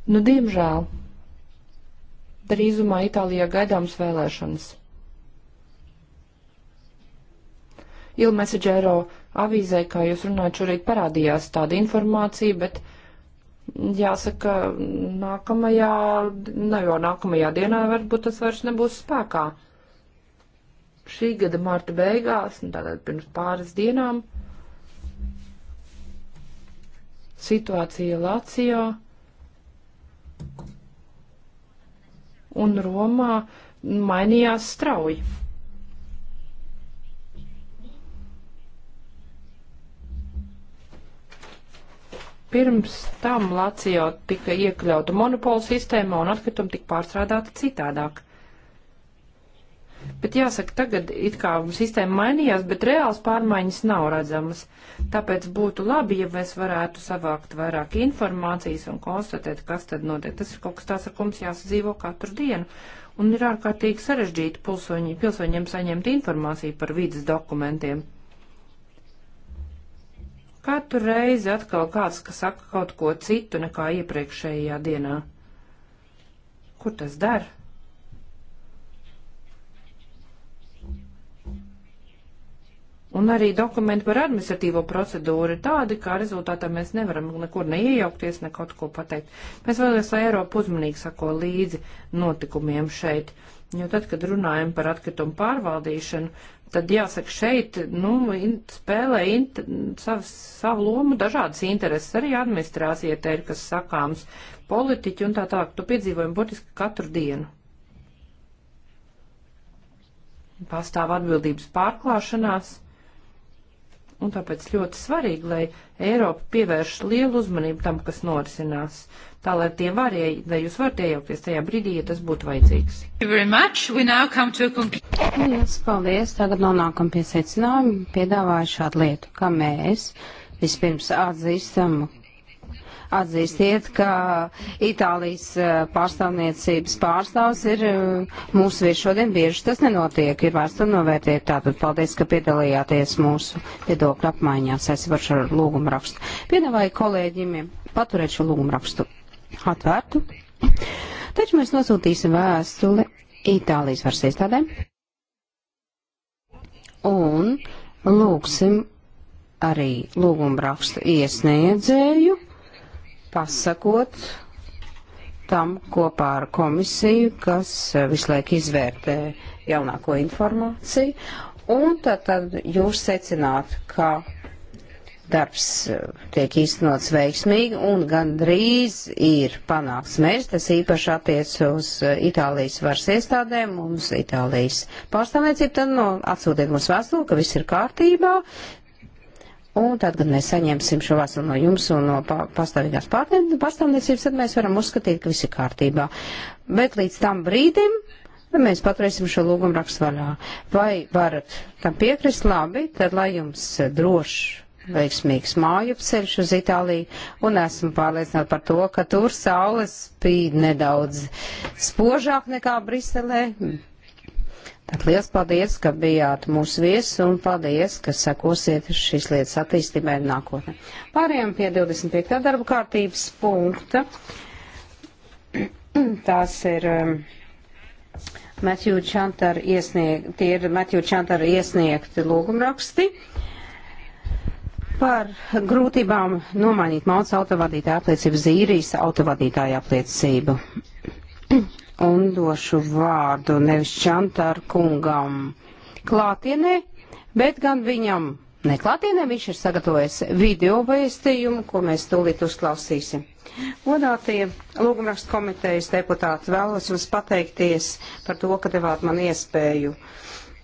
Nu, diemžēl, drīzumā Itālijā gaidāms vēlēšanas. Il Messaggero avīzē, kā jūs runājat, šorīt parādījās tāda informācija, bet uh, jāsaka, nākamajā, ne jau nākamajā dienā varbūt tas vairs nebūs spēkā. Šī gada marta beigās, tātad pirms pāris dienām, situācija Lācijā un Romā mainījās strauji. Pirms tam Lācijā tika iekļauta monopola sistēma un atkritumi tika pārstrādāti citādāk. Bet jāsaka, tagad it kā sistēma mainījās, bet reāls pārmaiņas nav redzamas. Tāpēc būtu labi, ja mēs varētu savākt vairāk informācijas un konstatēt, kas tad notiek. Tas ir kaut kas tās, ar ko mums jāsadzīvo katru dienu. Un ir ārkārtīgi sarežģīti pilsoņi, pilsoņiem saņemt informāciju par vidas dokumentiem. Katru reizi atkal kāds, kas saka kaut ko citu nekā iepriekšējā dienā. Kur tas dara? Un arī dokumenti par administratīvo procedūru ir tādi, kā rezultātā mēs nevaram nekur neiejaukties, ne kaut ko pateikt. Mēs vēlamies, lai Eiropa uzmanīgi sako līdzi notikumiem šeit. Jo tad, kad runājam par atkritumu pārvaldīšanu, tad jāsaka šeit, nu, in, spēlē int, sav, savu lomu dažādas intereses, arī administrācija te ir, kas sakāms, politiķi un tā tālāk. To piedzīvojam būtiski katru dienu. Pastāv atbildības pārklāšanās, un tāpēc ļoti svarīgi, lai Eiropa pievērš lielu uzmanību tam, kas norisinās tā lai tie varēja, lai jūs varat iejaukties tajā brīdī, ja tas būtu vajadzīgs. Lielas paldies, tagad nonākam pie secinājuma, piedāvāju šādu lietu, ka mēs vispirms atzīstam, atzīstiet, ka Itālijas eh, pārstāvniecības pārstāvs ir eh, mūsu viesi šodien bieži tas nenotiek, ir vērts to novērtēt, tātad paldies, ka piedalījāties mūsu viedokļu apmaiņā, saistībā ar šo lūgumu rakstu. Piedāvāju kolēģiem paturēt šo lūgumu rakstu atvērtu, taču mēs nosūtīsim vēstuli Itālijas varas iestādēm un lūgsim arī lūgumrakstu iesniedzēju pasakot tam kopā ar komisiju, kas visu laiku izvērtē jaunāko informāciju, un tad, tad jūs secināt, ka darbs eh, tiek īstenots veiksmīgi un gandrīz ir panāks mērķis. Tas īpaši attiec uz eh, Itālijas varas iestādēm, mums Itālijas pārstāvniecība, tad no, nu, atsūtiet mums vēstuli, ka viss ir kārtībā. Un tad, kad mēs saņemsim šo vēstuli no jums un no pastāvīgās pārstāvniecības, tad mēs varam uzskatīt, ka viss ir kārtībā. Bet līdz tam brīdim mēs paturēsim šo lūgumu rakstvaļā. Vai varat tam piekrist? Labi, tad lai jums droši veiksmīgs mājupceļš uz Itāliju, un esmu pārliecināta par to, ka tur saule spīd nedaudz spožāk nekā Briselē. Tad liels paldies, ka bijāt mūsu viesi, un paldies, ka sekosiet šīs lietas attīstībai nākotnē. Pārējām pie 25. darba kārtības punkta. Tās ir um, Matthew Chantar iesniegt, tie ir Matthew Chantar iesniegti lūgumraksti. Uh, par grūtībām nomainīt mācu autovadītāju apliecību Zīrijas autovadītāju apliecību. Un došu vārdu nevis Čantar kungam klātienē, bet gan viņam neklātienē viņš ir sagatavojis video vēstījumu, ko mēs tūlīt uzklausīsim. Godātie lūgumrakstu komitejas deputāti vēlos jums pateikties par to, ka devāt man iespēju uh,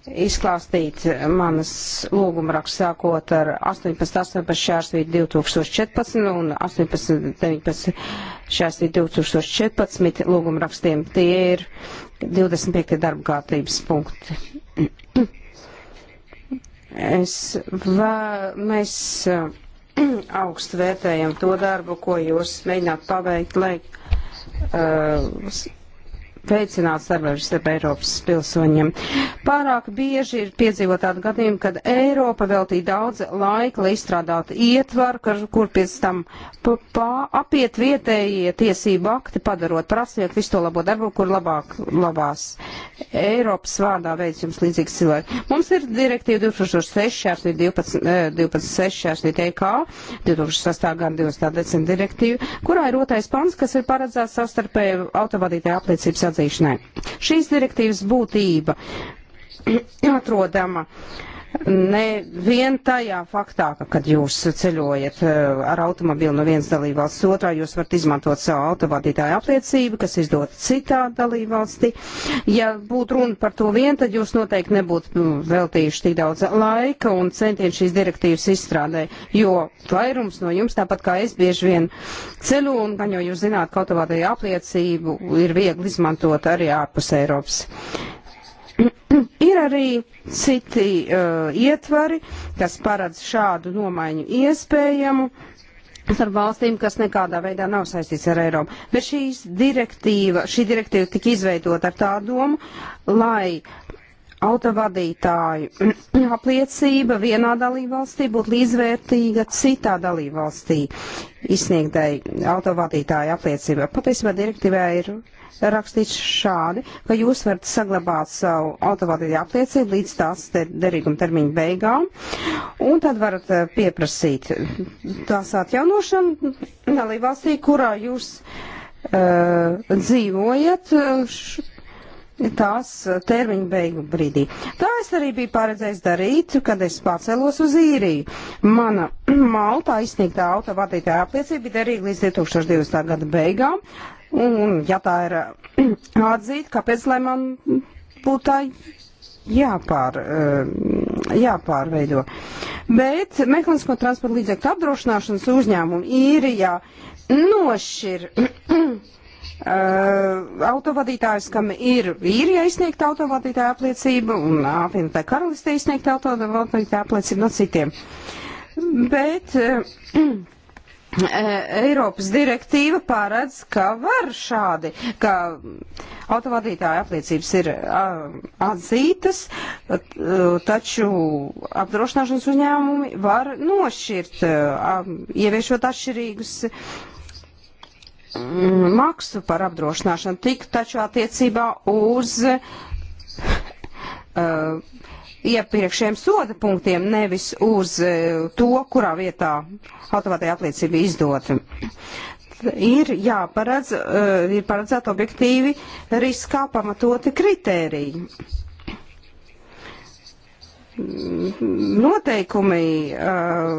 izklāstīt manas lūguma rakstu sākot ar 18.18. 18 šārsvīt 2014 un 18.19. šārsvīt 2014 lūguma rakstiem. Tie ir 25. darba kārtības punkti. Es vē, mēs augstu vērtējam to darbu, ko jūs mēģināt paveikt, lai uh, veicināt starpības starp Eiropas pilsoņiem. Pārāk bieži ir piedzīvot tādu gadījumu, kad Eiropa veltīja daudz laika, lai izstrādātu ietvaru, kur, kur pēc tam apiet vietējie tiesību akti, padarot prasiet visu to labo darbu, kur labāk labās Eiropas vārdā veids jums līdzīgs cilvēki. Mums ir direktīva 2006, 12, 12, 6, EK, 2008. gada 20. decembra direktīva, kurā ir otrais pants, kas ir paredzēts savstarpēju autovadītāju apliecības atzīšanai. Šīs direktīvas būtība atrodama uh, Nevien tajā faktā, ka, kad jūs ceļojat eh, ar automobili no vienas dalībvalsts otrā, jūs varat izmantot savu autovadītāju apliecību, kas izdota citā dalībvalstī. Ja būtu runa par to vien, tad jūs noteikti nebūtu mm, veltījuši tik daudz laika un centienu šīs direktīvas izstrādē, jo vairums no jums, tāpat kā es, bieži vien ceļo un, gan jau jūs zināt, ka autovadītāju apliecību ir viegli izmantot arī ārpus Eiropas. Ir arī citi uh, ietvari, kas paredz šādu nomaiņu iespējamu starp valstīm, kas nekādā veidā nav saistīts ar Eiropu. Bet direktīva, šī direktīva tika izveidota ar tā domu, lai autovadītāju apliecība vienā dalībvalstī būtu līdzvērtīga citā dalībvalstī izsniegtai autovadītāju apliecībai. Patiesībā direktīvā ir rakstīts šādi, ka jūs varat saglabāt savu autovadītāju apliecību līdz tās te derīguma termiņa beigām, un tad varat eh, pieprasīt tās atjaunošanu dalībvalstī, kurā jūs uh, dzīvojat. Uh, tās eh, termiņu beigu brīdī. Tā es arī biju paredzējis darīt, kad es pacēlos uz īriju. Mana maltā izsniegtā auto vadītāja apliecība bija derīga līdz 2020. gada beigām. Un, ja tā ir eh, atzīta, kāpēc lai man būtu tā jāpār, eh, jāpārveido. Bet mehānisko transporta līdzekļu apdrošināšanas uzņēmumu īrijā nošķir Uh, autovadītājs, kam ir īrija izsniegta autovadītāja apliecība un apvienotā karalistē izsniegta autovadītāja apliecība no citiem. Bet uh, Eiropas direktīva paredz, ka var šādi, ka autovadītāja apliecības ir uh, atzītas, uh, taču apdrošināšanas uzņēmumi var nošķirt, uh, um, ieviešot atšķirīgus uh, Mm, maksu par apdrošināšanu, tik taču attiecībā uz uh, iepriekšējiem soda punktiem, nevis uz uh, to, kurā vietā automātai apliecība izdota. Ir jāparedz, uh, ir paredzēta objektīvi riskā pamatoti kritēriji noteikumi uh,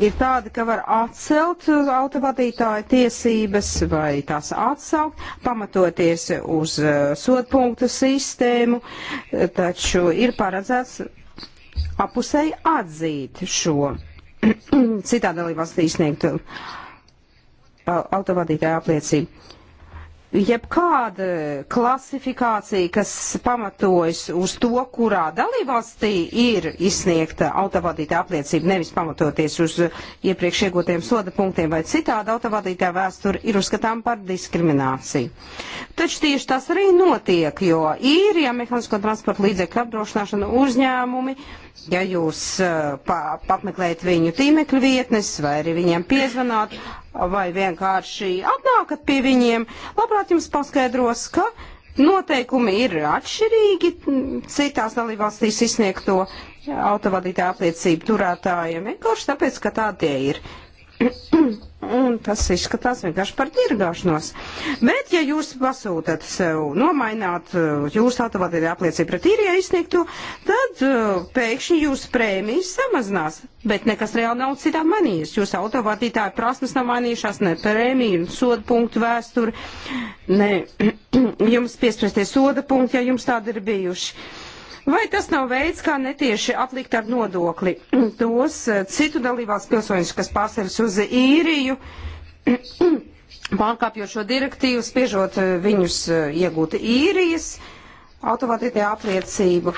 ir tādi, ka var atcelt autovadītāja tiesības vai tās atsaukt, pamatoties uz uh, sodpunktu sistēmu, taču ir paredzēts apusēji atzīt šo citā dalībvalstī sniegtu autovadītāja apliecību jebkāda klasifikācija, kas pamatojas uz to, kurā dalībvalstī ir izsniegta autovadītāja apliecība, nevis pamatoties uz iepriekš iegūtiem soda punktiem vai citādi autovadītāja vēsturi, ir uzskatām par diskrimināciju. Taču tieši tas arī notiek, jo īrijā ja mehānisko transporta līdzekļu apdrošināšana uzņēmumi Ja jūs eh, pa, apmeklējat viņu tīmekļu vietnes, vai arī viņiem piezvanāt, vai vienkārši atnākat pie viņiem, labprāt jums paskaidros, ka noteikumi ir atšķirīgi citās dalībvalstīs izsniegto autovadītāju apliecību turētājiem, vienkārši tāpēc, ka tā tie ir un tas izskatās vienkārši par tirgāšanos. Bet, ja jūs pasūtat sev nomaināt, uh, jūs autovadītāja apliecību pret īrijā izsniegto, tad uh, pēkšņi jūsu prēmijas samazinās. Bet nekas reāli nav citā mainījies. Jūsu autovadītāja prasmes nav mainījušās, ne prēmija, soda punktu vēsturi, ne jums piespriestie soda punkti, ja jums tādi ir bijuši. Vai tas nav veids, kā netieši aplikt ar nodokli tos eh, citu dalībās pilsoņus, kas pārsēras uz īriju, pārkāpjot šo direktīvu, spiežot eh, viņus eh, iegūt īrijas automātītajā apliecību?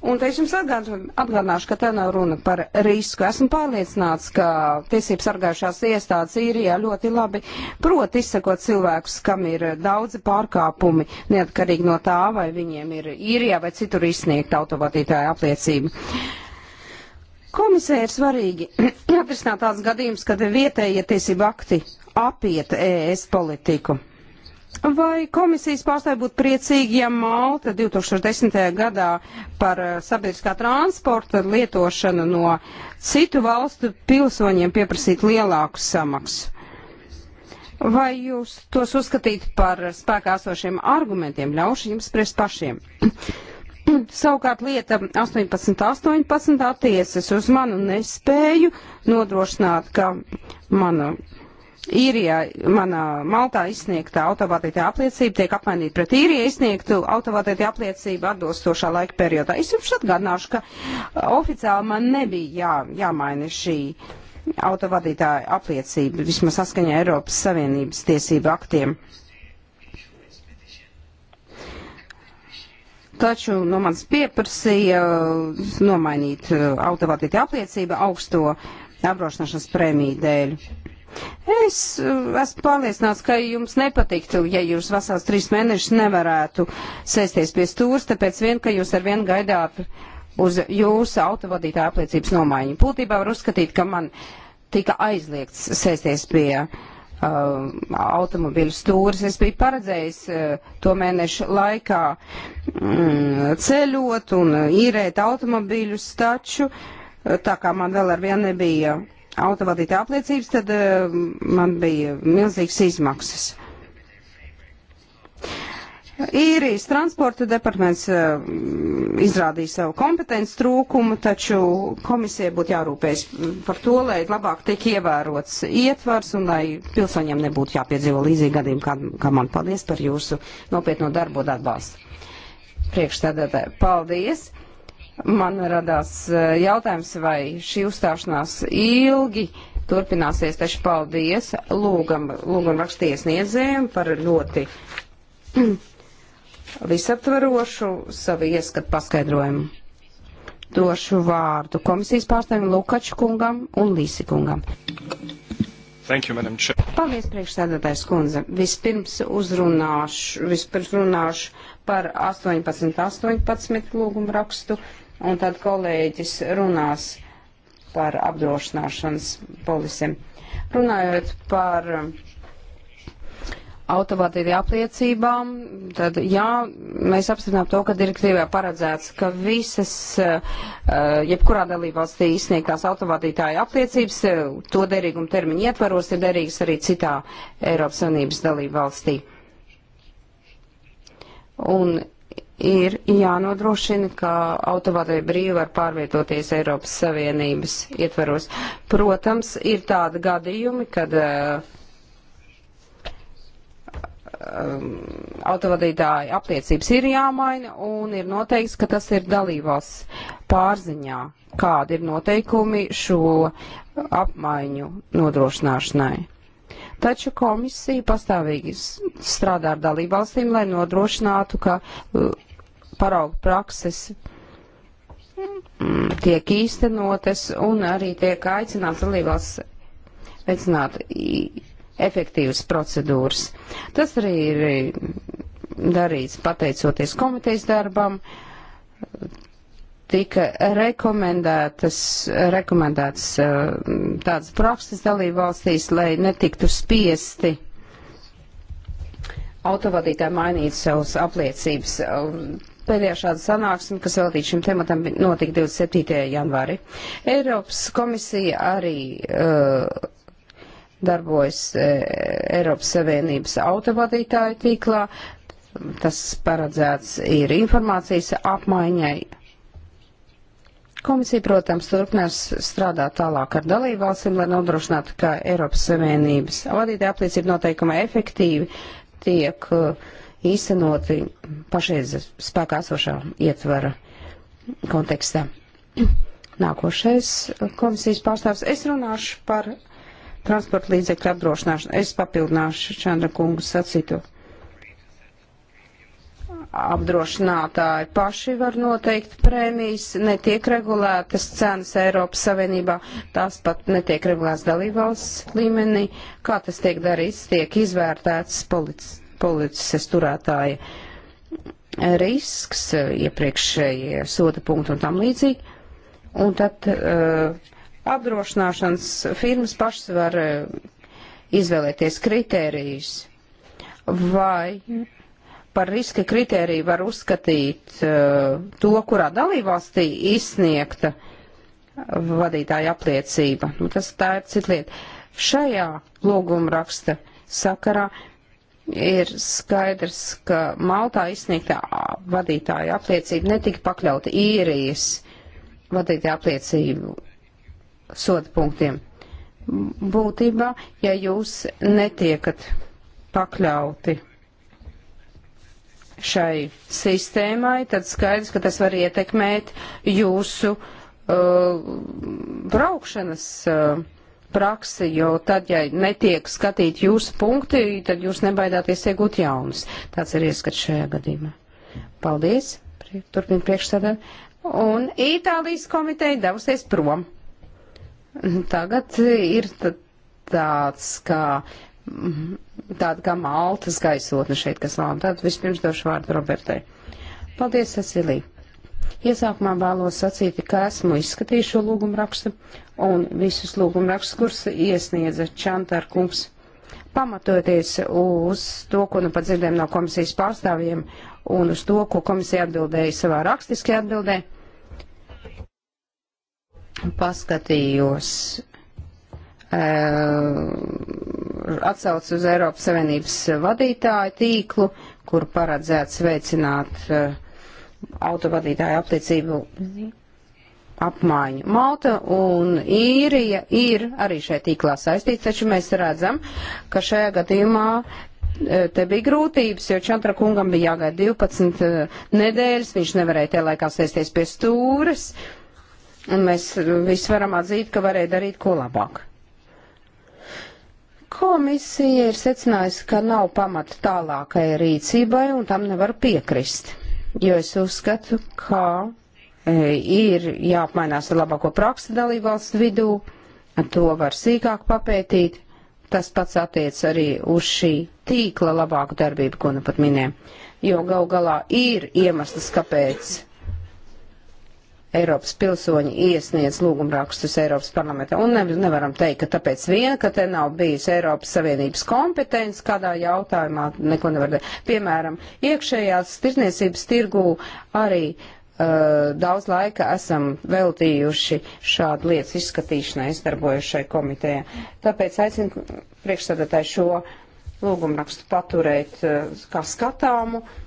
Un te es jums atgādināšu, ka te nav runa par risku. Esmu pārliecināts, ka tiesības sargājušās iestādes īrijā ļoti labi prot izsakot cilvēkus, kam ir daudzi pārkāpumi, neatkarīgi no tā, vai viņiem ir īrijā vai citur izsniegta autovadītāja apliecība. Komisija ir svarīgi atrisināt tāds gadījums, kad vietējie tiesību akti apiet ES politiku. Vai komisijas pārstāvji būtu priecīgi, ja Malta 2010. gadā par eh, sabiedriskā transporta lietošanu no citu valstu pilsoņiem pieprasītu lielāku samaksu? Vai jūs tos uzskatītu par spēkā esošiem argumentiem, ļaušu jums spriest pašiem? Savukārt lieta 18.18 18 attiecas uz manu nespēju nodrošināt, ka mana īrijā manā Maltā izsniegtā autovadītāja apliecība tiek apmainīta pret īrijā izsniegtu autovadītāja apliecību atbilstošā laika periodā. Es jums atgādināšu, ka uh, oficiāli man nebija jā, jāmaina šī autovadītāja apliecība, vismaz saskaņā Eiropas Savienības tiesību aktiem. taču no manis pieprasīja uh, nomainīt uh, autovadītāja apliecība augsto apdrošināšanas prēmiju dēļ. Es uh, esmu pārliecināts, ka jums nepatiktu, ja jūs vasās trīs mēnešus nevarētu sēsties pie stūrs, tāpēc vien, ka jūs ar vienu gaidāt uz jūsu autovadītāja apliecības nomaiņu. Būtībā var uzskatīt, ka man tika aizliegts sēsties pie uh, automobīļu stūras. Es biju paredzējis uh, to mēnešu laikā mm, ceļot un uh, īrēt automobīļus, taču uh, tā kā man vēl ar vienu nebija autovadītāja apliecības, tad uh, man bija milzīgas izmaksas. Īrijas transporta departaments uh, izrādīja savu kompetenci trūkumu, taču komisija būtu jārūpējas par to, lai labāk tiek ievērots ietvars un lai pilsoņiem nebūtu jāpiedzīvo līdzīgi gadījumi, kā, kā man paldies par jūsu nopietno darbu un atbalstu. Priekšstādātāji, paldies! Man radās eh, jautājums, vai šī uzstāšanās ilgi turpināsies, taču paldies lūgam, lūgam rakstiesniedzējiem par ļoti visaptvarošu savu ieskatu paskaidrojumu. Došu vārdu komisijas pārstāvim Lukaču kungam un Līsi kungam. Thank you, Madam Chair. Paldies, priekšsēdētājs kundze. Vispirms uzrunāšu, vispirms runāšu par 18.18 18 lūgumu rakstu un tad kolēģis runās par apdrošināšanas polisiem. Runājot par autovadīju apliecībām, tad jā, mēs apstiprinām to, ka direktīvā paredzēts, ka visas, eh, jebkurā dalībvalstī izsniegtās autovadītāja apliecības, eh, to derīguma termiņu ietvaros ir derīgas arī citā Eiropas Savienības dalībvalstī. Un ir jānodrošina, ka autovadai brīvi var pārvietoties Eiropas Savienības ietvaros. Protams, ir tādi gadījumi, kad uh, um, autovadītāja apliecības ir jāmaina un ir noteikts, ka tas ir dalībās pārziņā, kādi ir noteikumi šo apmaiņu nodrošināšanai. Taču komisija pastāvīgi strādā ar dalībvalstīm, lai nodrošinātu, ka uh, paraugu prakses mm, tiek īstenotas un arī tiek aicināts dalībās veicināt efektīvas procedūras. Tas arī ir darīts pateicoties komitejas darbam. Tika rekomendētas, rekomendētas e, tādas prakses dalību valstīs, lai netiktu spiesti autovadītāji mainīt savus apliecības. Pēdējā šāda sanāksme, kas veltīta šim tematam, notika 27. janvāri. Eiropas komisija arī uh, darbojas uh, Eiropas Savienības autovadītāju tīklā. Tas paredzēts ir informācijas apmaiņai Komisija, protams, turpinās strādāt tālāk ar dalībvalstīm, lai nodrošinātu, ka Eiropas Savienības vadītāja apliecība noteikuma efektīvi tiek uh, īstenot pašreiz spēkā esošā ietvara kontekstā. Nākošais komisijas pārstāvs. Es runāšu par transporta līdzekļu apdrošināšanu. Es papildināšu Čandra kungu sacīto. Apdrošinātāji paši var noteikt prēmijas, netiek regulētas cenas Eiropas Savienībā, tās pat netiek regulētas dalībvalsts līmenī. Kā tas tiek darīts, tiek izvērtēts policis polices turētāja risks, iepriekšējie soda punkti un tam līdzīgi. Un tad uh, apdrošināšanas firmas pašas var uh, izvēlēties kritērijus, vai par riska kritēriju var uzskatīt uh, to, kurā dalībvalstī izsniegta vadītāja apliecība. Nu, tas tā ir cita lieta. Šajā lūguma raksta sakarā ir skaidrs, ka Maltā izsniegtā vadītāja apliecība netika pakļauta īrijas vadītāja apliecību soda punktiem. Būtībā, ja jūs netiekat pakļauti šai sistēmai, tad skaidrs, ka tas var ietekmēt jūsu uh, braukšanas uh, praksi, jo tad, ja netiek skatīt jūsu punkti, tad jūs nebaidāties iegūt jaunus. Tāds ir ieskats šajā gadījumā. Paldies, turpina priekšsēdē. Un Itālijas komiteja devusies prom. Tagad ir tāds kā, tāda kā maltas gaisotne šeit, kas lām. Tad vispirms došu vārdu Robertai. Paldies, Cecilija. Iesākumā vēlos sacīt, ka esmu izskatījis šo lūgumu rakstu un visus lūgumu rakstus, kurus iesniedza Čantar kungs. Pamatoties uz to, ko nu pat dzirdējām no komisijas pārstāvjiem un uz to, ko komisija atbildēja savā rakstiskajā atbildē, paskatījos eh, atsauc uz Eiropas Savienības vadītāju tīklu, kur paredzēts veicināt uh, autovadītāju aptiecību apmaiņu. Malta un īrija ir arī šai tīklā saistīts, taču mēs redzam, ka šajā gadījumā e, te bija grūtības, jo Čantra kungam bija jāgaida 12 e, nedēļas, viņš nevarēja te laikā sēsties pie stūres, un mēs e, visi varam atzīt, ka varēja darīt ko labāk. Komisija ir secinājusi, ka nav pamata tālākai rīcībai, un tam nevar piekrist jo es uzskatu, ka e, ir jāapmainās ar labāko praksi dalībvalstu vidū, to var sīkāk papētīt. Tas pats attiec arī uz šī tīkla labāku darbību, ko nu pat minēju, jo gal galā ir iemesls, kāpēc Eiropas pilsoņi iesniedz lūgumrakstus Eiropas parlamentā. Un ne, nevaram teikt, ka tāpēc vien, ka te nav bijis Eiropas Savienības kompetence kādā jautājumā, neko nevar teikt. Piemēram, iekšējās tirzniecības tirgū arī uh, daudz laika esam veltījuši šādu lietas izskatīšanai, izdarbojušai komitejā. Tāpēc aicinu priekšstādātāju šo lūgumrakstu paturēt uh, kā skatāmu. Uh,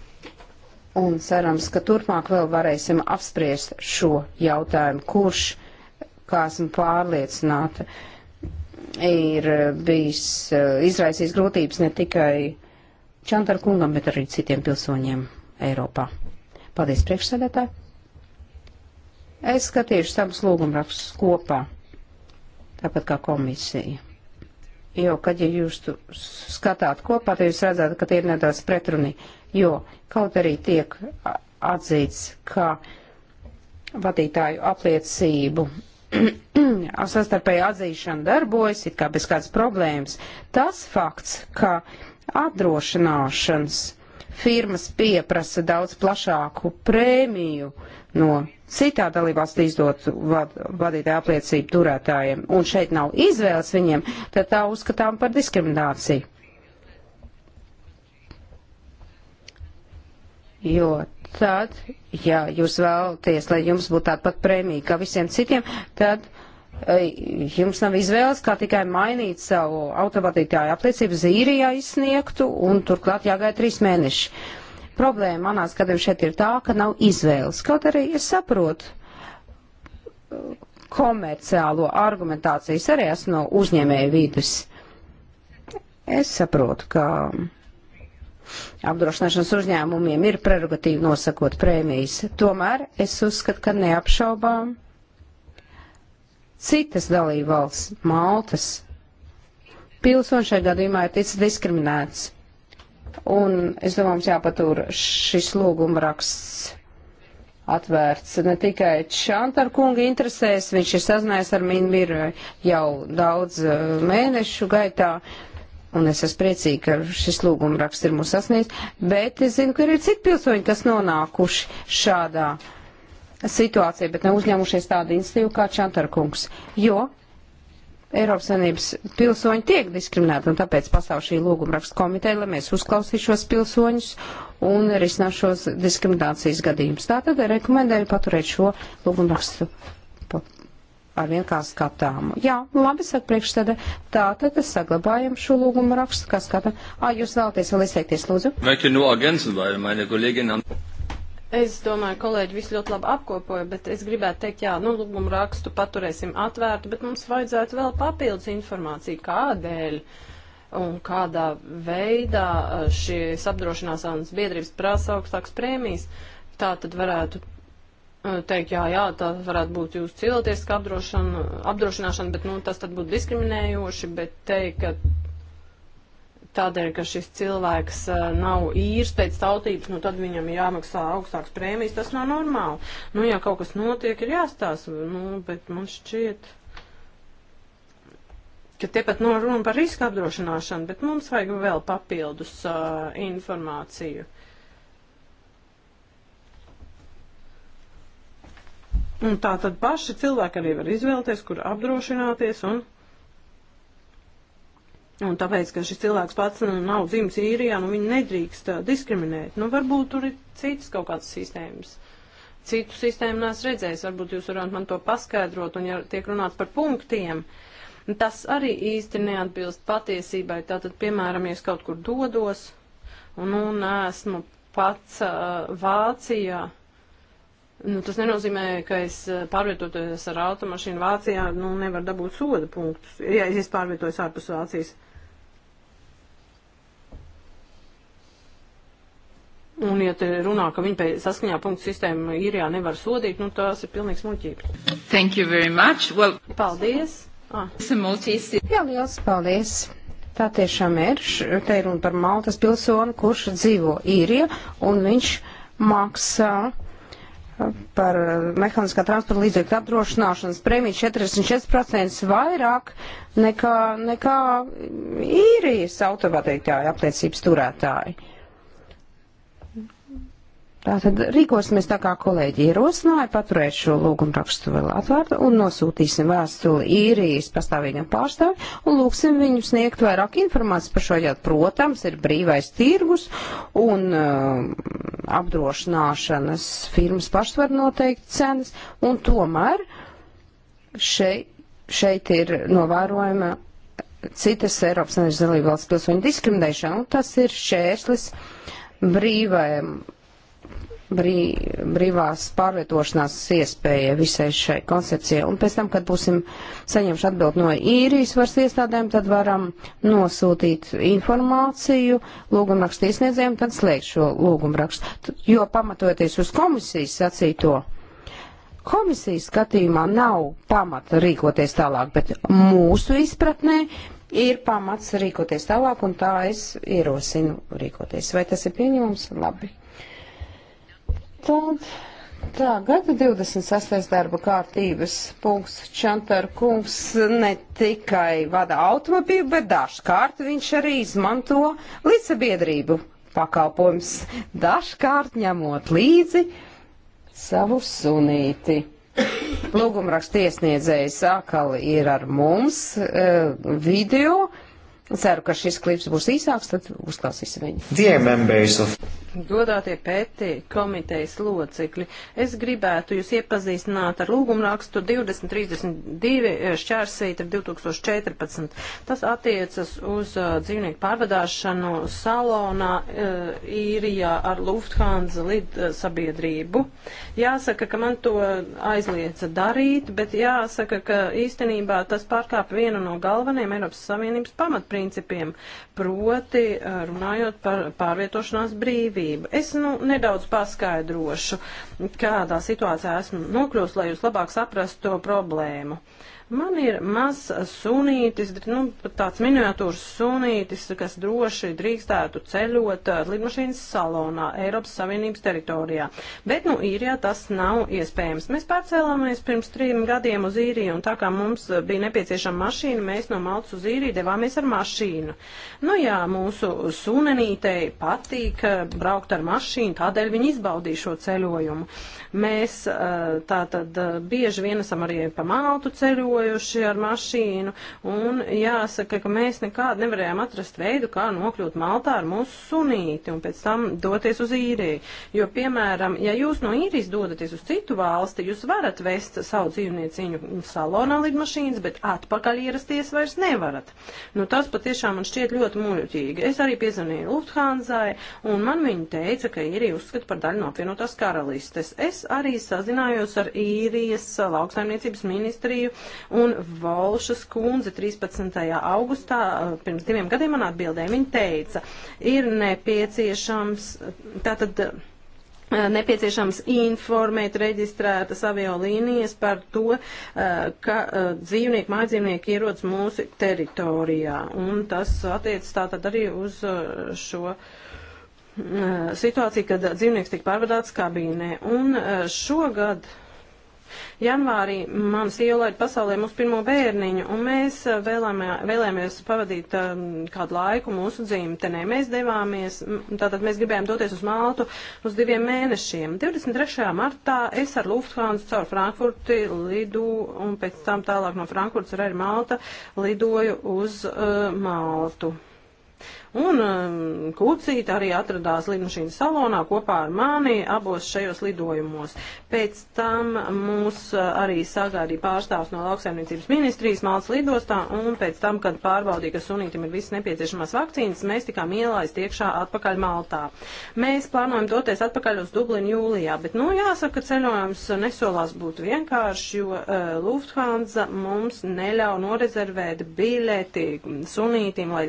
Un cerams, ka turpmāk vēl varēsim apspriest šo jautājumu, kurš, kā esmu pārliecināta, ir bijis eh, izraisījis grūtības ne tikai Čantar kungam, bet arī citiem pilsoņiem Eiropā. Paldies priekšsēdētāji. Es skatīšu savus lūgumrakstus kopā, tāpat kā komisija. Jo, kad ja jūs skatāt kopā, tad jūs redzat, ka tie ir nedaudz pretrunīgi jo Kaut arī tiek atzīts, ka vadītāju apliecību sastarpēja atzīšana darbojas, it kā bez kādas problēmas. Tas fakts, ka apdrošināšanas firmas pieprasa daudz plašāku prēmiju no citā dalībvalstī izdotu vad, vadītāju apliecību turētājiem, un šeit nav izvēles viņiem, tad tā uzskatām par diskrimināciju. jo tad, ja jūs vēlaties, lai jums būtu tāda pat prēmija kā visiem citiem, tad e, jums nav izvēles, kā tikai mainīt savu autovadītāju apliecību zīrijā izsniegtu un turklāt jāgaida trīs mēneši. Problēma manā skatījumā šeit ir tā, ka nav izvēles. Kaut arī es saprotu e, komerciālo argumentāciju, es arī esmu no uzņēmēju vidus. Es saprotu, ka apdrošināšanas uzņēmumiem ir prerogatīva nosakot prēmijas. Tomēr es uzskatu, ka neapšaubām citas dalībvalsts, Maltas, pilsoņš šajā gadījumā ir ticis diskriminēts. Un es domāju, mums jāpatur šis lūgumraksts atvērts. Ne tikai Šantar kunga interesēs, viņš ir sazinājies ar Minmiru jau daudz eh, mēnešu gaitā. Uh, un es esmu priecīgi, ka šis lūguma raksts ir mūs sasniegts, bet es zinu, ka ir citi pilsoņi, kas nonākuši šādā situācijā, bet nav uzņēmušies tādu institīvu kā Čantarkungs, jo Eiropas Savienības pilsoņi tiek diskriminēti, un tāpēc pastāv šī lūguma raksta komiteja, lai mēs uzklausīšos pilsoņus un risinātu šos diskriminācijas gadījumus. Tātad rekomendēju paturēt šo lūguma rakstu arvien kā skatāmu. Jā, nu labi, saka priekšsēdē, tā tad es saglabājam šo lūgumu rakstu, kā skatām. Ā, jūs vēlaties vēl izteikties, lūdzu? Nu es domāju, kolēģi visu ļoti labi apkopoja, bet es gribētu teikt, jā, nu, lūgumu rakstu paturēsim atvērtu, bet mums vajadzētu vēl papildus informāciju, kādēļ un kādā veidā uh, šīs apdrošināšanas biedrības prasa augstākas prēmijas. Tā tad varētu teikt, jā, jā, tā varētu būt jūsu cilvēciska apdrošināšana, bet nu, tas tad būtu diskriminējoši, bet teikt, ka tādēļ, ka šis cilvēks nav īrs pēc tautības, nu tad viņam jāmaksā augstāks prēmijas, tas nav normāli. Nu, ja kaut kas notiek, ir jāstāsta, nu, bet man šķiet, ka te pat nav runa par riska apdrošināšanu, bet mums vajag vēl papildus uh, informāciju. Uh, Un tā tad paši cilvēki arī var izvēlēties, kur apdrošināties un Un tāpēc, ka šis cilvēks pats nu, nav dzimis īrijā, nu viņi nedrīkst diskriminēt. Nu, varbūt tur ir citas kaut kādas sistēmas. Citu sistēmu neesmu redzējis, varbūt jūs varat man to paskaidrot, un ja tiek runāts par punktiem, tas arī īsti neatbilst patiesībai. Tātad, piemēram, ja es kaut kur dodos, un, nu, esmu pats uh, Vācijā. Uh, Nu, tas nenozīmē, ka es eh, pārvietoties ar automašīnu Vācijā, nu, nevaru dabūt soda punktus, ja es pārvietojos ārpus Vācijas. Un, ja te runā, ka viņi pēc saskaņā punktu sistēmu īrijā nevar sodīt, nu, tās ir pilnīgs muļķības. Thank you very much. Well... Paldies. Ah. Jā, liels paldies. Tā tiešām ir. Te ir runa par Maltas pilsonu, kurš dzīvo īrijā, un viņš maksā. Uh, par eh, mehāniskā transporta līdzekļu apdrošināšanas prēmiju 44% vairāk nekā, nekā īrijas autopateiktāju apliecības turētāji. Tātad rīkosimies tā, kā kolēģi ierosināja, paturēt šo lūgumu rakstu vēl atvērtu un nosūtīsim vēstuli īrijas pastāvīgam pārstāvi un lūksim viņu sniegt vairāk informācijas par šo jautājumu. Protams, ir brīvais tirgus un uh, apdrošināšanas firmas pašas var noteikt cenas un tomēr šeit, šeit ir novērojama citas Eiropas Savienības dalībvalsts pilsoņu diskriminēšana un tas ir šķērslis brīvajam brī, brīvās pārvietošanās iespēja visai šai koncepcijai. Un pēc tam, kad būsim saņemši atbild no īrijas varas iestādēm, tad varam nosūtīt informāciju lūgumrakstu iesniedzējiem, tad slēgt šo lūgumrakstu. Jo pamatoties uz komisijas sacīto, komisijas skatījumā nav pamata rīkoties tālāk, bet mūsu izpratnē ir pamats rīkoties tālāk, un tā es ierosinu rīkoties. Vai tas ir pieņemams? Labi. Tad tagad 26. darba kārtības punkts Čantar kungs ne tikai vada automobīlu, bet dažkārt viņš arī izmanto līdzsabiedrību pakalpojums, dažkārt ņemot līdzi savu sunīti. Lūgumrakstu iesniedzējs atkal ir ar mums e, video Ceru, ka šis klips būs īsāks, tad uzklausīsim viņu. Godātie pētī komitejas locekļi, es gribētu jūs iepazīstināt ar lūgumrakstu 2032 šķērsvītra 2014. Tas attiecas uz uh, dzīvnieku pārvadāšanu salonā uh, īrijā ar Lufthansa lid uh, sabiedrību. Jāsaka, ka man to aizliedza darīt, bet jāsaka, ka īstenībā tas pārkāp vienu no galvenajiem Eiropas Savienības pamatprincipiem pamatprincipiem, proti eh, runājot par pārvietošanās brīvību. Es nu, nedaudz paskaidrošu, kādā situācijā esmu nokļūst, lai jūs labāk saprastu to problēmu. Uh, Man ir mazs sunītis, nu, tāds miniatūrs sunītis, kas droši drīkstētu ceļot uh, lidmašīnas salonā Eiropas Savienības teritorijā. Bet, nu, īrijā tas nav iespējams. Mēs pārcēlāmies pirms trim gadiem uz īriju, un tā kā mums uh, bija nepieciešama mašīna, mēs no Maltas uz īriju devāmies ar mašīnu. Nu, jā, mūsu sunenītei patīk uh, braukt ar mašīnu, tādēļ viņi izbaudīja šo ceļojumu. Mēs tā tad bieži vien esam arī pa Maltu ceļojumu ceļojuši ar mašīnu, un jāsaka, ka mēs nekādu nevarējām atrast veidu, kā nokļūt Maltā ar mūsu sunīti un pēc tam doties uz īriju. Jo, piemēram, ja jūs no īrijas dodaties uz citu valsti, jūs varat vest savu dzīvnieciņu salonā lidmašīnas, bet atpakaļ ierasties vairs nevarat. Nu, tas patiešām man šķiet ļoti muļķīgi. Es arī piezvanīju Lufthansai, un man viņi teica, ka īrija uzskata par daļu no apvienotās karalistes. Es arī sazinājos ar īrijas lauksaimniecības ministriju, Un Volšas kundze 13. augustā, eh, pirms diviem gadiem man atbildēja, viņa teica, ir nepieciešams, tātad eh, nepieciešams informēt reģistrētas aviolīnijas par to, eh, ka dzīvnieki, mājdzīvnieki ierodas mūsu teritorijā. Un tas attiec tātad arī uz šo situāciju, kad dzīvnieks tika pārvadāts kabīnē. Un šogad Janvārī man sieva laid pasaulē mūsu pirmo bērniņu, un mēs eh, vēlēmē, vēlēmies pavadīt um, kādu laiku mūsu dzimtenē. Mēs devāmies, tātad mēs gribējām doties uz Maltu uz diviem mēnešiem. 23. martā es ar Lufthansa caur Frankfurti lidu, un pēc tam tālāk no Frankfurts ar Malta lidoju uz uh, Maltu. Un um, Kucīt arī atradās lidmašīnas salonā kopā ar mani abos šajos lidojumos. Pēc tam mūs uh, arī sagādīja pārstāvs no lauksaimniecības ministrijas Maltas lidostā, un pēc tam, kad pārbaudīja, ka sunītim ir visas nepieciešamās vakcīnas, mēs tikām ielaist iekšā atpakaļ Maltā. Mēs plānojam doties atpakaļ uz Dublinu jūlijā, bet, nu, jāsaka, ceļojums nesolās būt vienkārši, jo uh, Lufthansa mums neļauj norezervēt biļeti sunītim, lai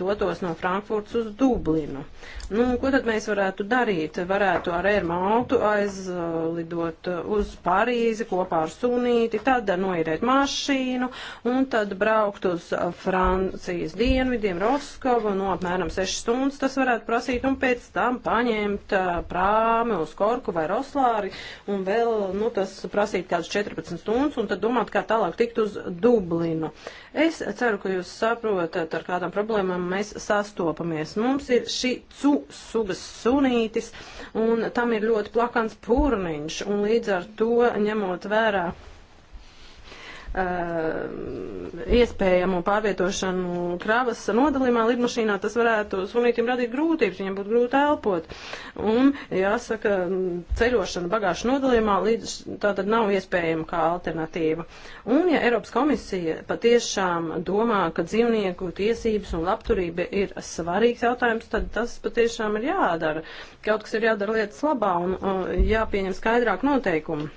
dotos no Frankfurts uz Dublinu. Nu, ko tad mēs varētu darīt? Varētu ar Air Maltu aizlidot uz Parīzi kopā ar sunīti, tad noirēt mašīnu un tad braukt uz Francijas dienvidiem, Roskovu, no apmēram 6 stundas tas varētu prasīt, un pēc tam paņemt uh, prāmi uz Korku vai Roslāri, un vēl, nu, tas prasīt kāds 14 stundas, un tad domāt, kā tālāk tikt uz Dublinu. Uh, Es ceru, ka jūs saprotat, ar kādām problēmām mēs sastopamies. Mums ir šī cu sugas sunītis, un tam ir ļoti plakans purniņš, un līdz ar to ņemot vērā Uh, iespējamu pārvietošanu kravas nodalimā lidmašīnā, tas varētu slimniekiem radīt grūtības, viņiem būtu grūti elpot. Un, jāsaka, ceļošana bagāžu nodalimā līdz tātad nav iespējama kā alternatīva. Un, ja Eiropas komisija patiešām domā, ka dzīvnieku tiesības un labturība ir svarīgs jautājums, tad tas patiešām ir jādara. Kaut kas ir jādara lietas labā un, un jāpieņem skaidrāk noteikumi.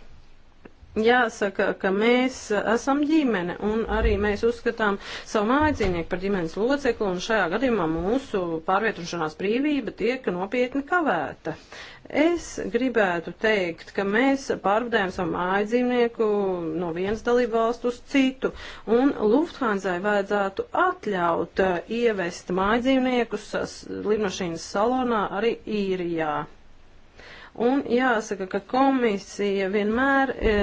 Jāsaka, ka mēs esam ģimene un arī mēs uzskatām savu mājdzīvnieku par ģimenes locekli un šajā gadījumā mūsu pārvietošanās brīvība tiek nopietni kavēta. Es gribētu teikt, ka mēs pārvadājam savu mājdzīvnieku no vienas dalību valstu uz citu un Lufthanzai vajadzētu atļaut uh, ievest mājdzīvniekus lidmašīnas salonā arī īrijā. Un jāsaka, ka komisija vienmēr e,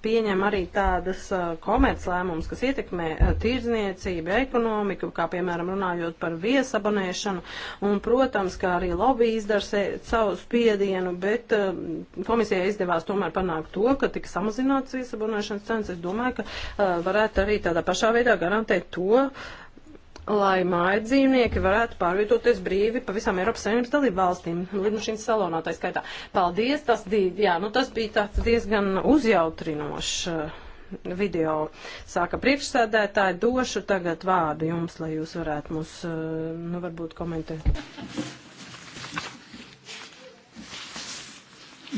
pieņem arī tādas e, komerclēmumus, kas ietekmē e, tirdzniecību, ekonomiku, kā piemēram runājot par viesabonēšanu. Un, protams, kā arī lobby izdara savu spiedienu, bet e, komisijai izdevās tomēr panākt to, ka tika samazināts viesabonēšanas cenas. Es domāju, ka e, varētu arī tādā pašā veidā garantēt to, lai māja dzīvnieki varētu pārvietoties brīvi pa visām Eiropas Savienības dalību valstīm, lidmašīnas salonā tā skaitā. Paldies, tas, jā, nu, tas bija tāds diezgan uzjautrinošs uh, video. Sāka priekšsēdētāji, došu tagad vārdu jums, lai jūs varētu mums, uh, nu, varbūt komentēt.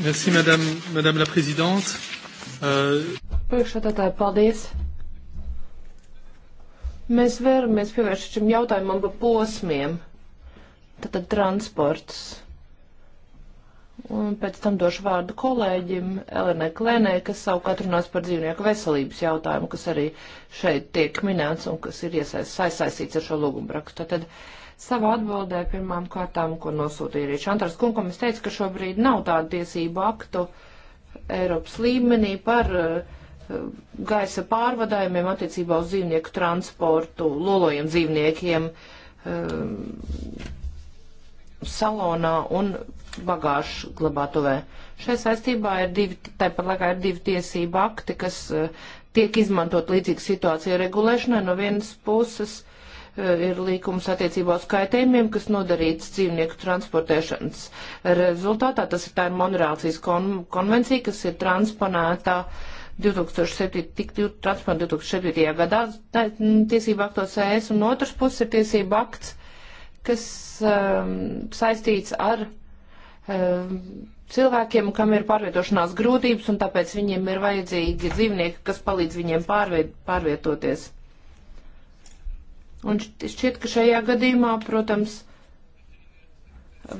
Merci, madame, madame la présidente. Uh... Priekšsēdētāji, paldies. Mēs vēlamies pievērst šim jautājumam pa posmiem. Tātad transports. Un pēc tam došu vārdu kolēģim Elenai Klēnē, kas savukārt runās par dzīvnieku veselības jautājumu, kas arī šeit tiek minēts un kas ir iesaistīts ar šo lūgumbrakstu. Tātad savā atbildē pirmām kārtām, ko nosūtīja arī Čantars kungam, es teicu, ka šobrīd nav tādu tiesību aktu Eiropas līmenī par uh, gaisa pārvadājumiem attiecībā uz dzīvnieku transportu, lolojiem dzīvniekiem um, salonā un bagāžu glabātuvē. Šai saistībā ir divi, tāpat laikā ir divi tiesība akti, kas uh, tiek izmantot līdzīga situācija regulēšanai. No vienas puses uh, ir līkums attiecībā uz kaitējumiem, kas nodarīts dzīvnieku transportēšanas rezultātā. Tas ir tā ir Monreālcijas kon konvencija, kas ir transponēta uh, 2007, tik transponēta 2007. gadā mm, tiesība aktos ES, un otrs puses ir tiesība akts, kas um, saistīts ar um, cilvēkiem, kam ir pārvietošanās grūtības, un tāpēc viņiem ir vajadzīgi dzīvnieki, kas palīdz viņiem pārviet, pārvietoties. Un šķiet, ka šajā gadījumā, protams,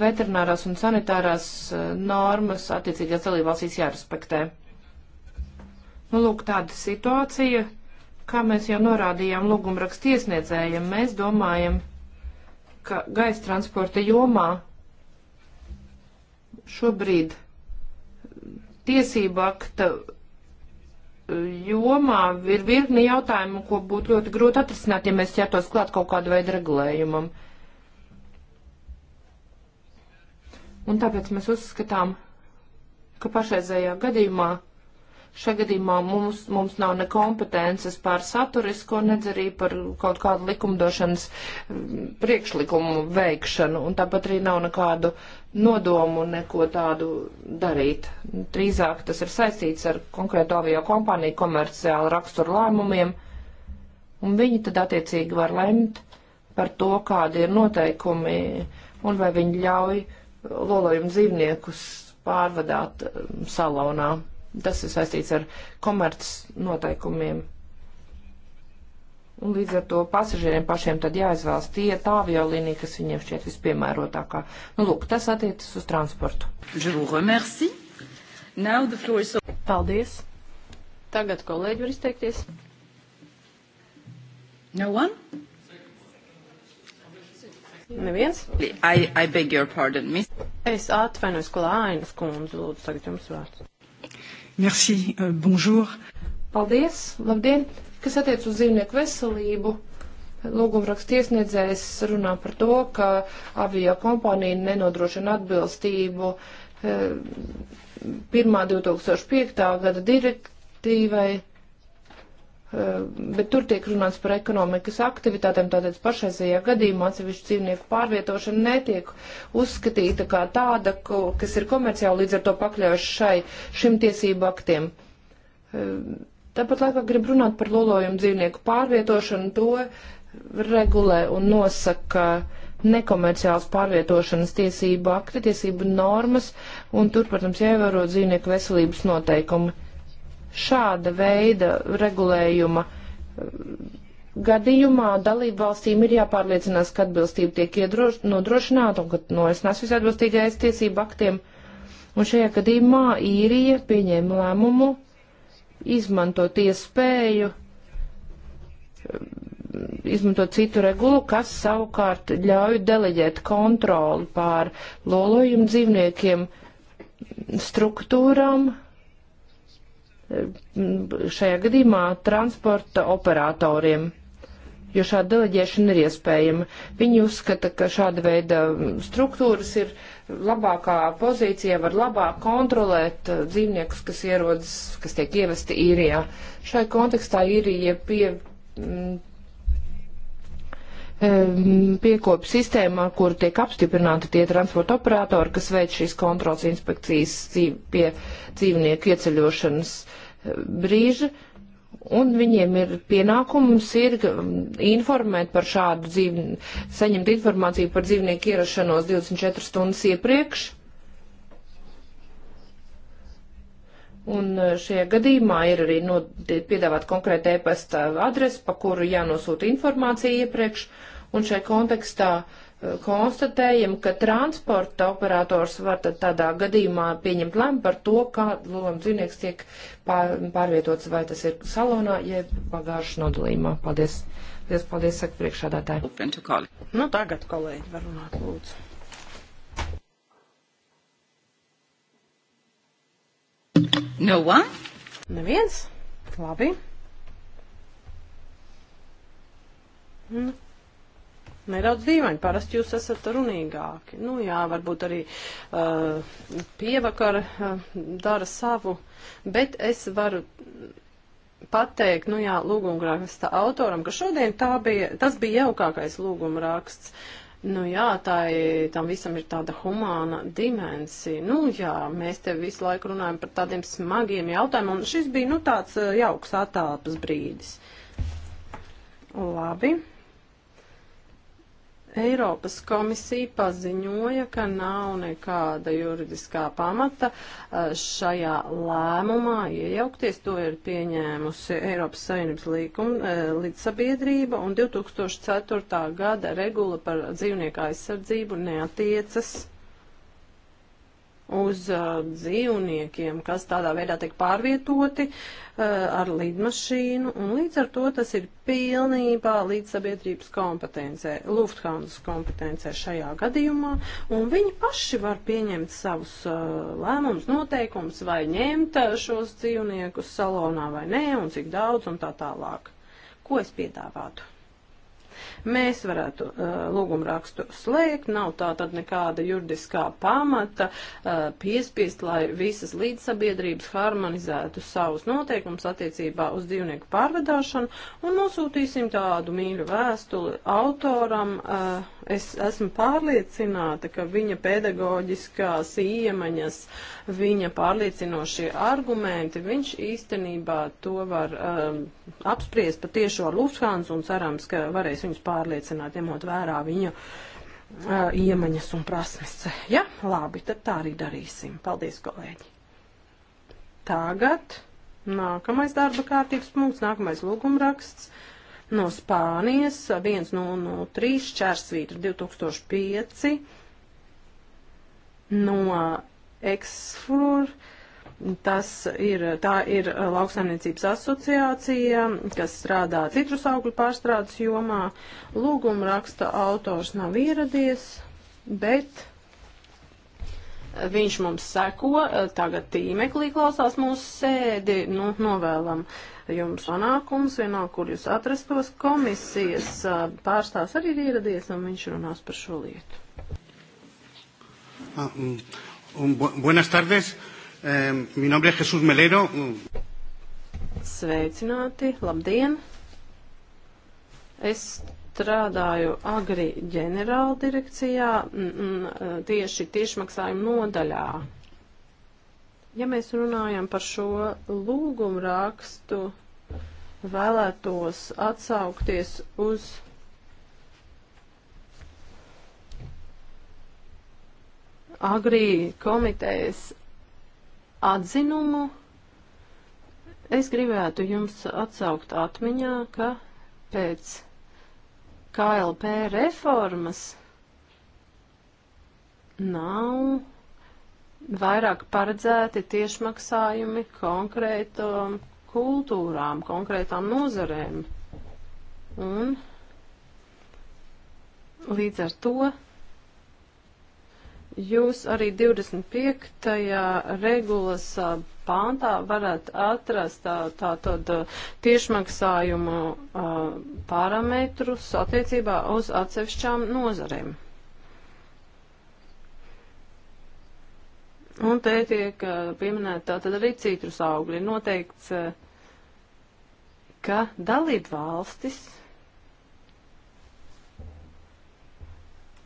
veterinārās un sanitārās uh, normas attiecīgās dalībvalstīs jārespektē. Nu, lūk, tāda situācija, kā mēs jau norādījām lūgumrakstu iesniedzējiem, mēs domājam, ka gaisa transporta jomā šobrīd tiesību akta e, jomā ir virkni jautājumu, ko būtu ļoti grūti atrisināt, ja mēs ķertos klāt kaut kādu veidu regulējumam. Un tāpēc mēs uzskatām, ka pašreizējā gadījumā Šajā gadījumā mums, mums nav ne kompetences pār saturisko, nedz arī par kaut kādu likumdošanas mm, priekšlikumu veikšanu, un tāpat arī nav nekādu nodomu neko tādu darīt. Trīzāk tas ir saistīts ar konkrētu avio kompāniju komerciālu raksturu lēmumiem, un viņi tad attiecīgi var lemt par to, kādi ir noteikumi un vai viņi ļauj lolojumu dzīvniekus pārvadāt mm, salonā. Tas ir saistīts ar komerces noteikumiem. Un līdz ar to pasažieriem pašiem tad jāizvēlas tie tā aviolīnija, kas viņiem šķiet vispiemērotākā. Nu, lūk, tas attiecas uz transportu. Is... Paldies. Tagad kolēģi var izteikties. No one? Neviens? I, I beg your pardon, miss. Es atvainojos, Klainas kundze, lūdzu, tagad jums vārds. Merci, uh, bonjour. Paldies, labdien. Kas attiec uz dzīvnieku veselību, Lūgumraksta iesniedzējs runā par to, ka avio kompānija nenodrošina atbilstību eh, pirmā 2005. gada direktīvai Eh, bet tur tiek runāts par ekonomikas aktivitātēm, tātad pašreizajā gadījumā atsevišķu dzīvnieku pārvietošana netiek uzskatīta kā tāda, kas ir komerciāli līdz ar to pakļaujuši šai, šim tiesību aktiem. Eh, tāpat laikā grib runāt par lolojumu dzīvnieku pārvietošanu, to regulē un nosaka nekomerciāls pārvietošanas tiesību akti, tiesību normas, un tur, protams, jāievēro dzīvnieku veselības noteikumi šāda veida regulējuma eh, gadījumā dalību valstīm ir jāpārliecinās, ka atbilstība tiek iedroš, nodrošināta un ka norisinās visatbilstīgais tiesību aktiem. Un šajā gadījumā īrija pieņēma lēmumu izmantot iespēju, eh, izmantot citu regulu, kas savukārt ļauj deleģēt kontroli pār lolojumu dzīvniekiem struktūram, šajā gadījumā transporta operatoriem jo šāda deleģēšana ir iespējama. Viņi uzskata, ka šāda veida struktūras ir labākā pozīcijā, var labāk kontrolēt uh, dzīvniekus, kas ierodas, kas tiek ievesti īrijā. Šai kontekstā īrija pie, mm, piekopa sistēmā, kur tiek apstiprināti tie transporta operatori, kas veic šīs kontrols inspekcijas pie dzīvnieku ieceļošanas. Uh, brīža, un viņiem ir pienākums ir um, informēt par šādu dzīvi, saņemt informāciju par dzīvnieku ierašanos 24 stundas iepriekš. Un uh, šajā gadījumā ir arī no, piedāvāt konkrēta e-pasta adrese, pa kuru jānosūta informācija iepriekš, un šai kontekstā uh, konstatējam, ka transporta operators var tad tādā gadījumā pieņemt lēmu par to, kā lolam dzīvnieks tiek pārvietots, vai tas ir salonā, jeb bagāžas nodalījumā. Paldies. Paldies, paldies, saka priekšādātāji. Nu, tagad kolēģi var runāt, lūdzu. No one? Neviens? Labi. Nu, nedaudz dīvaini. Parasti jūs esat runīgāki. Nu jā, varbūt arī uh, pievakar uh, dara savu, bet es varu pateikt, nu jā, lūgumraksta autoram, ka šodien tā bija, tas bija jaukākais lūgumraksts. Nu jā, tā ir, tam visam ir tāda humāna dimensija. Nu jā, mēs te visu laiku runājam par tādiem smagiem jautājumiem, un šis bija, nu, tāds uh, jauks atāpas brīdis. Labi. Eiropas komisija paziņoja, ka nav nekāda juridiskā pamata uh, šajā lēmumā iejaukties. To ir pieņēmusi Eiropas Savienības līkuma uh, līdzsabiedrība un 2004. gada regula par dzīvnieku aizsardzību neatiecas uz uh, dzīvniekiem, kas tādā veidā tiek pārvietoti uh, ar lidmašīnu, un līdz ar to tas ir pilnībā līdz sabiedrības kompetencē, Lufthansa kompetencē šajā gadījumā, un viņi paši var pieņemt savus uh, lēmumus, noteikumus, vai ņemt uh, šos dzīvniekus salonā vai nē, un cik daudz un tā tālāk. Ko es piedāvātu? Mēs varētu uh, lūgumrakstu slēgt, nav tā tad nekāda juridiskā pamata uh, piespiest, lai visas līdzsabiedrības harmonizētu savus noteikumus attiecībā uz dzīvnieku pārvedāšanu un nosūtīsim tādu mīļu vēstuli autoram. Uh, es esmu pārliecināta, ka viņa pedagoģiskās iemaņas uh, viņa pārliecinošie argumenti, viņš īstenībā to var um, apspriest patiešo ar Lufthansa un cerams, ka varēs viņus pārliecināt, ņemot vērā viņa uh, iemaņas un prasmes. Ja, labi, tad tā arī darīsim. Paldies, kolēģi. Tagad nākamais darba kārtības punkts, nākamais lūgumraksts no Spānijas 103 čērsvītra 2005 no Exflur. Tas ir, tā ir uh, lauksaimniecības asociācija, kas strādā citrus augļu pārstrādes jomā. Lūguma raksta autors nav ieradies, bet viņš mums seko, uh, tagad tīmeklī klausās mūsu sēdi, nu, novēlam jums sanākums, vienalga, kur jūs atrastos, komisijas uh, pārstāvs arī ir ieradies, un viņš runās par šo lietu. Ah, mm. Bu buenas tardes. Eh, mi nombre es Jesús Melero. Sveicināti, labdien! Es strādāju agri ģenerāla direkcijā, tieši tiešmaksājumu nodaļā. Ja mēs runājam par šo lūgumu rakstu, vēlētos atsaukties uz agrī komitejas atzinumu, es gribētu jums atsaukt atmiņā, ka pēc KLP reformas nav vairāk paredzēti tiešmaksājumi konkrētām kultūrām, konkrētām nozarēm. Un līdz ar to Jūs arī 25. regulas pāntā varat atrast tā, tā tad tiešmaksājumu parametrus attiecībā uz atsevišķām nozarēm. Un te tiek pieminēta tā tad arī citrus augļi. Noteikts, ka dalību valstis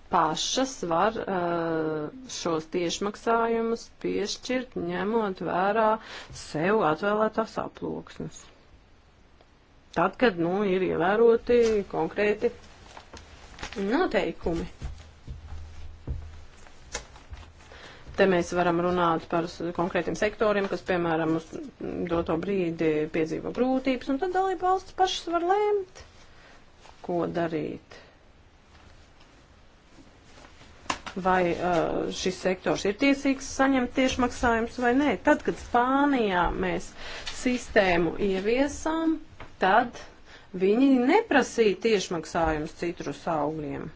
pašas var eh, šos tiešmaksājumus piešķirt, ņemot vērā sev atvēlētās aploksnes. Tad, kad nu, ir ievēroti konkrēti noteikumi. Te mēs varam runāt par konkrētiem sektoriem, kas, piemēram, uz doto brīdi piedzīvo grūtības, un tad dalība valsts pašas var lēmt, ko darīt. vai uh, šis sektors ir tiesīgs saņemt tiešmaksājumus vai nē. Tad, kad Spānijā mēs sistēmu ieviesām, tad viņi neprasīja tiešmaksājumus citrus augļiem.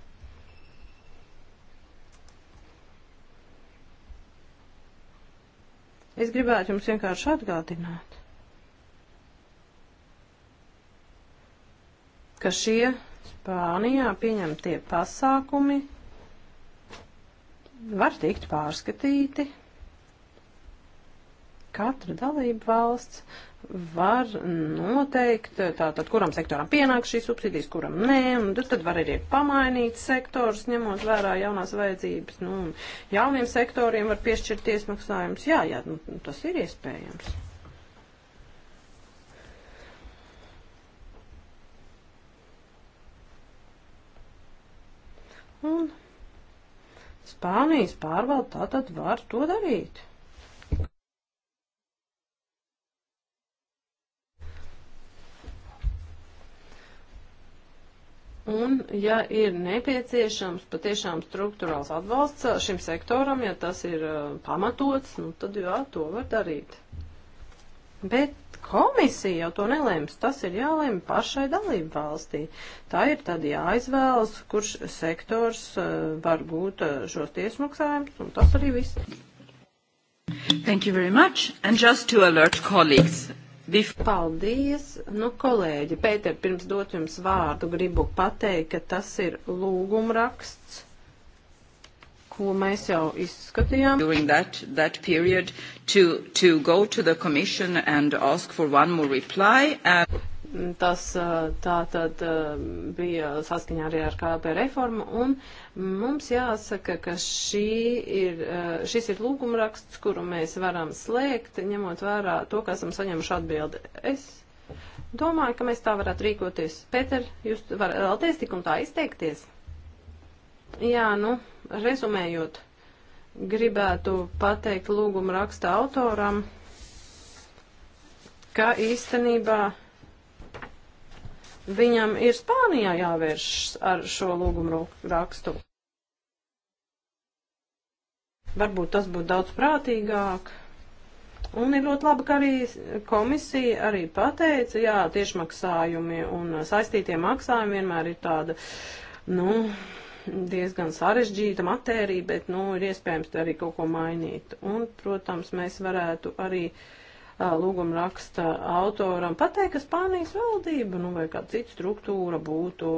Es gribētu jums vienkārši atgādināt, ka šie Spānijā pieņemtie pasākumi var tikt pārskatīti. Katra dalība valsts var noteikt, tātad, kuram sektoram pienāk šī subsīdijas, kuram nē, un tad var arī pamainīt sektors, ņemot vērā jaunās vajadzības. Nu, jauniem sektoriem var piešķirt tiesmaksājums. Jā, jā, nu, tas ir iespējams. Un Spānijas pārvalda tātad var to darīt. Un, ja ir nepieciešams patiešām struktūrāls atbalsts uh, šim sektoram, ja tas ir uh, pamatots, nu, tad jā, to var darīt. Bet komisija jau to nelēms, tas ir jālēma pašai dalību valstī. Tā ir tad jāizvēlas, kurš sektors eh, var gūt eh, šos tiesmaksājumus, un tas arī viss. Thank you very much, and just to alert colleagues. Paldies, nu kolēģi, Pēter, pirms dot jums vārdu, gribu pateikt, ka tas ir lūgumraksts ko mēs jau izskatījām. During that, that period to, to go to the commission and ask for one more reply. And... Tas tā tad bija saskaņā arī ar KLP reformu, un mums jāsaka, ka šī ir, šis ir lūgumraksts, kuru mēs varam slēgt, ņemot vērā to, ka esam saņemuši atbildi. Es domāju, ka mēs tā varētu rīkoties. Pēter, jūs varat vēlties tik un tā izteikties? Jā, nu. Rezumējot, gribētu pateikt lūguma raksta autoram, ka īstenībā viņam ir Spānijā jāvēršas ar šo lūgumu rakstu. Varbūt tas būtu daudz prātīgāk. Un ir ļoti labi, ka arī komisija arī pateica, jā, tiešmaksājumi un saistītie maksājumi vienmēr ir tāda, nu, diezgan sarežģīta matērija, bet, nu, ir iespējams arī kaut ko mainīt. Un, protams, mēs varētu arī lūguma raksta autoram pateikt, ka Spānijas valdība, nu, vai kāda cita struktūra būtu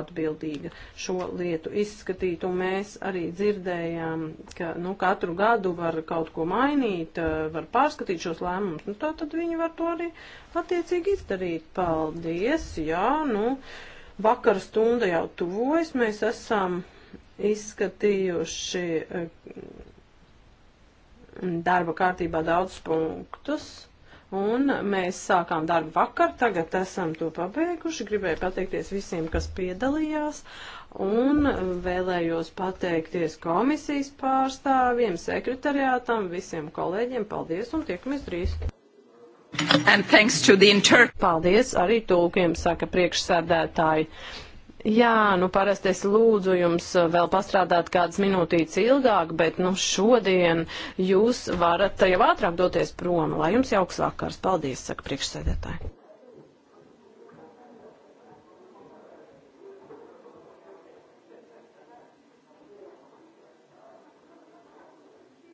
atbildīga šo lietu izskatīt, un mēs arī dzirdējām, ka, nu, katru gadu var kaut ko mainīt, var pārskatīt šos lēmumus, nu, tā tad viņi var to arī attiecīgi izdarīt. Paldies, jā, nu. Uh, Vakara stunda jau tuvojas, mēs esam izskatījuši eh, darba kārtībā daudz punktus. Un mēs sākām darbu vakar, tagad esam to pabeiguši. Gribēju pateikties visiem, kas piedalījās, un eh, vēlējos pateikties komisijas pārstāvjiem, sekretariātam, visiem kolēģiem. Paldies un tiekamies drīz! Paldies arī tūkiem, saka priekšsēdētāji. Jā, nu parasti es lūdzu jums vēl pastrādāt kādas minūtītes ilgāk, bet nu šodien jūs varat jau ātrāk doties prom. Lai jums jauks vakars. Paldies, saka priekšsēdētāji.